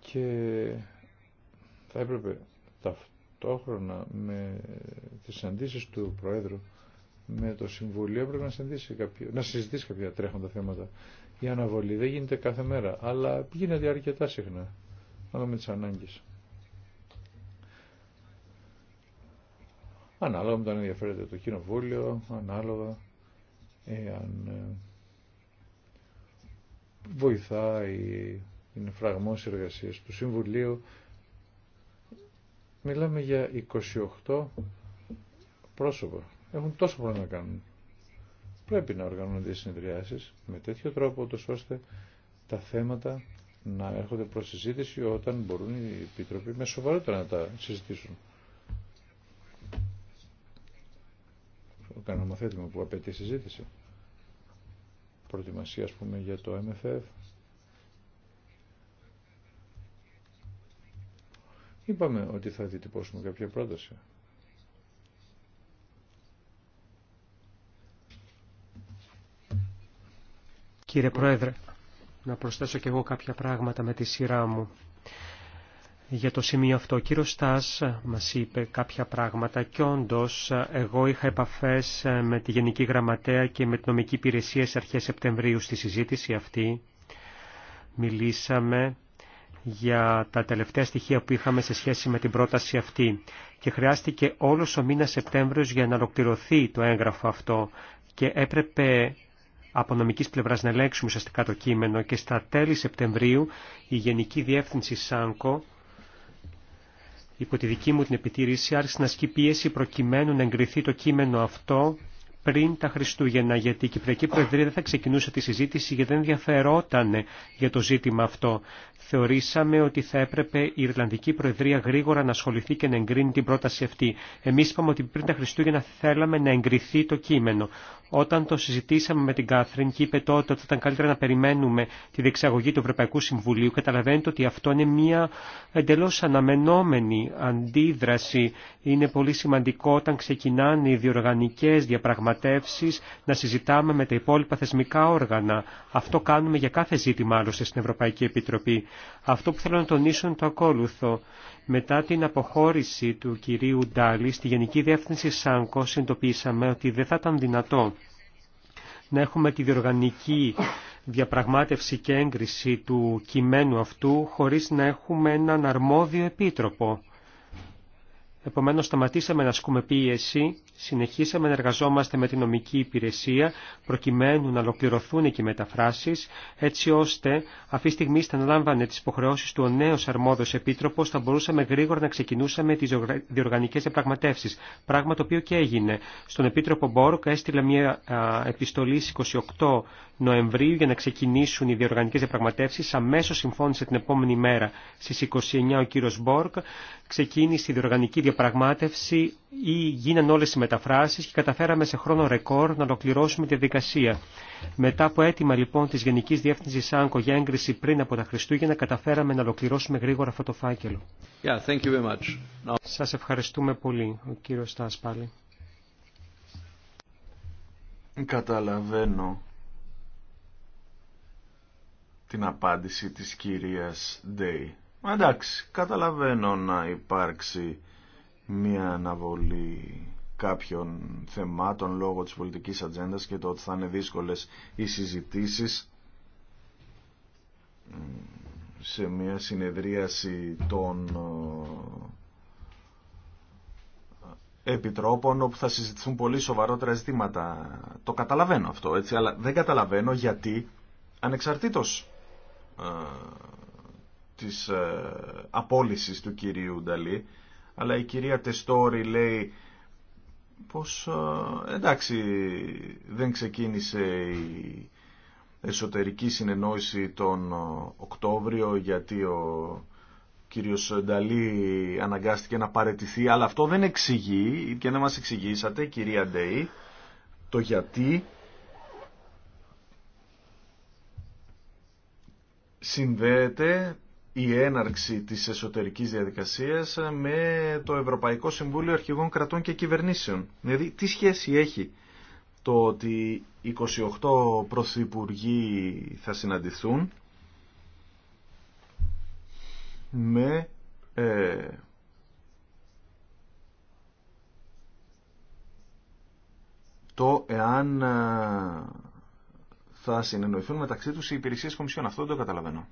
C: Και θα έπρεπε ταυτόχρονα με τις αντίσεις του Προέδρου με το Συμβουλίο έπρεπε να κάποιο, να συζητήσει κάποια τρέχοντα θέματα. Η αναβολή δεν γίνεται κάθε μέρα, αλλά γίνεται αρκετά συχνά, ανάλογα με τις ανάγκες. Ανάλογα με το αν ενδιαφέρεται το κοινοβούλιο, ανάλογα εάν ε, βοηθάει την φραγμός εργασία του Συμβουλίου. Μιλάμε για 28 πρόσωπα. Έχουν τόσο πολλά να κάνουν πρέπει να οργανώνονται συνεδριάσεις με τέτοιο τρόπο ώστε τα θέματα να έρχονται προς συζήτηση όταν μπορούν οι επιτροποί με σοβαρότερα να τα συζητήσουν. Ο κανομοθέτημα που απαιτεί συζήτηση. Προετοιμασία, ας πούμε, για το MFF. Είπαμε ότι θα διτυπώσουμε κάποια πρόταση.
B: Κύριε Πρόεδρε, να προσθέσω και εγώ κάποια πράγματα με τη σειρά μου. Για το σημείο αυτό, ο κύριος Στάς μας είπε κάποια πράγματα και όντω εγώ είχα επαφές με τη Γενική Γραμματέα και με την Νομική Υπηρεσία σε αρχές Σεπτεμβρίου στη συζήτηση αυτή. Μιλήσαμε για τα τελευταία στοιχεία που είχαμε σε σχέση με την πρόταση αυτή και χρειάστηκε όλος ο μήνας Σεπτέμβριος για να ολοκληρωθεί το έγγραφο αυτό και έπρεπε από νομικής πλευράς να ελέγξουμε ουσιαστικά το κείμενο και στα τέλη Σεπτεμβρίου η Γενική Διεύθυνση ΣΑΝΚΟ υπό τη δική μου την επιτήρηση άρχισε να ασκεί πίεση προκειμένου να εγκριθεί το κείμενο αυτό πριν τα Χριστούγεννα, γιατί η Κυπριακή Προεδρία δεν θα ξεκινούσε τη συζήτηση γιατί δεν ενδιαφερόταν για το ζήτημα αυτό. Θεωρήσαμε ότι θα έπρεπε η Ιρλανδική Προεδρία γρήγορα να ασχοληθεί και να εγκρίνει την πρόταση αυτή. Εμεί είπαμε ότι πριν τα Χριστούγεννα θέλαμε να εγκριθεί το κείμενο. Όταν το συζητήσαμε με την Κάθριν και είπε τότε ότι ήταν καλύτερα να περιμένουμε τη διεξαγωγή του Ευρωπαϊκού Συμβουλίου, καταλαβαίνετε ότι αυτό είναι μια εντελώ αναμενόμενη αντίδραση. Είναι πολύ σημαντικό όταν ξεκινάνε οι διοργανικέ διαπραγματεύσει να συζητάμε με τα υπόλοιπα θεσμικά όργανα. Αυτό κάνουμε για κάθε ζήτημα άλλωστε στην Ευρωπαϊκή Επιτροπή. Αυτό που θέλω να τονίσω είναι το ακόλουθο. Μετά την αποχώρηση του κυρίου Ντάλη στη Γενική Διεύθυνση ΣΑΝΚΟ συνειδητοποίησαμε ότι δεν θα ήταν δυνατό να έχουμε τη διοργανική διαπραγμάτευση και έγκριση του κειμένου αυτού χωρίς να έχουμε έναν αρμόδιο επίτροπο. Επομένως σταματήσαμε να ασκούμε πίεση, συνεχίσαμε να εργαζόμαστε με την νομική υπηρεσία προκειμένου να ολοκληρωθούν και οι μεταφράσεις έτσι ώστε αυτή τη στιγμή θα αναλάμβανε τις υποχρεώσεις του ο νέος αρμόδος επίτροπος θα μπορούσαμε γρήγορα να ξεκινούσαμε τις διοργανικές διαπραγματεύσεις, πράγμα το οποίο και έγινε. Στον Επίτροπο Μπόρκ έστειλε μια επιστολή 28 Νοεμβρίου για να ξεκινήσουν οι διοργανικέ διαπραγματεύσει, αμέσω συμφώνησε την επόμενη μέρα στι 29 ο κύριο Μπόρκ. Ξεκίνησε η διοργανική διαπραγμάτευση ή γίνανε όλε οι μεταφράσεις και καταφέραμε σε χρόνο ρεκόρ να ολοκληρώσουμε τη διαδικασία. Μετά από αίτημα λοιπόν τη Γενική Διεύθυνση ΑΝΚΟ για έγκριση πριν από τα Χριστούγεννα καταφέραμε να ολοκληρώσουμε γρήγορα αυτό το φάκελο. Yeah, Σας ευχαριστούμε πολύ, ο κύριο Στάσπάλι.
A: Καταλαβαίνω την απάντηση της κυρίας Ντέι. Εντάξει, καταλαβαίνω να υπάρξει μία αναβολή κάποιων θεμάτων λόγω της πολιτικής ατζέντα και το ότι θα είναι δύσκολες οι συζητήσεις σε μία συνεδρίαση των ε, επιτρόπων όπου θα συζητηθούν πολύ σοβαρότερα ζητήματα. Το καταλαβαίνω αυτό, έτσι, αλλά δεν καταλαβαίνω γιατί ανεξαρτήτως ε, της ε, απόλυσης του κυρίου Νταλή, αλλά η κυρία Τεστόρη λέει πως ε, εντάξει δεν ξεκίνησε η εσωτερική συνεννόηση τον Οκτώβριο γιατί ο κύριος Νταλή αναγκάστηκε να παρετηθεί αλλά αυτό δεν εξηγεί και δεν μας εξηγήσατε κυρία Ντέι το γιατί συνδέεται η έναρξη της εσωτερικής διαδικασίας με το Ευρωπαϊκό Συμβούλιο Αρχηγών Κρατών και Κυβερνήσεων. Δηλαδή, τι σχέση έχει το ότι 28 πρωθυπουργοί θα συναντηθούν με ε, το εάν ε, θα συνεννοηθούν μεταξύ τους οι υπηρεσίες κομισιών. Αυτό δεν το καταλαβαίνω.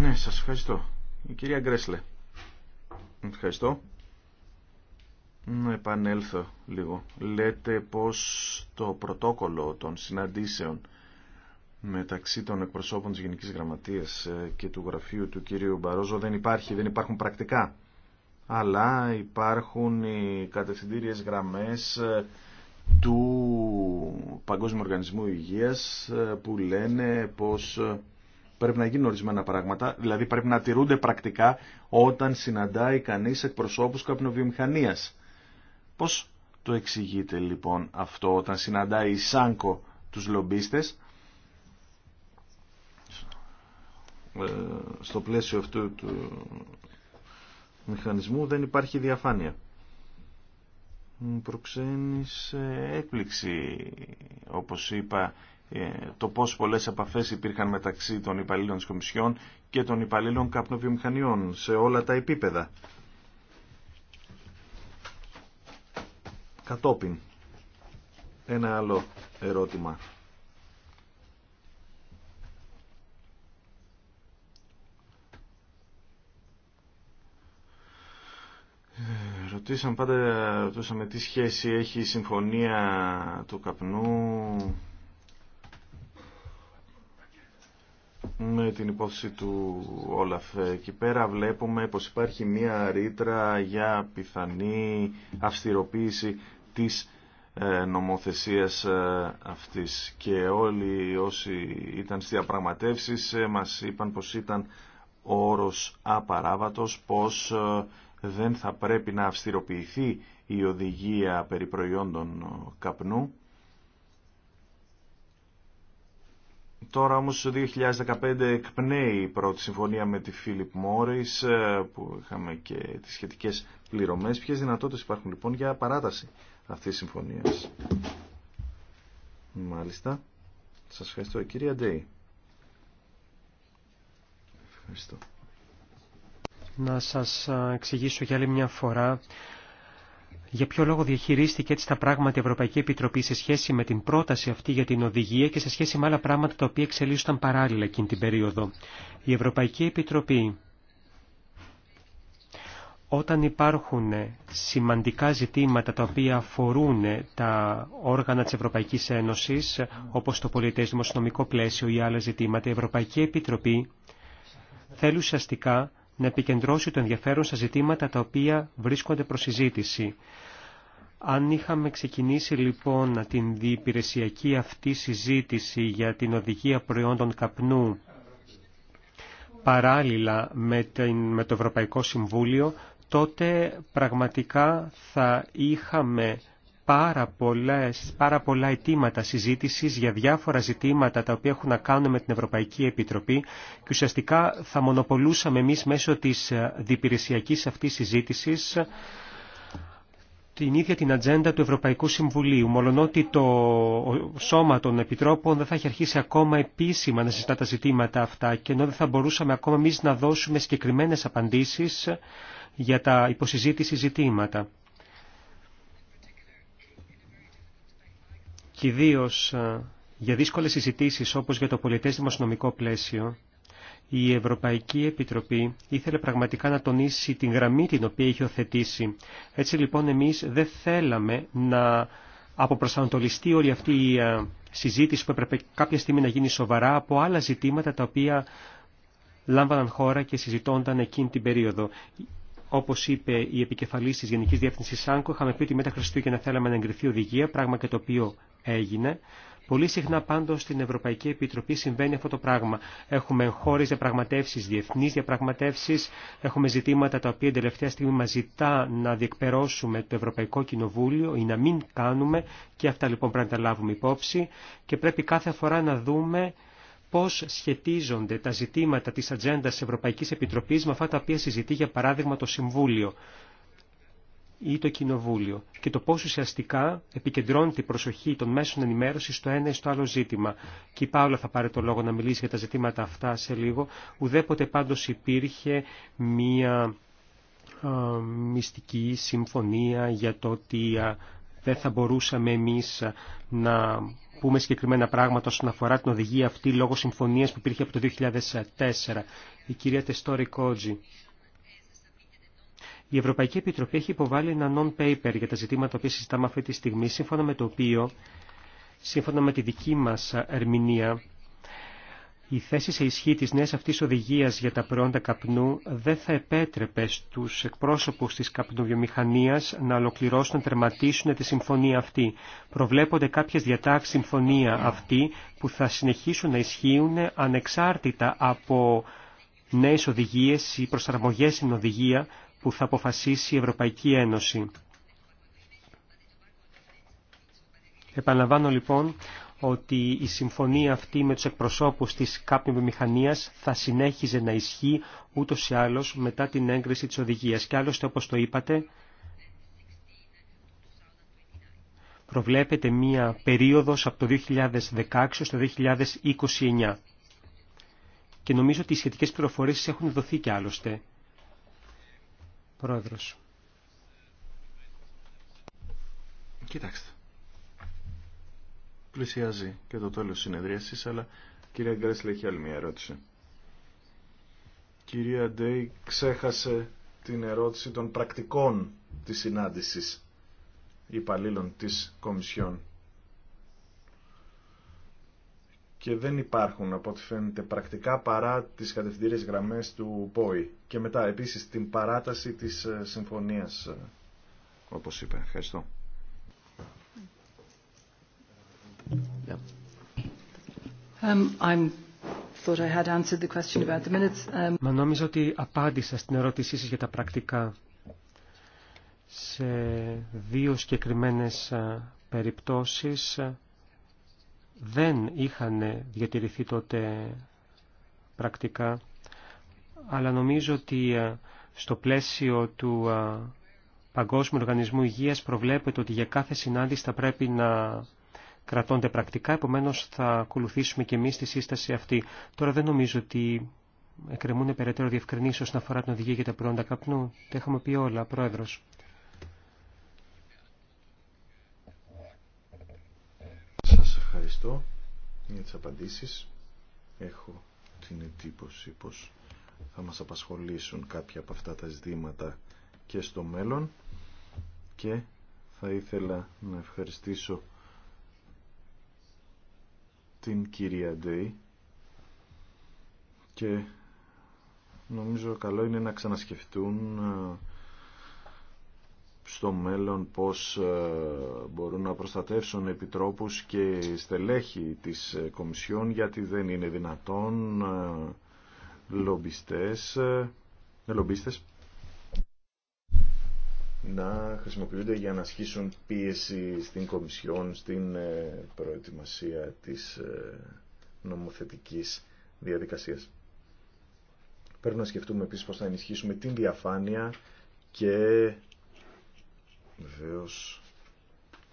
A: ναι, σας ευχαριστώ. Η κυρία Γκρέσλε. Ευχαριστώ. Να επανέλθω λίγο. Λέτε πως το πρωτόκολλο των συναντήσεων μεταξύ των εκπροσώπων της Γενικής Γραμματείας ε, και του γραφείου του κυρίου Μπαρόζο δεν υπάρχει, δεν υπάρχουν πρακτικά αλλά υπάρχουν οι κατευθυντήριες γραμμές ε, του Παγκόσμιου Οργανισμού Υγείας ε, που λένε πως ε, πρέπει να γίνουν ορισμένα πράγματα, δηλαδή πρέπει να τηρούνται πρακτικά όταν συναντάει κανείς εκπροσώπους καπνοβιομηχανίας. Πώς το εξηγείτε λοιπόν αυτό όταν συναντάει η Σάνκο τους λομπίστες στο πλαίσιο αυτού του μηχανισμού δεν υπάρχει διαφάνεια. Προξένει προξένησε έκπληξη, όπως είπα, ε, το πώς πολλές επαφές υπήρχαν μεταξύ των υπαλλήλων της Κομισιόν και των υπαλλήλων καπνοβιομηχανιών σε όλα τα επίπεδα. Κατόπιν, ένα άλλο ερώτημα. Ρωτήσαμε πάντα, με τι σχέση έχει η συμφωνία του καπνού με την υπόθεση του Όλαφ. Εκεί πέρα βλέπουμε πως υπάρχει μία ρήτρα για πιθανή αυστηροποίηση της ε, νομοθεσίας ε, αυτής. Και όλοι όσοι ήταν στις διαπραγματεύσεις ε, μας είπαν πως ήταν όρος απαράβατος, πως δεν θα πρέπει να αυστηροποιηθεί η οδηγία περί προϊόντων καπνού. Τώρα όμως το 2015 εκπνέει η πρώτη συμφωνία με τη Φίλιπ Μόρις ε, που είχαμε και τις σχετικές πληρωμές. Ποιες δυνατότητες υπάρχουν λοιπόν για παράταση αυτής της συμφωνίας. Μάλιστα. Σας ευχαριστώ. Κυρία Ντέι. Ευχαριστώ
B: να σας εξηγήσω για άλλη μια φορά για ποιο λόγο διαχειρίστηκε έτσι τα πράγματα η Ευρωπαϊκή Επιτροπή σε σχέση με την πρόταση αυτή για την οδηγία και σε σχέση με άλλα πράγματα τα οποία εξελίσσονταν παράλληλα εκείνη την περίοδο. Η Ευρωπαϊκή Επιτροπή όταν υπάρχουν σημαντικά ζητήματα τα οποία αφορούν τα όργανα της Ευρωπαϊκής Ένωσης, όπως το πολιτές δημοσιονομικό πλαίσιο ή άλλα ζητήματα, η Ευρωπαϊκή Επιτροπή θέλει ουσιαστικά να επικεντρώσει το ενδιαφέρον στα ζητήματα τα οποία βρίσκονται προς συζήτηση. Αν είχαμε ξεκινήσει λοιπόν την διυπηρεσιακή αυτή συζήτηση για την οδηγία προϊόντων καπνού παράλληλα με το Ευρωπαϊκό Συμβούλιο, τότε πραγματικά θα είχαμε πάρα, πολλές, πάρα πολλά αιτήματα συζήτησης για διάφορα ζητήματα τα οποία έχουν να κάνουν με την Ευρωπαϊκή Επιτροπή και ουσιαστικά θα μονοπολούσαμε εμείς μέσω της ε, διπηρεσιακής αυτής συζήτησης την ίδια την ατζέντα του Ευρωπαϊκού Συμβουλίου, μολονότι το σώμα των επιτρόπων δεν θα έχει αρχίσει ακόμα επίσημα να συζητά τα ζητήματα αυτά και ενώ δεν θα μπορούσαμε ακόμα εμείς να δώσουμε συγκεκριμένες απαντήσεις για τα υποσυζήτηση ζητήματα. και ιδίω ε, για δύσκολες συζητήσεις όπως για το πολιτές δημοσιονομικό πλαίσιο, η Ευρωπαϊκή Επιτροπή ήθελε πραγματικά να τονίσει την γραμμή την οποία είχε οθετήσει. Έτσι λοιπόν εμείς δεν θέλαμε να αποπροσανατολιστεί όλη αυτή η ε, συζήτηση που έπρεπε κάποια στιγμή να γίνει σοβαρά από άλλα ζητήματα τα οποία λάμβαναν χώρα και συζητώνταν εκείνη την περίοδο. Όπω είπε η επικεφαλή τη Γενική Διεύθυνση ΣΑΝΚΟ, είχαμε πει ότι μετά Χριστούγεννα θέλαμε να εγκριθεί οδηγία, πράγμα και το οποίο έγινε. Πολύ συχνά πάντω στην Ευρωπαϊκή Επιτροπή συμβαίνει αυτό το πράγμα. Έχουμε χώρε διαπραγματεύσει, διεθνεί διαπραγματεύσει, έχουμε ζητήματα τα οποία τελευταία στιγμή μα ζητά να διεκπαιρώσουμε το Ευρωπαϊκό Κοινοβούλιο ή να μην κάνουμε και αυτά λοιπόν πρέπει να τα λάβουμε υπόψη και πρέπει κάθε φορά να δούμε πώ σχετίζονται τα ζητήματα τη ατζέντα Ευρωπαϊκή Επιτροπή με αυτά τα οποία συζητεί για παράδειγμα το Συμβούλιο ή το Κοινοβούλιο και το πόσο ουσιαστικά επικεντρώνει την προσοχή των μέσων ενημέρωσης στο ένα ή στο άλλο ζήτημα. Και η Πάολα θα πάρει το λόγο να μιλήσει για τα ζητήματα αυτά σε λίγο. Ουδέποτε πάντως υπήρχε μία μυστική συμφωνία για το ότι δεν θα μπορούσαμε εμείς να πούμε συγκεκριμένα πράγματα όσον αφορά την οδηγία αυτή λόγω συμφωνίας που υπήρχε από το 2004. Η κυρία Τεστόρη Κότζη. Η Ευρωπαϊκή Επιτροπή έχει υποβάλει ένα non-paper για τα ζητήματα που συζητάμε αυτή τη στιγμή, σύμφωνα με το οποίο, σύμφωνα με τη δική μας ερμηνεία, η θέση σε ισχύ της νέας αυτής οδηγίας για τα προϊόντα καπνού δεν θα επέτρεπε στους εκπρόσωπους της καπνοβιομηχανίας να ολοκληρώσουν, να τερματίσουν τη συμφωνία αυτή. Προβλέπονται κάποιες διατάξεις συμφωνία αυτή που θα συνεχίσουν να ισχύουν ανεξάρτητα από νέες οδηγίες ή προσαρμογές στην οδηγία που θα αποφασίσει η Ευρωπαϊκή Ένωση. Επαναλαμβάνω λοιπόν ότι η συμφωνία αυτή με τους εκπροσώπους της βιομηχανίας θα συνέχιζε να ισχύει ούτως ή άλλως μετά την έγκριση της οδηγίας. Και άλλωστε όπως το είπατε προβλέπεται μία περίοδος από το 2016 στο 2029. Και νομίζω ότι οι σχετικές πληροφορίες έχουν δοθεί και άλλωστε Πρόεδρος. Κοιτάξτε. Πλησιάζει
A: και το τέλος συνεδρίασης, αλλά κυρία Γκρέσλε έχει άλλη μια ερώτηση. Κυρία Ντέι ξέχασε την ερώτηση των πρακτικών της συνάντησης υπαλλήλων της Κομισιόν και δεν υπάρχουν από ό,τι φαίνεται πρακτικά παρά τις κατευθυντήριες γραμμές του ΠΟΗ. Και μετά επίσης την παράταση της ε, συμφωνίας. Ε, όπως είπε. Ευχαριστώ.
D: Um, um,
B: Μα νόμιζα ότι απάντησα στην ερώτησή σας για τα πρακτικά σε δύο συγκεκριμένες ε, περιπτώσεις δεν είχαν διατηρηθεί τότε πρακτικά, αλλά νομίζω ότι ε, στο πλαίσιο του ε, Παγκόσμιου Οργανισμού Υγείας προβλέπεται ότι για κάθε συνάντηση θα πρέπει να κρατώνται πρακτικά, επομένως θα ακολουθήσουμε και εμείς τη σύσταση αυτή. Τώρα δεν νομίζω ότι εκκρεμούν περαιτέρω διευκρινήσεις όσον αφορά την οδηγία για τα προϊόντα καπνού. Τα είχαμε πει όλα, Πρόεδρος.
A: ευχαριστώ για τις απαντήσεις. Έχω την εντύπωση πως θα μας απασχολήσουν κάποια από αυτά τα ζητήματα και στο μέλλον και θα ήθελα να ευχαριστήσω την κυρία Ντέι και νομίζω καλό είναι να ξανασκεφτούν στο μέλλον πώς ε, μπορούν να προστατεύσουν επιτρόπους και στελέχη της ε, Κομισιόν γιατί δεν είναι δυνατόν ε, λομπιστές, λομπίστες να χρησιμοποιούνται για να ασχίσουν πίεση στην Κομισιόν στην προετοιμασία της νομοθετικής διαδικασίας. Πρέπει να σκεφτούμε επίσης πώς θα ενισχύσουμε την διαφάνεια και βεβαίως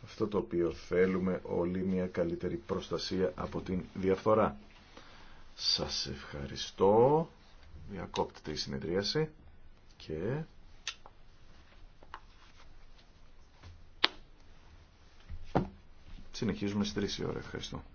A: αυτό το οποίο θέλουμε όλοι μια καλύτερη προστασία από την διαφθορά. Σας ευχαριστώ. Διακόπτεται η συνεδρίαση και... Συνεχίζουμε στις 3 ώρα. Ευχαριστώ.